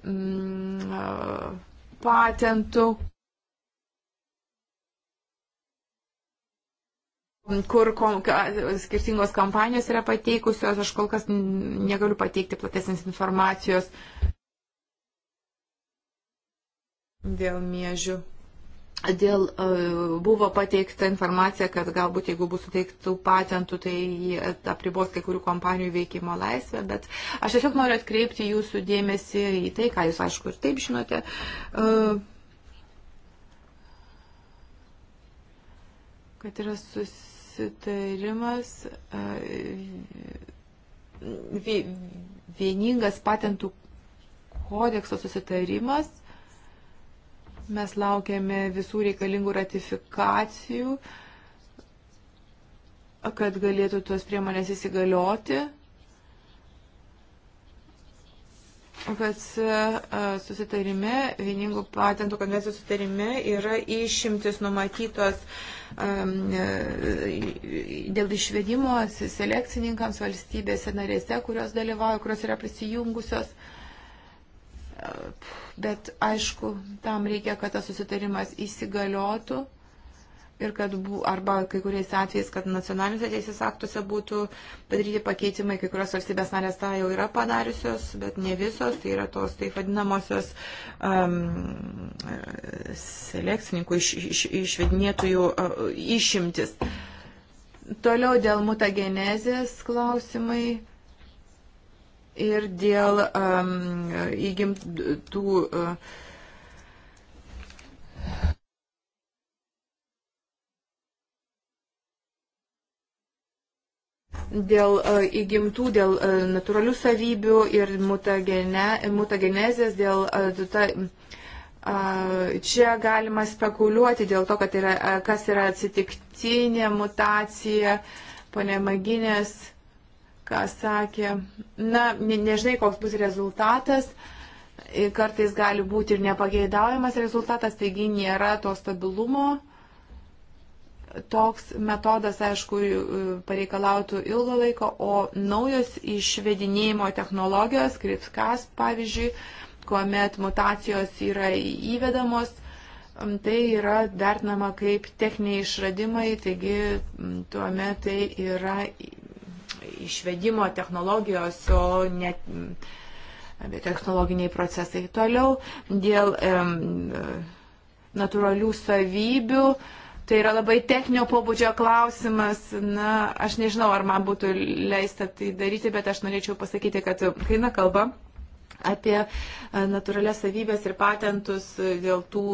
mm, patentų, kur kom, skirtingos kompanijos yra pateikusios, aš kol kas negaliu pateikti platesnės informacijos dėl mėžių dėl e, buvo pateikta informacija, kad galbūt jeigu bus suteiktų patentų, tai apribos kai kurių kompanijų veikimo laisvę, bet aš tiesiog noriu atkreipti jūsų dėmesį į tai, ką jūs aišku ir taip žinote. E, kad yra susitarimas e, vieningas patentų kodekso susitarimas Mes laukiame visų reikalingų ratifikacijų, kad galėtų tos priemonės įsigalioti. kad susitarime, vieningų patentų konvencijos susitarime yra išimtis numatytos um, dėl išvedimo selekcininkams valstybėse narėse, kurios dalyvauja, kurios yra prisijungusios. Bet aišku, tam reikia, kad tas susitarimas įsigaliotų ir kad bū, arba kai kuriais atvejais, kad nacionaliniuose teisės aktuose būtų padaryti pakeitimai, kai kurios valstybės narės tą jau yra padariusios, bet ne visos, tai yra tos taip vadinamosios um, selekcininkų iš, iš, išvedinėtojų uh, išimtis. Toliau dėl mutagenezės klausimai. Uh, ir dėl um, įgimtų. Uh, dėl uh, įgimtų, dėl uh, natūralių savybių ir mutagene, mutagenezės, dėl uh, ta, uh, čia galima spekuliuoti dėl to, kad yra, kas yra atsitiktinė mutacija, ponė Maginės ką sakė. Na, ne, nežinai, koks bus rezultatas. Kartais gali būti ir nepageidaujamas rezultatas, taigi nėra to stabilumo. Toks metodas, aišku, pareikalautų ilgo laiko, o naujos išvedinėjimo technologijos, kripskas pavyzdžiui, kuomet mutacijos yra įvedamos, tai yra vertinama kaip techniniai išradimai, taigi tuomet tai yra išvedimo technologijos, o ne mm, technologiniai procesai. Toliau dėl e, natūralių savybių. Tai yra labai techninio pobūdžio klausimas. Na, aš nežinau, ar man būtų leista tai daryti, bet aš norėčiau pasakyti, kad kai na kalba apie e, natūralias savybės ir patentus dėl tų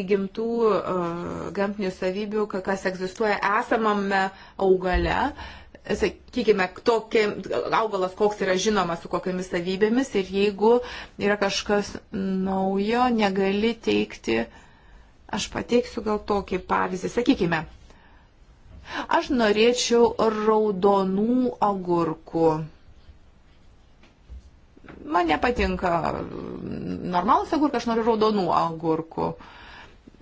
įgimtų e, gamtinių savybių, kas egzistuoja esamame augale. Sakykime, tokie, augalas koks yra žinomas su kokiamis savybėmis ir jeigu yra kažkas naujo, negali teikti, aš pateiksiu gal tokį pavyzdį. Sakykime, aš norėčiau raudonų agurkų Man nepatinka normalus agurkai, aš noriu raudonų agurkų.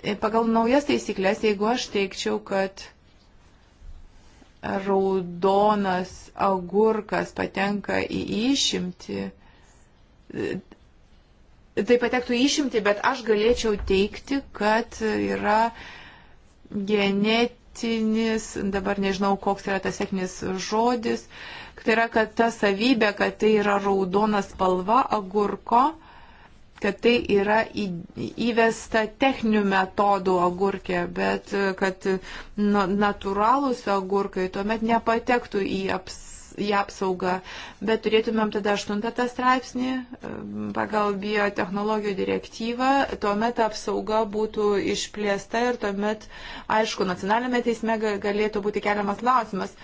Ir pagal naujas taisyklės, jeigu aš teikčiau, kad raudonas agurkas patenka į išimti, tai patektų į išimti, bet aš galėčiau teikti, kad yra genetinis, dabar nežinau, koks yra tas sėkmės žodis, uh, Tai yra, kad ta savybė, kad tai yra raudona spalva agurko, kad tai yra įvesta techninių metodų agurkė, bet kad natūralūs agurkai tuomet nepatektų į, aps, į apsaugą. Bet turėtumėm tada aštuntą straipsnį e, pagal biotehnologijų direktyvą, tuomet apsauga būtų išplėsta ir tuomet, aišku, nacionalinėme teisme galėtų būti keliamas klausimas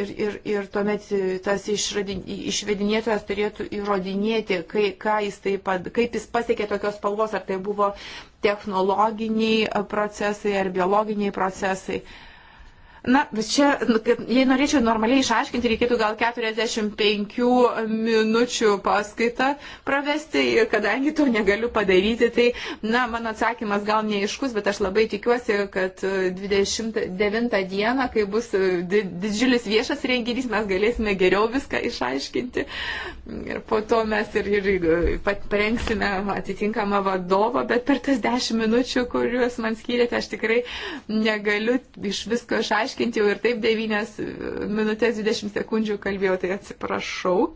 ir, ir, ir tuomet e, tas išvedinėtojas turėtų įrodinėti, kai, jis taip, kaip jis pasiekė tokios spalvos, ar tai buvo technologiniai e, procesai ar biologiniai procesai. Uh, Na, čia, nu, jei norėčiau normaliai išaiškinti, reikėtų gal 45 minučių paskaitą pravesti ir kadangi to negaliu padaryti, tai, na, mano atsakymas gal neiškus, bet aš labai tikiuosi, kad 29 dieną, kai bus e, didžiulis viešas renginys, mes galėsime geriau viską išaiškinti ir po to mes ir, ir e, parengsime atitinkamą vadovą, bet per tas 10 minučių, kuriuos man skyrėte, aš tikrai negaliu iš visko išaiškinti paaiškinti, jau ir taip 9 e, minutės 20 sekundžių kalbėjau, tai atsiprašau.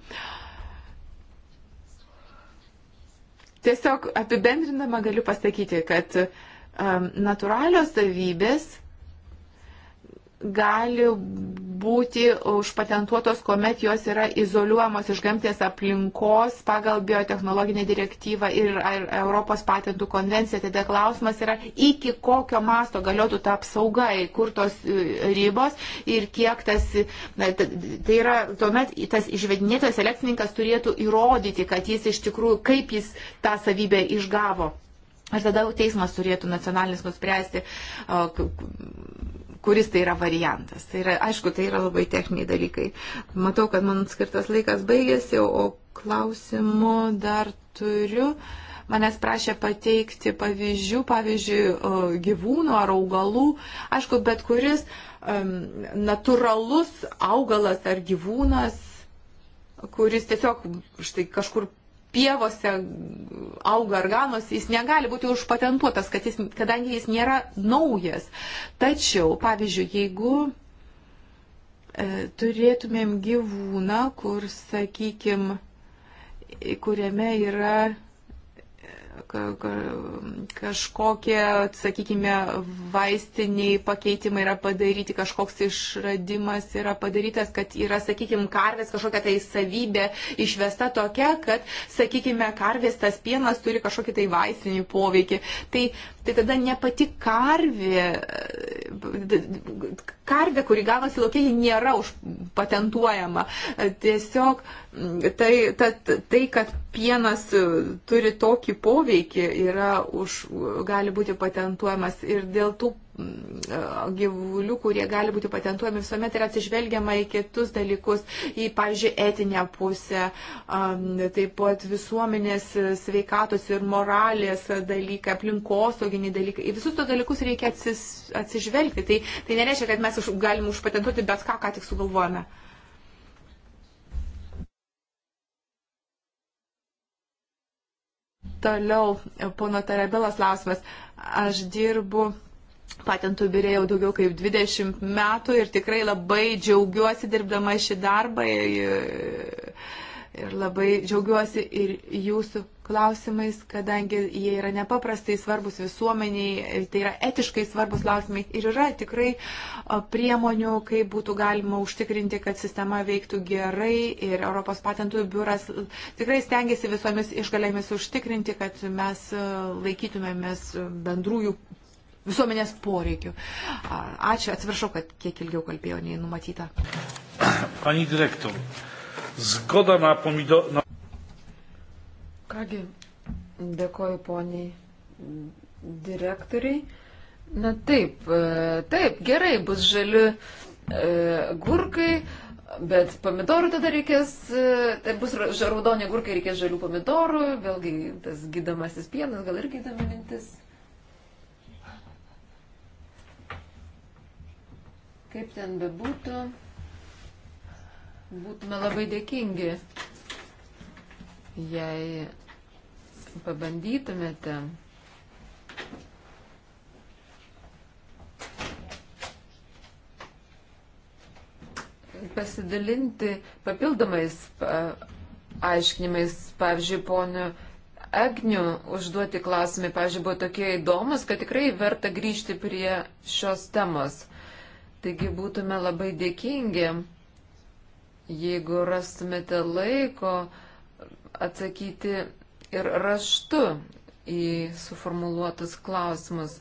Tiesiog apibendrindama galiu pasakyti, kad um, natūralios savybės gali būti užpatentuotos, kuomet jos yra izoliuojamos iš gamtės aplinkos pagal biotehnologinę direktyvą ir Europos patentų konvenciją. Tada klausimas yra, iki kokio masto galėtų ta apsauga, kur tos e, ribos ir kiek tas, tai yra, tuomet tas išvedinėtas elektrininkas turėtų įrodyti, kad jis iš tikrųjų, kaip jis tą savybę išgavo. Ar tada teismas turėtų nacionalinis nuspręsti, kuris tai yra variantas. Tai yra, aišku, tai yra labai techniniai dalykai. Matau, kad man skirtas laikas baigėsi, o klausimo dar turiu. Manęs prašė pateikti pavyzdžių, pavyzdžiui, gyvūnų ar augalų. Aišku, bet kuris um, natūralus augalas ar gyvūnas, kuris tiesiog štai kažkur pievose auga arganos, jis negali būti užpatentuotas, kad jis, kadangi jis nėra naujas. Tačiau, pavyzdžiui, jeigu e, turėtumėm gyvūną, kur, sakykime, kuriame yra kažkokie, sakykime, vaistiniai pakeitimai yra padaryti, kažkoks išradimas yra padarytas, kad yra, sakykime, karvės kažkokia tai savybė išvesta tokia, kad, sakykime, karvės tas pienas turi kažkokį tai vaistinį poveikį. Tai, tai tada ne pati karvė, karvė, kuri gavosi laukiai, nėra užpatentuojama. Tiesiog Tai, ta, tai, kad pienas turi tokį poveikį, už, gali būti patentuojamas ir dėl tų mm, gyvulių, kurie gali būti patentuojami, visuomet yra atsižvelgiama į kitus dalykus, į, pavyzdžiui, etinę pusę, taip pat visuomenės sveikatos ir moralės dalykai, aplinkosauginį dalykai. Į visus tos dalykus reikia atsis, atsižvelgti. Tai, tai nereiškia, kad mes už, galim užpatentuoti bet ką, ką tik sugalvojame. Toliau, pono Tarabelas klausimas. Aš dirbu patentų biure jau daugiau kaip 20 metų ir tikrai labai džiaugiuosi dirbdama šį darbą ir labai džiaugiuosi ir jūsų klausimais, kadangi jie yra nepaprastai svarbus visuomeniai, tai yra etiškai svarbus klausimai ir yra tikrai priemonių, kaip būtų galima užtikrinti, kad sistema veiktų gerai ir Europos patentų biuras tikrai stengiasi visomis išgalėmis užtikrinti, kad mes laikytumėmės bendrųjų visuomenės poreikių. Ačiū, atsiprašau, kad kiek ilgiau kalbėjau nei numatyta. Pani direktor, zgoda na pomidor. Na... Kągi, dėkoju poniai direktoriai. Na taip, e, taip, gerai, bus žali e, gurkai, bet pomidorų tada reikės, e, tai bus raudoni gurkai, reikės žalių pomidorų, vėlgi tas gydamasis pienas, gal irgi įdomi mintis. Kaip ten bebūtų, būtume labai dėkingi, jei pabandytumėte pasidalinti papildomais aiškinimais, pavyzdžiui, ponio Agnių užduoti klausimai, pavyzdžiui, buvo tokie įdomus, kad tikrai verta grįžti prie šios temos. Taigi būtume labai dėkingi, jeigu rastumėte laiko atsakyti ir raštu į suformuluotus klausimus.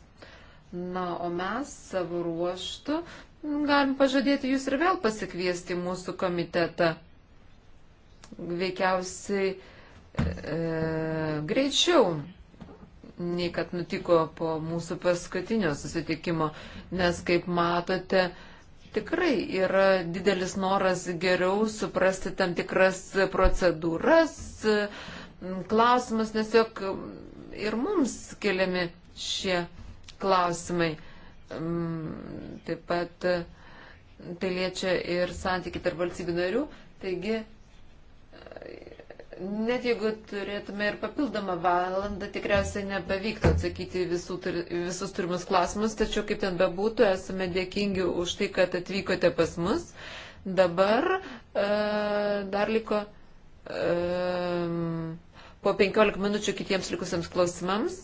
Na, o mes savo ruoštų galim pažadėti jūs ir vėl pasikviesti mūsų komitetą. Veikiausiai e, greičiau nei kad nutiko po mūsų paskutinio susitikimo, nes, kaip matote, tikrai yra didelis noras geriau suprasti tam tikras procedūras, klausimus, nes jog ir mums keliami šie klausimai. Mm, taip pat e, tai liečia ir santykiai tarp valstybių narių. Taigi, e, net jeigu turėtume ir papildomą valandą, tikriausiai nepavyktų atsakyti visų, visus turimus klausimus, tačiau kaip ten bebūtų, esame dėkingi už tai, kad atvykote pas mus. Dabar e, dar liko. E, po 15 minučių kitiems likusiems klausimams.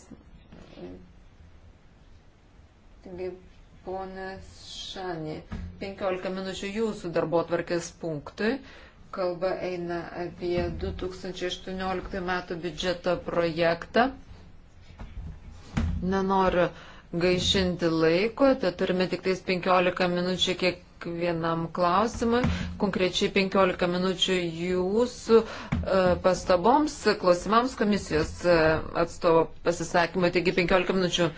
Taigi, ponė Šanė, 15 minučių jūsų darbo tvarkės punktui. Kalba eina apie 2018 metų biudžeto projektą. Nenoriu gaišinti laiko, tai turime tik tais 15 minučių kiekvienam klausimui, konkrečiai 15 minučių jūsų e, pastaboms, klausimams komisijos e, atstovo pasisakymui, taigi 15 minučių.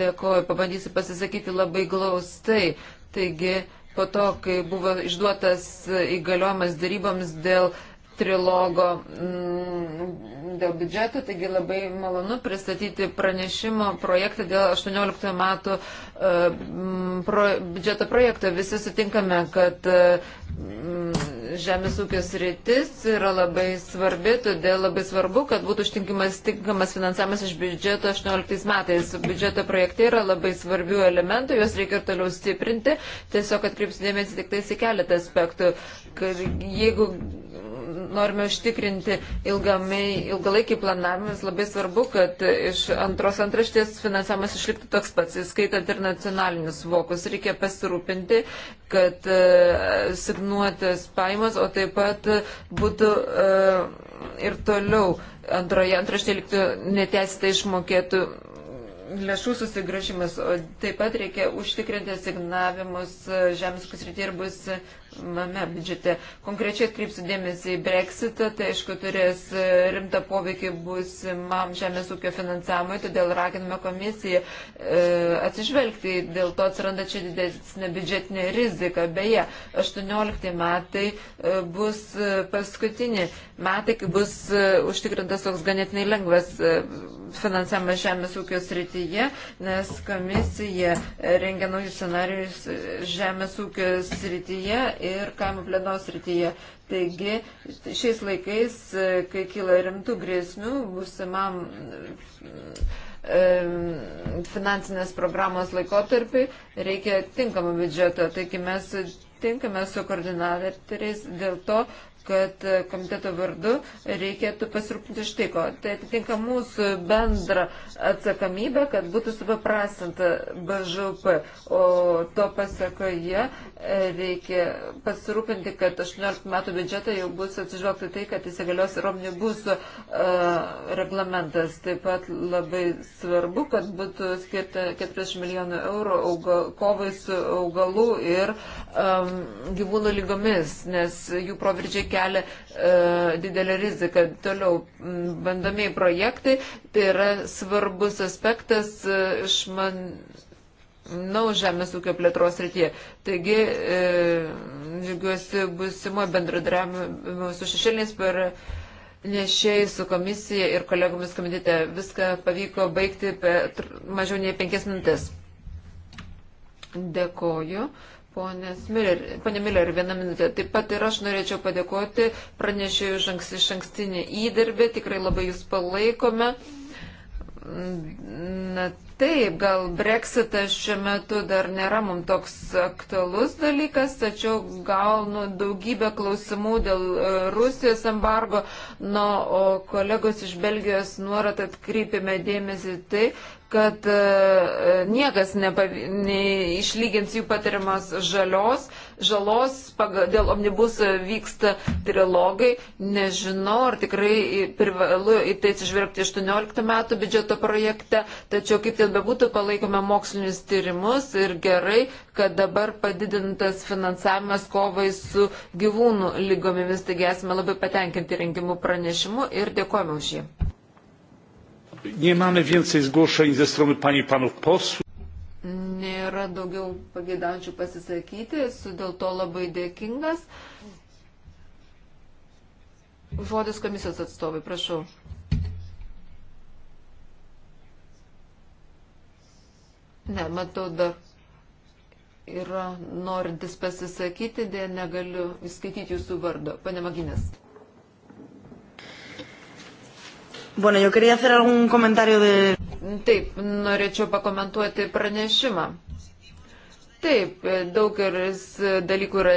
Dėkoju, pabandysiu pasisakyti labai glaustai. Taigi, po to, kai buvo išduotas įgaliojimas darybams dėl trilogo mm, dėl biudžeto, taigi labai malonu pristatyti pranešimo projektą dėl 18 metų e, mm, pro, biudžeto projekto. Visi sutinkame, kad e, mm, žemės ūkio sritis yra labai svarbi, todėl labai svarbu, kad būtų užtinkimas tinkamas finansavimas iš biudžeto 18 metais. Biudžeto projekte yra labai svarbių elementų, juos reikia ir toliau stiprinti. Tiesiog atkreipsiu dėmesį tik tais į keletą aspektų. Kad jeigu norime užtikrinti ilgamai, ilgalaikį planavimą, labai svarbu, kad iš antros antraštės finansavimas išliktų toks pats, įskaitant ir nacionalinius vokus. Reikia pasirūpinti, kad uh, e, signuotas paimas, o taip pat būtų uh, ir toliau antroje antraštėje liktų netestai išmokėtų lėšų susigražimas, o taip pat reikia užtikrinti asignavimus e, žemės ūkis rytį ir bus mame biudžete. Konkrečiai atkreipsiu dėmesį į Brexitą, tai aišku turės e, rimtą poveikį būsimam žemės ūkio finansavimui, todėl raginame komisiją e, atsižvelgti, dėl to atsiranda čia didesnė biudžetinė rizika. Beje, 18 metai e, bus e, paskutini metai, kai bus užtikrintas toks ganėtinai lengvas finansavimas žemės ūkio srityje, nes komisija rengia naujus scenarius žemės ūkio srityje ir kaimo plėnos rytyje. Taigi, šiais laikais, e, kai kyla rimtų grėsmių, būsimam e, finansinės programos laikotarpiai reikia tinkamo biudžeto. Taigi mes tinkame su koordinatoriais dėl to, kad e, komiteto vardu reikėtų pasirūpinti štai ko. Tai atitinka mūsų bendrą atsakomybę, kad būtų supaprastinta BŽP. O to pasakoje e, reikia pasirūpinti, kad 18 metų biudžetą jau bus atsižvelgti tai, kad įsigalios ir omnibusų e, reglamentas. Taip pat labai svarbu, kad būtų skirta 40 milijonų eurų auga, kovai su augalų ir um, gyvūnų lygomis, nes jų proveržiai kelia e, didelę riziką. Toliau bandomiai projektai tai yra svarbus aspektas e, iš man. Nau, žemės ūkio plėtros rytyje. Taigi, e, žiūrėjusi, busimo bendradarbiavimo su šešėliniais per nešėjai su komisija ir kolegomis komitete. Viską pavyko baigti per mažiau nei penkias minutės. Dėkoju. Miller, ponė Miller, vieną minutę. Taip pat ir aš norėčiau padėkoti pranešėjų iš ankstinį įdarbį, tikrai labai jūs palaikome. Na, Taip, gal breksitas šiuo metu dar nėra mums toks aktualus dalykas, tačiau gaunu daugybę klausimų dėl e, Rusijos embargo, nu, o kolegos iš Belgijos nuorat atkreipėme dėmesį tai, kad e, e, niekas neišlygins jų patiriamas žalios žalos pagal, dėl omnibus vyksta trilogai. Nežinau, ar tikrai privalu į tai atsižvelgti 18 metų biudžeto projekte, tačiau kaip ten bebūtų, palaikome mokslinius tyrimus ir gerai, kad dabar padidintas finansavimas kovai su gyvūnų lygomis, taigi esame labai patenkinti rengimų pranešimu ir dėkojame už jį. Nie mamy więcej zgłoszeń ze strony pani i panów posłów nėra daugiau pagėdančių pasisakyti, esu dėl to labai dėkingas. Žodis komisijos atstovai, prašau. Ne, matau dar yra norintis pasisakyti, dėl negaliu įskaityti jūsų vardo. Pane Maginės. Bueno, yo quería hacer algún comentario de... Taip, norėčiau pakomentuoti pranešimą. Taip, daugelis dalykų yra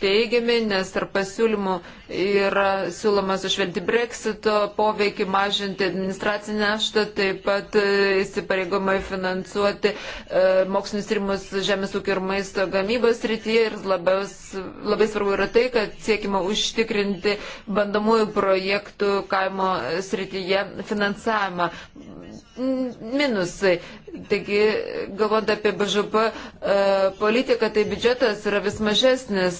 teigiami, nes tarp pasiūlymų yra siūloma sušvelti breksito, poveikį mažinti administracinę naštą, taip pat e, įsipareigomai finansuoti e, mokslinius tyrimus žemės ūkio ir maisto gamybos rytyje ir labas, labai svarbu yra tai, kad siekima užtikrinti bandomųjų projektų kaimo srityje finansavimą. Minusai. Taigi, galvant apie BŽP, e, politiką, tai biudžetas yra vis mažesnis.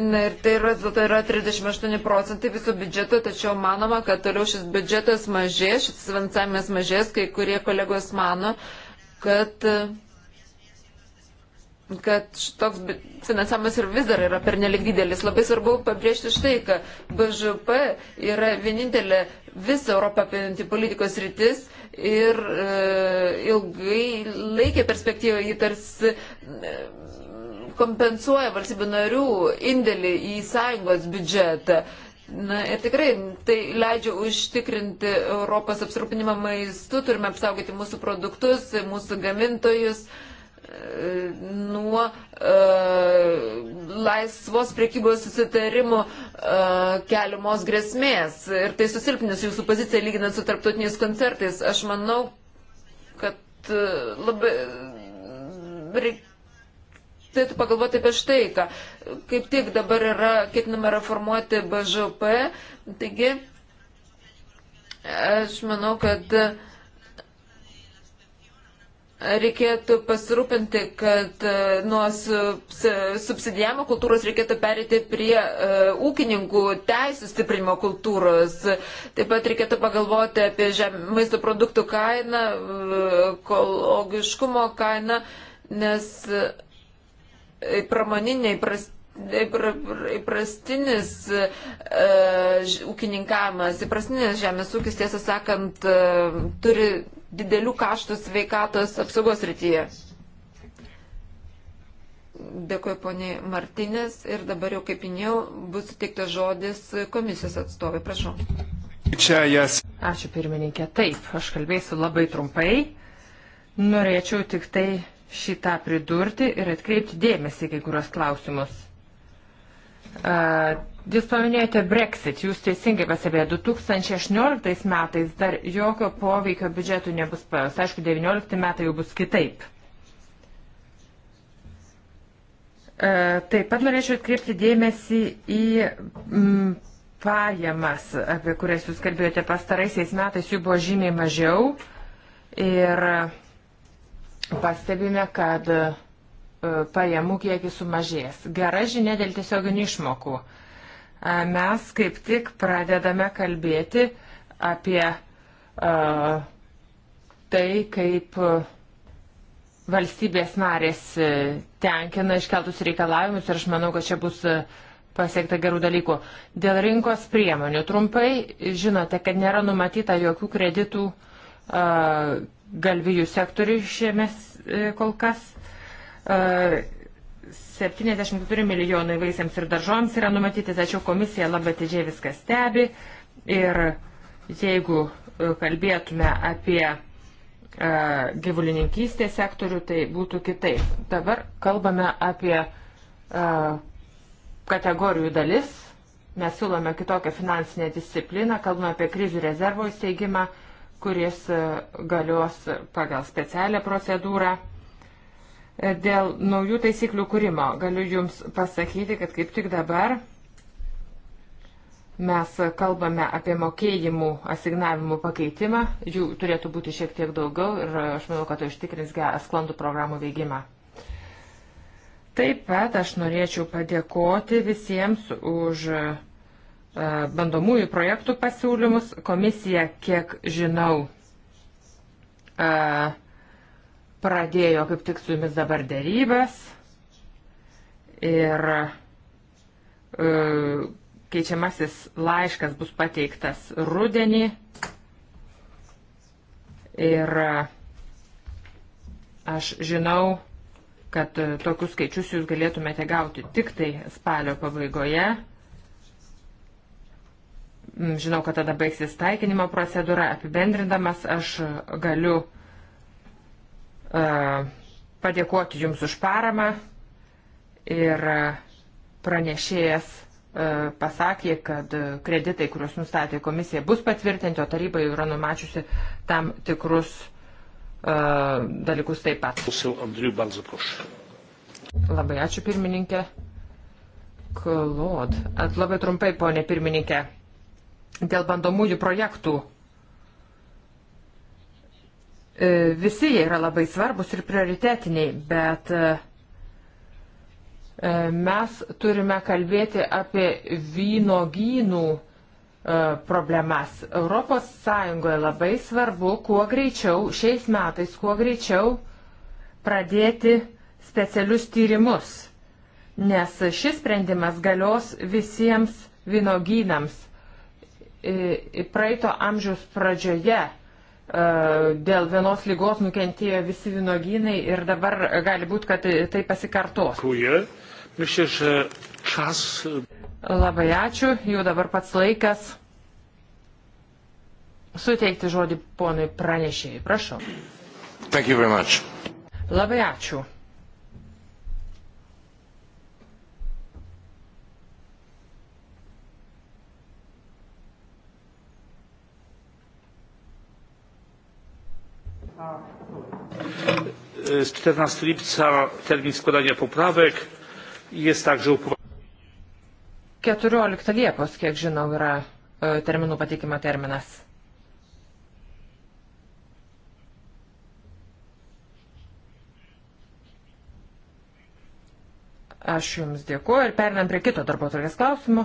Na, ir tai yra, tai yra 38 procentai viso biudžeto, tačiau manoma, kad toliau šis biudžetas mažės, šis finansavimas mažės, kai kurie kolegos mano, kad kad toks finansavimas ir vis dar yra pernelik didelis. Labai svarbu pabrėžti štai, kad BŽP yra vienintelė visą Europą apėjanti politikos rytis, ir e, ilgai laikė perspektyvą jį tarsi e, kompensuoja valstybių narių indėlį į sąjungos biudžetą. Na ir tikrai tai leidžia užtikrinti Europos apsirūpinimą maistu, turime apsaugoti mūsų produktus, mūsų gamintojus. Uh, nuo uh, laisvos priekybos susitarimo uh, keliamos grėsmės. Ir tai susilpnis jūsų poziciją lyginant su tarptautiniais koncertais. Aš manau, kad uh, labai reikėtų pagalvoti apie štai, ką kaip tik dabar yra ketinama reformuoti BŽP. Taigi, aš manau, kad uh, reikėtų pasirūpinti, kad e, nuo subsidijavimo kultūros reikėtų perėti prie e, ūkininkų teisų stiprinimo kultūros. Taip pat reikėtų pagalvoti apie žem, maisto produktų kainą, e, ekologiškumo kainą, nes pramoniniai prasti įprastinis e, ž, ūkininkavimas, įprastinis žemės ūkis, tiesą sakant, e, turi didelių kaštų sveikatos apsaugos rytyje. Dėkuoju poniai Martinės ir dabar jau, kaip minėjau, bus suteiktas žodis komisijos atstovai. Prašau. Čia jas. Ačiū pirmininkė. Taip, aš kalbėsiu labai trumpai. Norėčiau tik tai šitą pridurti ir atkreipti dėmesį kai kurios klausimus. Uh, Jūs paminėjote Brexit, jūs teisingai pasibėjo, 2018 metais dar jokio poveikio biudžetų nebus pajus. Aišku, 2019 metai jau bus kitaip. E, taip pat norėčiau atkreipti dėmesį į m, mm, pajamas, apie kurias jūs kalbėjote pastaraisiais metais, jų buvo žymiai mažiau. Ir pastebime, kad e, pajamų kiekis sumažės. Gera žinia dėl tiesioginių išmokų. Uh, mes kaip tik pradedame kalbėti apie tai, kaip valstybės narės tenkina iškeltus reikalavimus ir aš manau, kad čia bus pasiekta gerų dalykų. Dėl rinkos priemonių trumpai žinote, kad nėra numatyta jokių kreditų galvijų sektoriui šiame e, kol kas. 74 milijonai vaisiams ir daržoms yra numatyti, tačiau komisija labai atidžiai viską stebi. Ir jeigu e, kalbėtume apie e, gyvulininkystės sektorių, tai būtų kitaip. Dabar kalbame apie e, kategorijų dalis. Mes siūlome kitokią finansinę discipliną, kalbame apie krizių rezervo įsteigimą, kuris galios pagal specialią procedūrą Dėl naujų taisyklių kūrimo galiu Jums pasakyti, kad kaip tik dabar mes kalbame apie mokėjimų asignavimų pakeitimą. Jų turėtų būti šiek tiek daugiau ir aš manau, kad tai užtikrins sklandų programų veikimą. Taip pat aš norėčiau padėkoti visiems už e, bandomųjų projektų pasiūlymus. Komisija, kiek žinau, uh, pradėjo kaip tik su jumis dabar dėrybas ir e, keičiamasis laiškas bus pateiktas rudenį ir e, aš žinau, kad e, tokius skaičius jūs galėtumėte gauti tik tai spalio pabaigoje. Žinau, kad tada baigsis taikinimo procedūra. Apibendrindamas aš galiu padėkoti Jums už paramą ir pranešėjas pasakė, kad kreditai, kuriuos nustatė komisija, bus patvirtinti, o taryba jau yra numačiusi tam tikrus uh, dalykus taip pat. Labai ačiū pirmininkė. Klod. At labai trumpai, ponė pirmininkė, dėl bandomųjų projektų E, visi jie yra labai svarbus ir prioritetiniai, bet e, e, mes turime kalbėti apie vynogynų problemas. Europos Sąjungoje labai svarbu, kuo greičiau, šiais metais, kuo greičiau pradėti specialius tyrimus, nes šis sprendimas galios visiems vynogynams. Praeito amžiaus pradžioje E, dėl vienos lygos nukentėjo visi vinogynai ir dabar gali būti, kad tai pasikartos. Labai ačiū, jau dabar pats laikas suteikti žodį ponui pranešėjai. Prašau. Labai ačiū. z 14 lipca termin składania poprawek. Jest także 14 Liepos, kiek žinau, yra e, terminų pateikimo terminas. Aš Jums dėkuoju ir perinam prie kito darbo turės klausimų.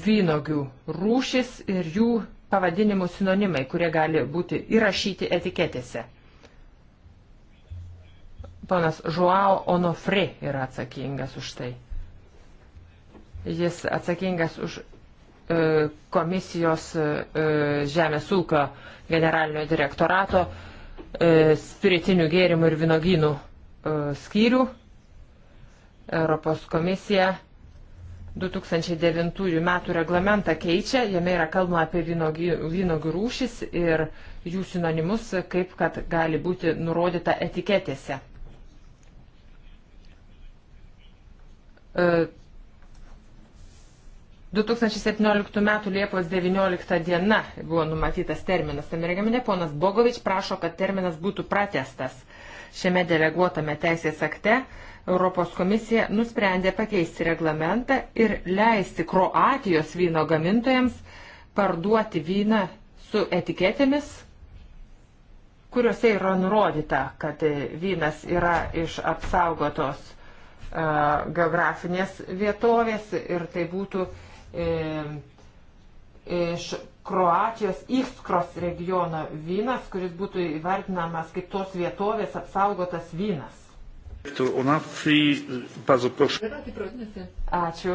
vynogių rūšis ir jų pavadinimų sinonimai, kurie gali būti įrašyti etiketėse. Ponas Joao Onofre yra atsakingas už tai. Jis atsakingas už e, komisijos e, e žemės ūkio generalinio direktorato e, spiritinių gėrimų ir vinogynų e, skyrių. Europos komisija e, 2009 metų reglamentą keičia, jame yra kalbama apie vynogių rūšis ir jų sinonimus, kaip kad gali būti nurodyta etiketėse. E, 2017 m. Liepos 19 d. buvo numatytas terminas. Tame regamine ponas Bogovič prašo, kad terminas būtų pratestas šiame deleguotame teisės akte Europos komisija nusprendė pakeisti reglamentą ir leisti Kroatijos vyno gamintojams parduoti vyną su etiketėmis, kuriuose yra nurodyta, kad vynas yra iš apsaugotos uh, geografinės vietovės ir tai būtų uh, iš Kroatijos Iskros regiono vynas, kuris būtų įvardinamas kaip tos vietovės apsaugotas vynas. Ačiū.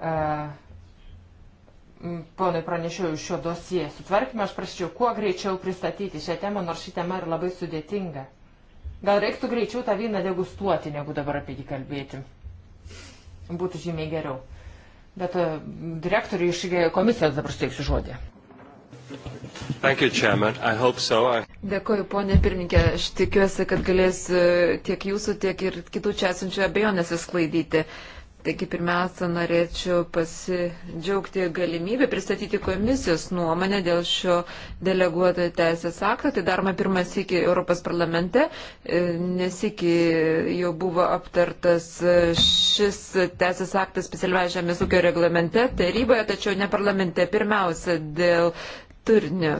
E, ponai pranešiau iš šio dosie sutvarkymą, aš prašyčiau kuo greičiau pristatyti šią temą, nors ši tema ir labai sudėtinga. Gal reiktų greičiau tą vyną degustuoti, negu dabar apie jį kalbėti. Būtų žymiai geriau. Bet e, direktoriui iš e, komisijos dabar steiksiu žodį. Thank you, Chairman. I hope so. I... Dėkoju, ponė pirmininkė. Aš tikiuosi, kad galės e, tiek jūsų, tiek ir kitų čia esančių abejonės įsklaidyti. Uh, Taigi pirmiausia, norėčiau pasidžiaugti galimybę pristatyti komisijos nuomonę dėl šio deleguotojo teisės akto. Tai daroma pirmas iki Europos parlamente, e, nes iki jau buvo aptartas šis teisės aktas specialiame žemės ūkio reglamente taryboje, tačiau ne parlamente. Pirmiausia, dėl turinio.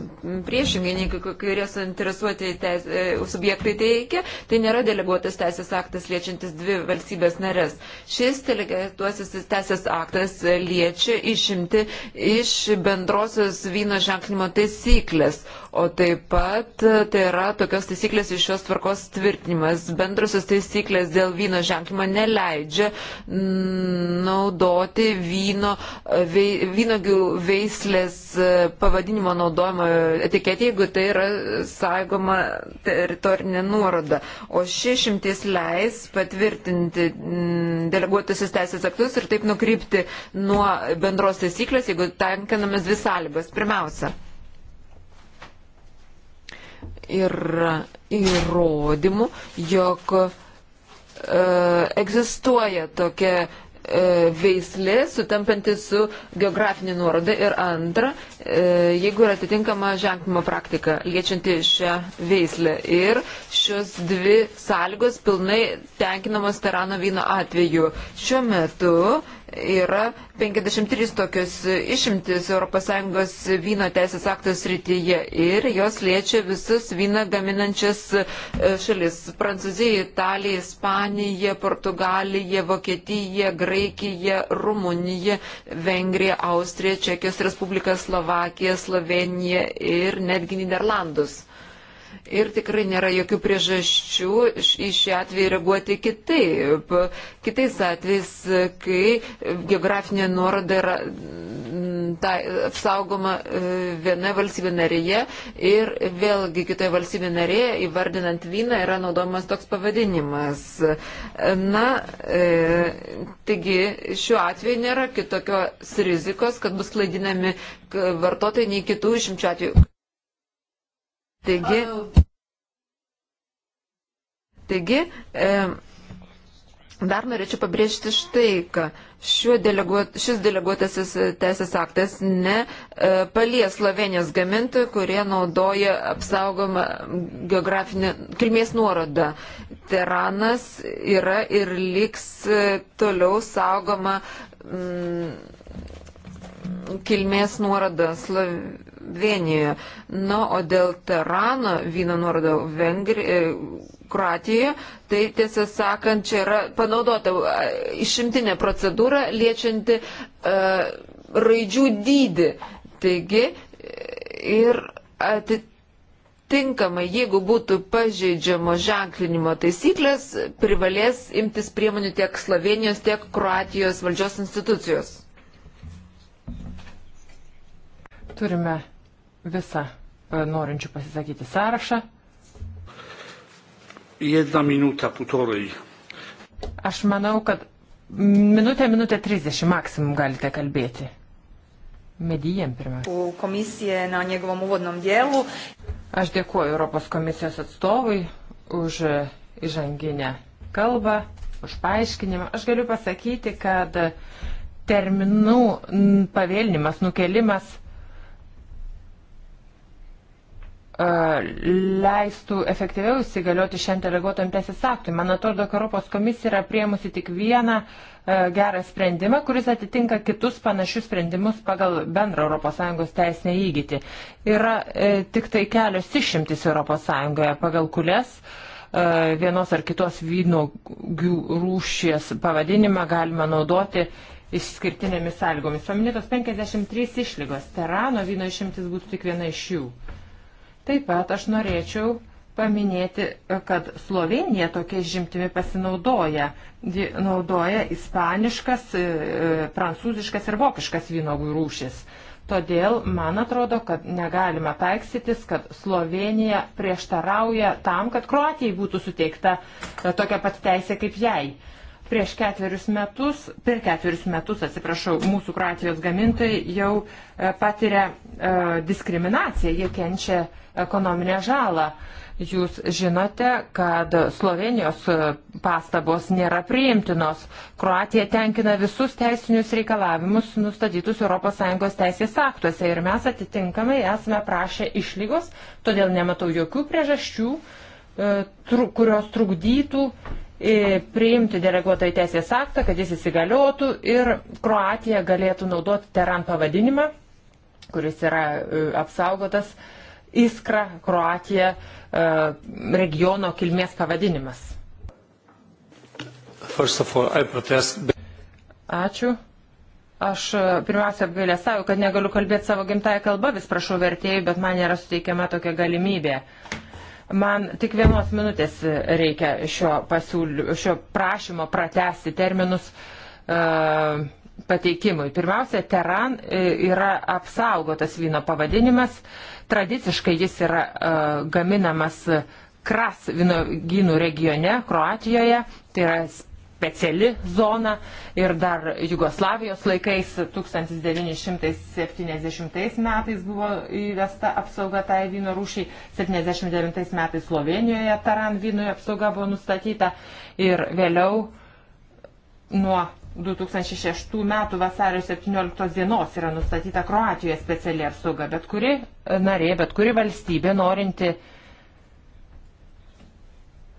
Priešingai, nei kurie suinteresuoti teis, e, subjektai teikia, tai nėra deleguotas teisės aktas liečiantis dvi valstybės narės. Šis deleguotasis teisės aktas liečia išimti iš bendrosios vyno ženklimo taisyklės, O taip pat tai yra tokios taisyklės ir šios tvarkos tvirtinimas. Bendrosios taisyklės dėl vyno ženklimo neleidžia naudoti vyno, vei, vynogių veislės pavadinimo naudojimo etiketė, jeigu tai yra saigoma teritorinė nuoroda. O ši šimtis leis patvirtinti mm, deleguotusius teisės aktus ir taip nukrypti nuo bendros taisyklės, jeigu tenkinamės dvi sąlygas. Pirmiausia, yra įrodymų, jog e, egzistuoja tokia e, veislė sutampanti su geografinė nuoroda ir antra, e, jeigu yra atitinkama ženklimo praktika liečianti šią veislę. Ir šios dvi sąlygos pilnai tenkinamos Terano vyno atveju. Šiuo metu yra 53 tokios išimtis ES vyno teisės aktos rytyje ir jos liečia visus vyną gaminančias e, šalis - Prancūzija, Italija, Ispanija, Portugalija, Vokietija, Graikija, Rumunija, Vengrija, Austrija, Čekijos Respublika, Slovakija, Slovenija ir netgi Niderlandus. Ir tikrai nėra jokių priežasčių į šį atvejį reaguoti kitaip. Kitais atvejais, kai geografinė nuoroda yra ta, apsaugoma e, viena valstybė narėje ir vėlgi kitoje valstybė narėje įvardinant vyną yra naudojamas toks pavadinimas. Na, e, taigi šiuo atveju nėra kitokios rizikos, kad bus klaidinami vartotojai nei kitų išimčių atveju. Taigi, taigi e, Dar norėčiau pabrėžti štai, kad deleguot, šis deleguotasis teisės aktas ne e, palies Slovenijos gamintojų, kurie naudoja apsaugomą geografinę kilmės nuorodą. Teranas yra ir liks e, toliau saugoma mm, kilmės nuoroda. Slov... Vienijoje. Na, o dėl Terano vyno nuorodo Vengri... E, Kroatijoje, tai tiesą sakant, čia yra panaudota e, išimtinė procedūra liečianti uh, raidžių dydį. Taigi, ir atitinkamai, jeigu būtų pažeidžiamo ženklinimo taisyklės, privalės imtis priemonių tiek Slovenijos, tiek Kroatijos valdžios institucijos. Turime visą e, norinčių pasisakyti sąrašą. Jedna minutė, putorai. Aš manau, kad minutė, minutė 30 maksimum galite kalbėti. Medijem pirmiausia. Komisija na njegovom uvodnom dijelu. Aš dėkuoju Europos komisijos atstovui už e, įžanginę kalbą, už paaiškinimą. Aš galiu pasakyti, kad terminų pavėlinimas, nukelimas E, leistų efektyviau įsigalioti šiandien deleguotam teisės aktui. Man atrodo, kad Europos komisija yra priemusi tik vieną e, gerą sprendimą, kuris atitinka kitus panašius sprendimus pagal bendrą ES teisinę įgyti. Yra e, tik tai kelios išimtis ES, pagal kurias vienos ar kitos vynogių rūšies pavadinimą galima naudoti išskirtinėmis sąlygomis. Paminėtos 53 išlygos. Terano vyno išimtis būtų tik viena iš jų. Taip pat aš norėčiau paminėti, kad Slovenija tokia žimtimi pasinaudoja. Ji naudoja ispaniškas, e, prancūziškas ir vokiškas vynogų rūšis. Todėl man atrodo, kad negalima taiksytis, kad Slovenija prieštarauja tam, kad Kroatijai būtų suteikta e, tokia pat teisė kaip jai. Prieš ketverius metus, per ketverius metus, atsiprašau, mūsų Kroatijos gamintojai jau e, patiria e, diskriminaciją, jie kenčia ekonominę žalą. Jūs žinote, kad Slovenijos e, pastabos nėra priimtinos. Kroatija tenkina visus teisinius reikalavimus nustatytus ES teisės aktuose ir mes atitinkamai esame prašę išlygos, todėl nematau jokių priežasčių, kurios trukdytų priimti deleguotą į teisės aktą, kad jis įsigaliotų ir Kroatija galėtų naudoti Teran pavadinimą, kuris yra e, apsaugotas Iskra Kroatija e, regiono kilmės pavadinimas. All, Ačiū. Aš e, pirmiausia apgailę savo, kad negaliu kalbėti savo gimtają kalbą, vis prašau vertėjų, bet man nėra suteikiama tokia galimybė. Uh, Man tik vienos minutės reikia šio, pasiūly, šio prašymo pratesti terminus uh, pateikimui. Pirmiausia, Teran e, yra apsaugotas vyno pavadinimas. Tradiciškai jis yra uh, gaminamas Kras vynogynų regione, Kroatijoje. Tai yra speciali zona ir dar Jugoslavijos laikais 1970 metais buvo įvesta apsauga tai vyno rūšiai, 79 metais Slovenijoje taran vynui apsauga buvo nustatyta ir vėliau nuo 2006 metų vasario 17 dienos yra nustatyta Kroatijoje speciali apsauga, bet kuri narė, bet kuri valstybė norinti,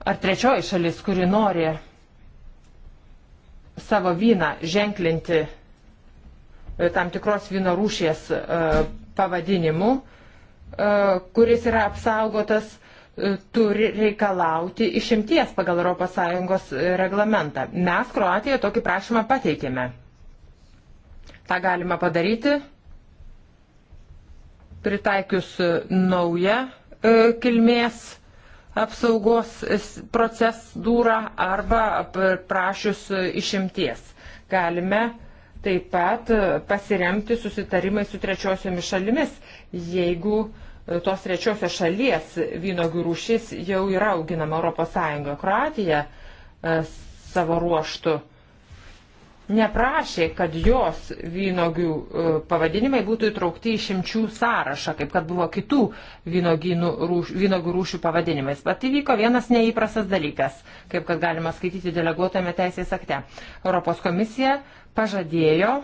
ar trečioji šalis, kuri nori savo vyną ženklinti e, tam tikros vyno rūšies e, pavadinimu, e, kuris yra apsaugotas, turi reikalauti išimties pagal ES reglamentą. Mes Kroatijoje tokį prašymą pateikėme. Ta galima padaryti pritaikius naują kilmės apsaugos procedūrą arba prašius išimties. Galime taip pat pasiremti susitarimai su trečiosiomis šalimis, jeigu e, tos trečiosios šalies vynogių rūšis jau yra auginama ES. Kroatija e, savo ruoštų neprašė, kad jos vynogių e, pavadinimai būtų įtraukti į šimčių sąrašą, kaip kad buvo kitų rūš, vynogių rūšių pavadinimais. Bet įvyko vienas neįprastas dalykas, kaip kad galima skaityti deleguotame teisės akte. Europos komisija pažadėjo e,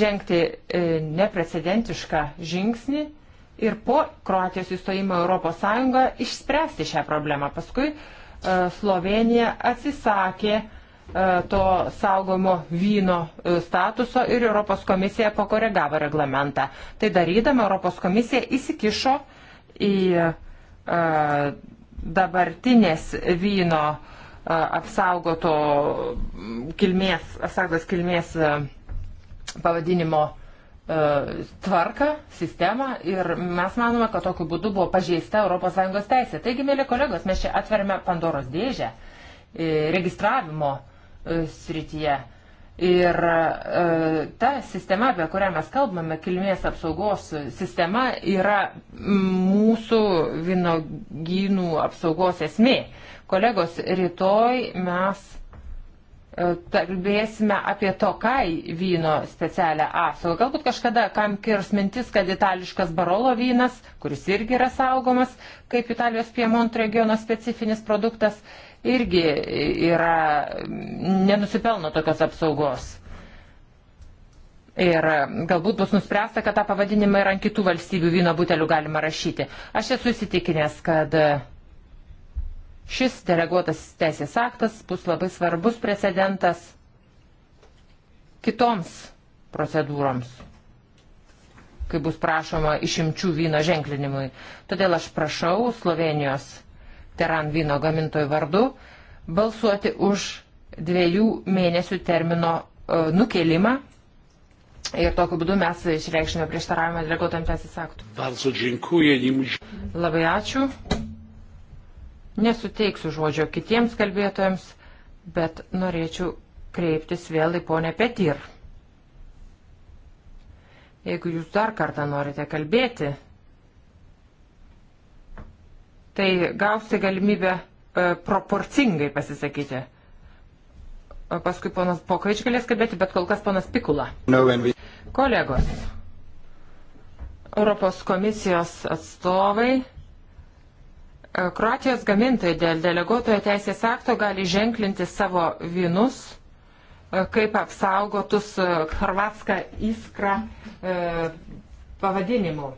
žengti e, neprecedentišką žingsnį ir po Kroatijos įstojimo Europos Sąjungą išspręsti šią problemą. Paskui Slovenija atsisakė uh, E, to saugomo vyno e, statuso ir Europos komisija pakoregavo reglamentą. Tai darydama Europos komisija įsikišo į e, dabartinės vyno apsaugoto kilmės, apsaugotos kilmės pavadinimo tvarką, sistemą ir mes manome, kad tokiu būdu buvo pažeista ES teisė. Taigi, mėly kolegos, mes čia atverime Pandoros dėžę registravimo E, srityje. Ir e, ta sistema, apie kurią mes kalbame, kilmės apsaugos sistema, yra mūsų vinogynų apsaugos esmė. Kolegos, rytoj mes e, kalbėsime apie tokai vyno specialią apsaugą. Galbūt kažkada kam kirs mintis, kad itališkas barolo vynas, kuris irgi yra saugomas kaip Italijos Piemont regiono specifinis produktas, irgi yra, nenusipelno tokios apsaugos. Ir galbūt bus nuspręsta, kad tą pavadinimą ir ant kitų valstybių vyno butelių galima rašyti. Aš esu įsitikinęs, kad šis deleguotas teisės aktas bus labai svarbus precedentas kitoms procedūroms, kai bus prašoma išimčių vyno ženklinimui. Todėl aš prašau Slovenijos Teran vyno gamintojų vardu balsuoti už dviejų mėnesių termino uh, e, nukelimą. Ir tokiu būdu mes išreikšime prieštaravimą deleguotam teisės aktų. Labai ačiū. Nesuteiksiu žodžio kitiems kalbėtojams, bet norėčiau kreiptis vėl į ponę Petir. Jeigu jūs dar kartą norite kalbėti, tai gausite galimybę e, proporcingai pasisakyti. O paskui ponas Pokaič galės kalbėti, bet kol kas ponas Pikula. No, we... Kolegos, Europos komisijos atstovai, e, Kroatijos gamintojai dėl deleguotojo teisės akto gali ženklinti savo vynus e, kaip apsaugotus Hrvatska iskra e, pavadinimu.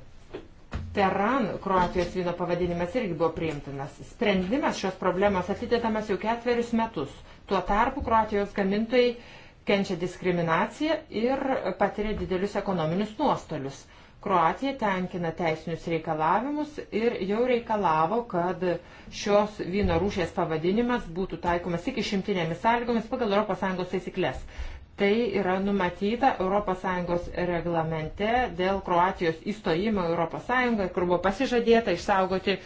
Teran, Kroatijos vyno pavadinimas irgi buvo priimtinas. Sprendimas šios problemos atidėtamas jau ketverius metus. Tuo tarpu Kroatijos gamintojai kenčia diskriminaciją ir patiria didelius ekonominius nuostolius. Kroatija tenkina teisinius reikalavimus ir jau reikalavo, kad šios vyno rūšės pavadinimas būtų taikomas tik išimtinėmis sąlygomis pagal ES taisyklės. Tai yra numatyta ES reglamente dėl Kroatijos įstojimo ES, kur buvo pasižadėta išsaugoti e,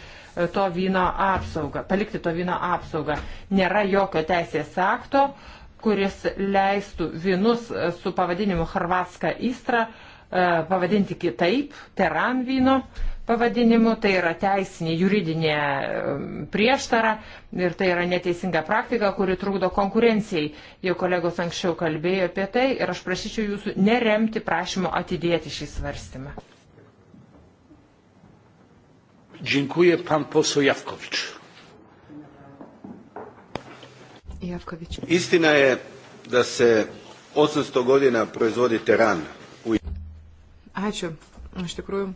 to vyno apsaugą, palikti to vyno apsaugą. Nėra jokio teisės akto, kuris leistų vynus e, su pavadinimu Harvatska Istra e, pavadinti kitaip, teran vyno, pavadinimu, tai yra teisinė juridinė prieštara ir tai yra neteisinga praktika, kuri trukdo konkurencijai. Jau kolegos anksčiau kalbėjo apie tai ir aš prašyčiau jūsų neremti prašymo atidėti šį svarstymą. Dziękuję pan poseł Jawkowicz. Jawkowicz. Istina je da se 800 godina proizvodi teran. U... Ačiū. Iš tikrųjų,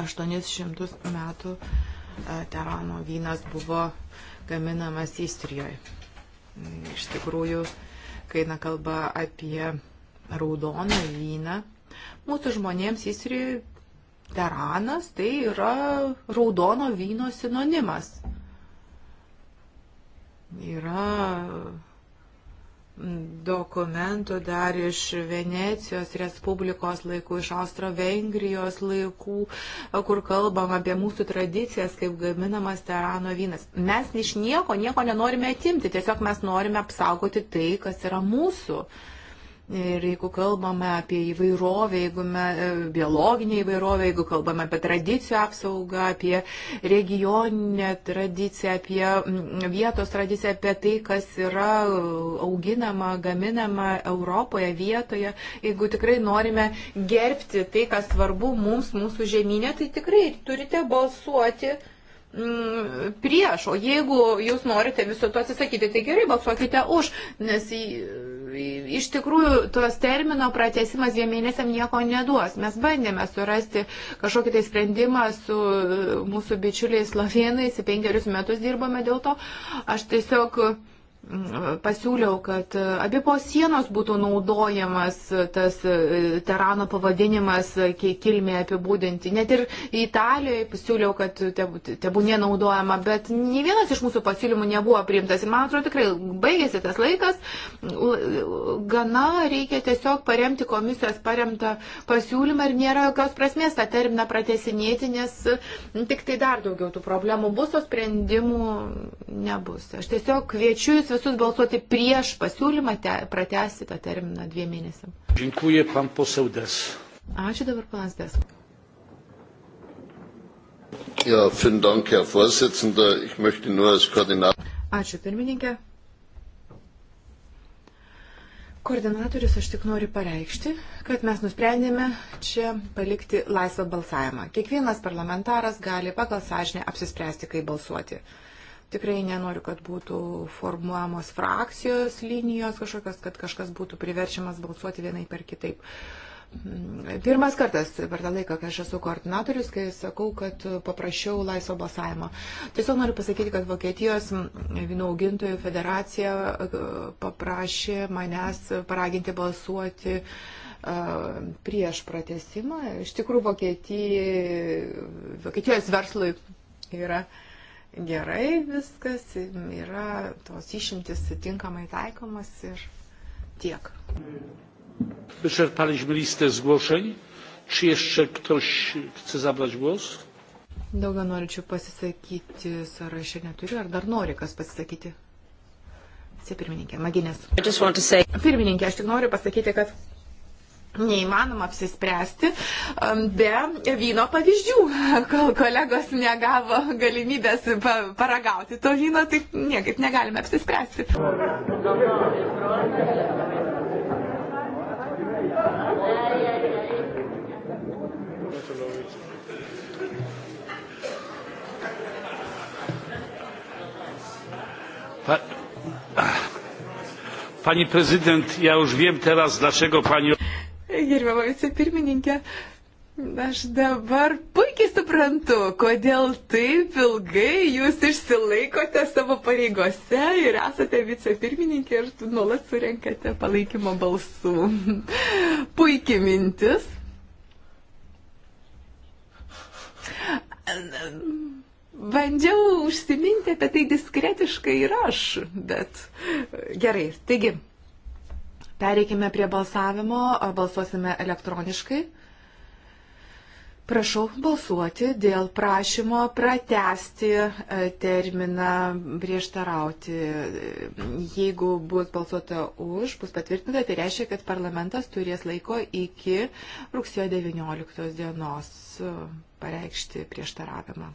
800 metų e, Terano vynas buvo gaminamas Istrijoje. Iš tikrųjų, kai na kalba apie raudoną vyną, mūsų žmonėms Istrijoje Teranas tai yra raudono vyno sinonimas. Yra dokumentų dar iš Venecijos Respublikos laikų, iš Austro-Vengrijos laikų, kur kalbam apie mūsų tradicijas, kaip gaminamas terano vynas. Mes iš nieko, nieko nenorime atimti, tiesiog mes norime apsaugoti tai, kas yra mūsų. Uh, Ir jeigu kalbame apie įvairovę, jeigu me, e, biologinę įvairovę, jeigu kalbame apie tradicijų apsaugą, apie regioninę tradiciją, apie mm, vietos tradiciją, apie tai, kas yra auginama, gaminama Europoje, vietoje, jeigu tikrai norime gerbti tai, kas svarbu mums, mūsų žemynė, tai tikrai turite balsuoti mm, prieš, o jeigu jūs norite viso to atsisakyti, tai gerai balsuokite už, nes iš tikrųjų tuos termino pratesimas dviem mėnesiam nieko neduos. Mes bandėme surasti kažkokį tai sprendimą su e, mūsų bičiuliais slovenais, penkerius metus dirbame dėl to. Aš tiesiog pasiūliau, kad abipos sienos būtų naudojamas tas e, terano pavadinimas, kilmė apibūdinti. Net ir Italijoje pasiūliau, kad tebų nenaudojama, bet nei vienas iš mūsų pasiūlymų nebuvo priimtas. Ir man atrodo, tikrai baigėsi tas laikas. Gana reikia tiesiog paremti komisijos paremtą pasiūlymą ir nėra jokios prasmės tą terminą pratesinėti, nes nu, tik tai dar daugiau tų problemų bus, o sprendimų nebus. Aš tiesiog kviečiu jūs visus visus balsuoti prieš pasiūlymą te, pratesti tą terminą dviem mėnesiam. Dėkuoju, pan posaudas. Ačiū dabar, panas Des. Ja, vielen Dank, Herr Vorsitzender. Ich möchte nur als Koordinator. Ačiū, pirmininkė. Koordinatorius aš tik noriu pareikšti, kad mes nusprendėme čia palikti laisvą balsavimą. Kiekvienas parlamentaras gali pagal sąžinę apsispręsti, kaip balsuoti. Uh, Tikrai nenoriu, kad būtų formuojamos frakcijos linijos kažkokios, kad kažkas būtų priverčiamas balsuoti vienai per kitaip. Mm, pirmas kartas per tą laiką, kai aš esu koordinatorius, kai sakau, kad paprašiau laisvo balsavimo. Tiesiog noriu pasakyti, kad Vokietijos mm, vynų augintojų federacija e, paprašė manęs paraginti balsuoti e, prieš pratesimą. Iš tikrųjų, Vokietijos verslui yra uh, gerai viskas, yra tos išimtis tinkamai taikomas ir tiek. Wyczerpaliśmy listę zgłoszeń. Czy jeszcze ktoś chce zabrać głos? Daugiau norėčiau pasisakyti sąraše neturiu. Ar dar nori kas pasisakyti? Sė pirmininkė, maginės. Say... Pirmininkė, aš tik noriu pasakyti, kad neįmanoma apsispręsti be vyno pavyzdžių. Kol kolegos negavo galimybės paragauti to vyno, tai niekaip negalime apsispręsti. Pa, pani prezydent, ja już wiem teraz, dlaczego pani. Gerbiama vicepirmininkė, Aš dabar puikiai suprantu, kodėl taip ilgai jūs išsilaikote savo pareigose ir esate vicepirmininkė ir nuolat surenkate palaikymo balsų. Puikiai mintis. Bandžiau užsiminti apie tai diskretiškai ir aš, bet gerai, taigi Pereikime prie balsavimo, balsuosime elektroniškai. Prašau balsuoti dėl prašymo pratesti e, terminą prieštarauti. Jeigu bus balsuota už, bus patvirtinta, tai reiškia, kad parlamentas turės laiko iki rugsėjo 19 dienos e, pareikšti prieštaravimą.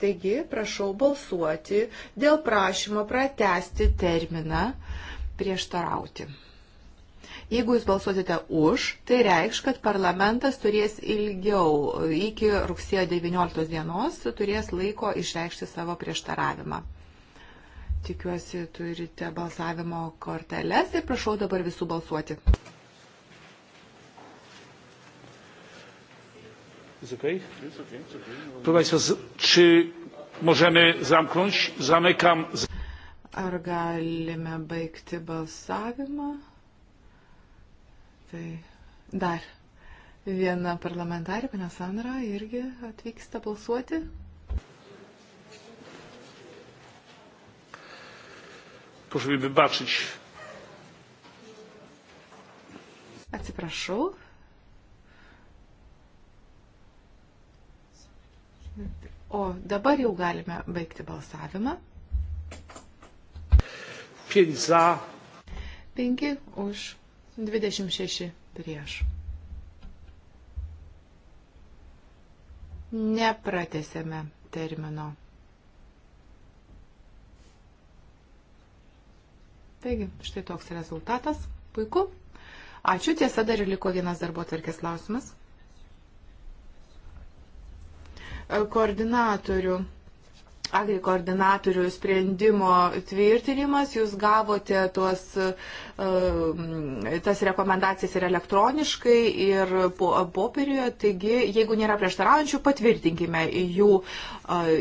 Taigi, prašau balsuoti dėl prašymo pratesti terminą prieštarauti. Jeigu jūs balsuosite už, tai reikš, kad parlamentas turės ilgiau, iki rugsėjo 19 dienos, turės laiko išreikšti savo prieštaravimą. Tikiuosi, turite balsavimo korteles ir prašau dabar visų balsuoti. Proszę Państwa, czy możemy zamknąć? Zamykam. Ar galime baigti balsavimą? Tai dar viena parlamentarė, ponia Sandra, irgi atvyksta balsuoti. Proszę mi wybaczyć. Atsiprašau. O dabar jau galime baigti balsavimą. 5 za. 5 už 26 prieš. Nepratesėme termino. Taigi, štai toks rezultatas. Puiku. Ačiū. Tiesa, dar liko vienas darbo tvarkės klausimas. Koordinatorių agri koordinatorių sprendimo tvirtinimas, jūs gavote tuos, um, tas rekomendacijas ir elektroniškai, ir popieriuje, taigi jeigu nėra prieštaraujančių, patvirtinkime jų uh,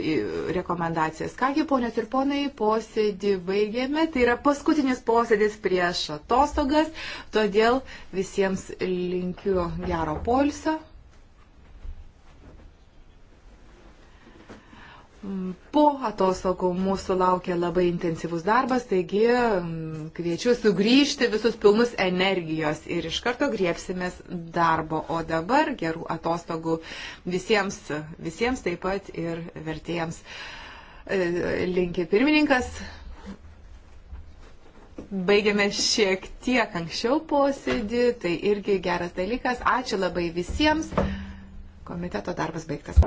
rekomendacijas. Kągi, ponios ir ponai, posėdį baigėme, tai yra paskutinis posėdis prieš atostogas, todėl visiems linkiu gero polsio. Po atostogų mūsų laukia labai intensyvus darbas, taigi mm, kviečiu sugrįžti visus pilnus energijos ir iš karto griepsimės darbo. O dabar gerų atostogų visiems, visiems taip pat ir vertėjams. E, Linkė pirmininkas. Baigėme šiek tiek anksčiau posėdį, tai irgi geras dalykas. Ačiū labai visiems. Komiteto darbas baigtas.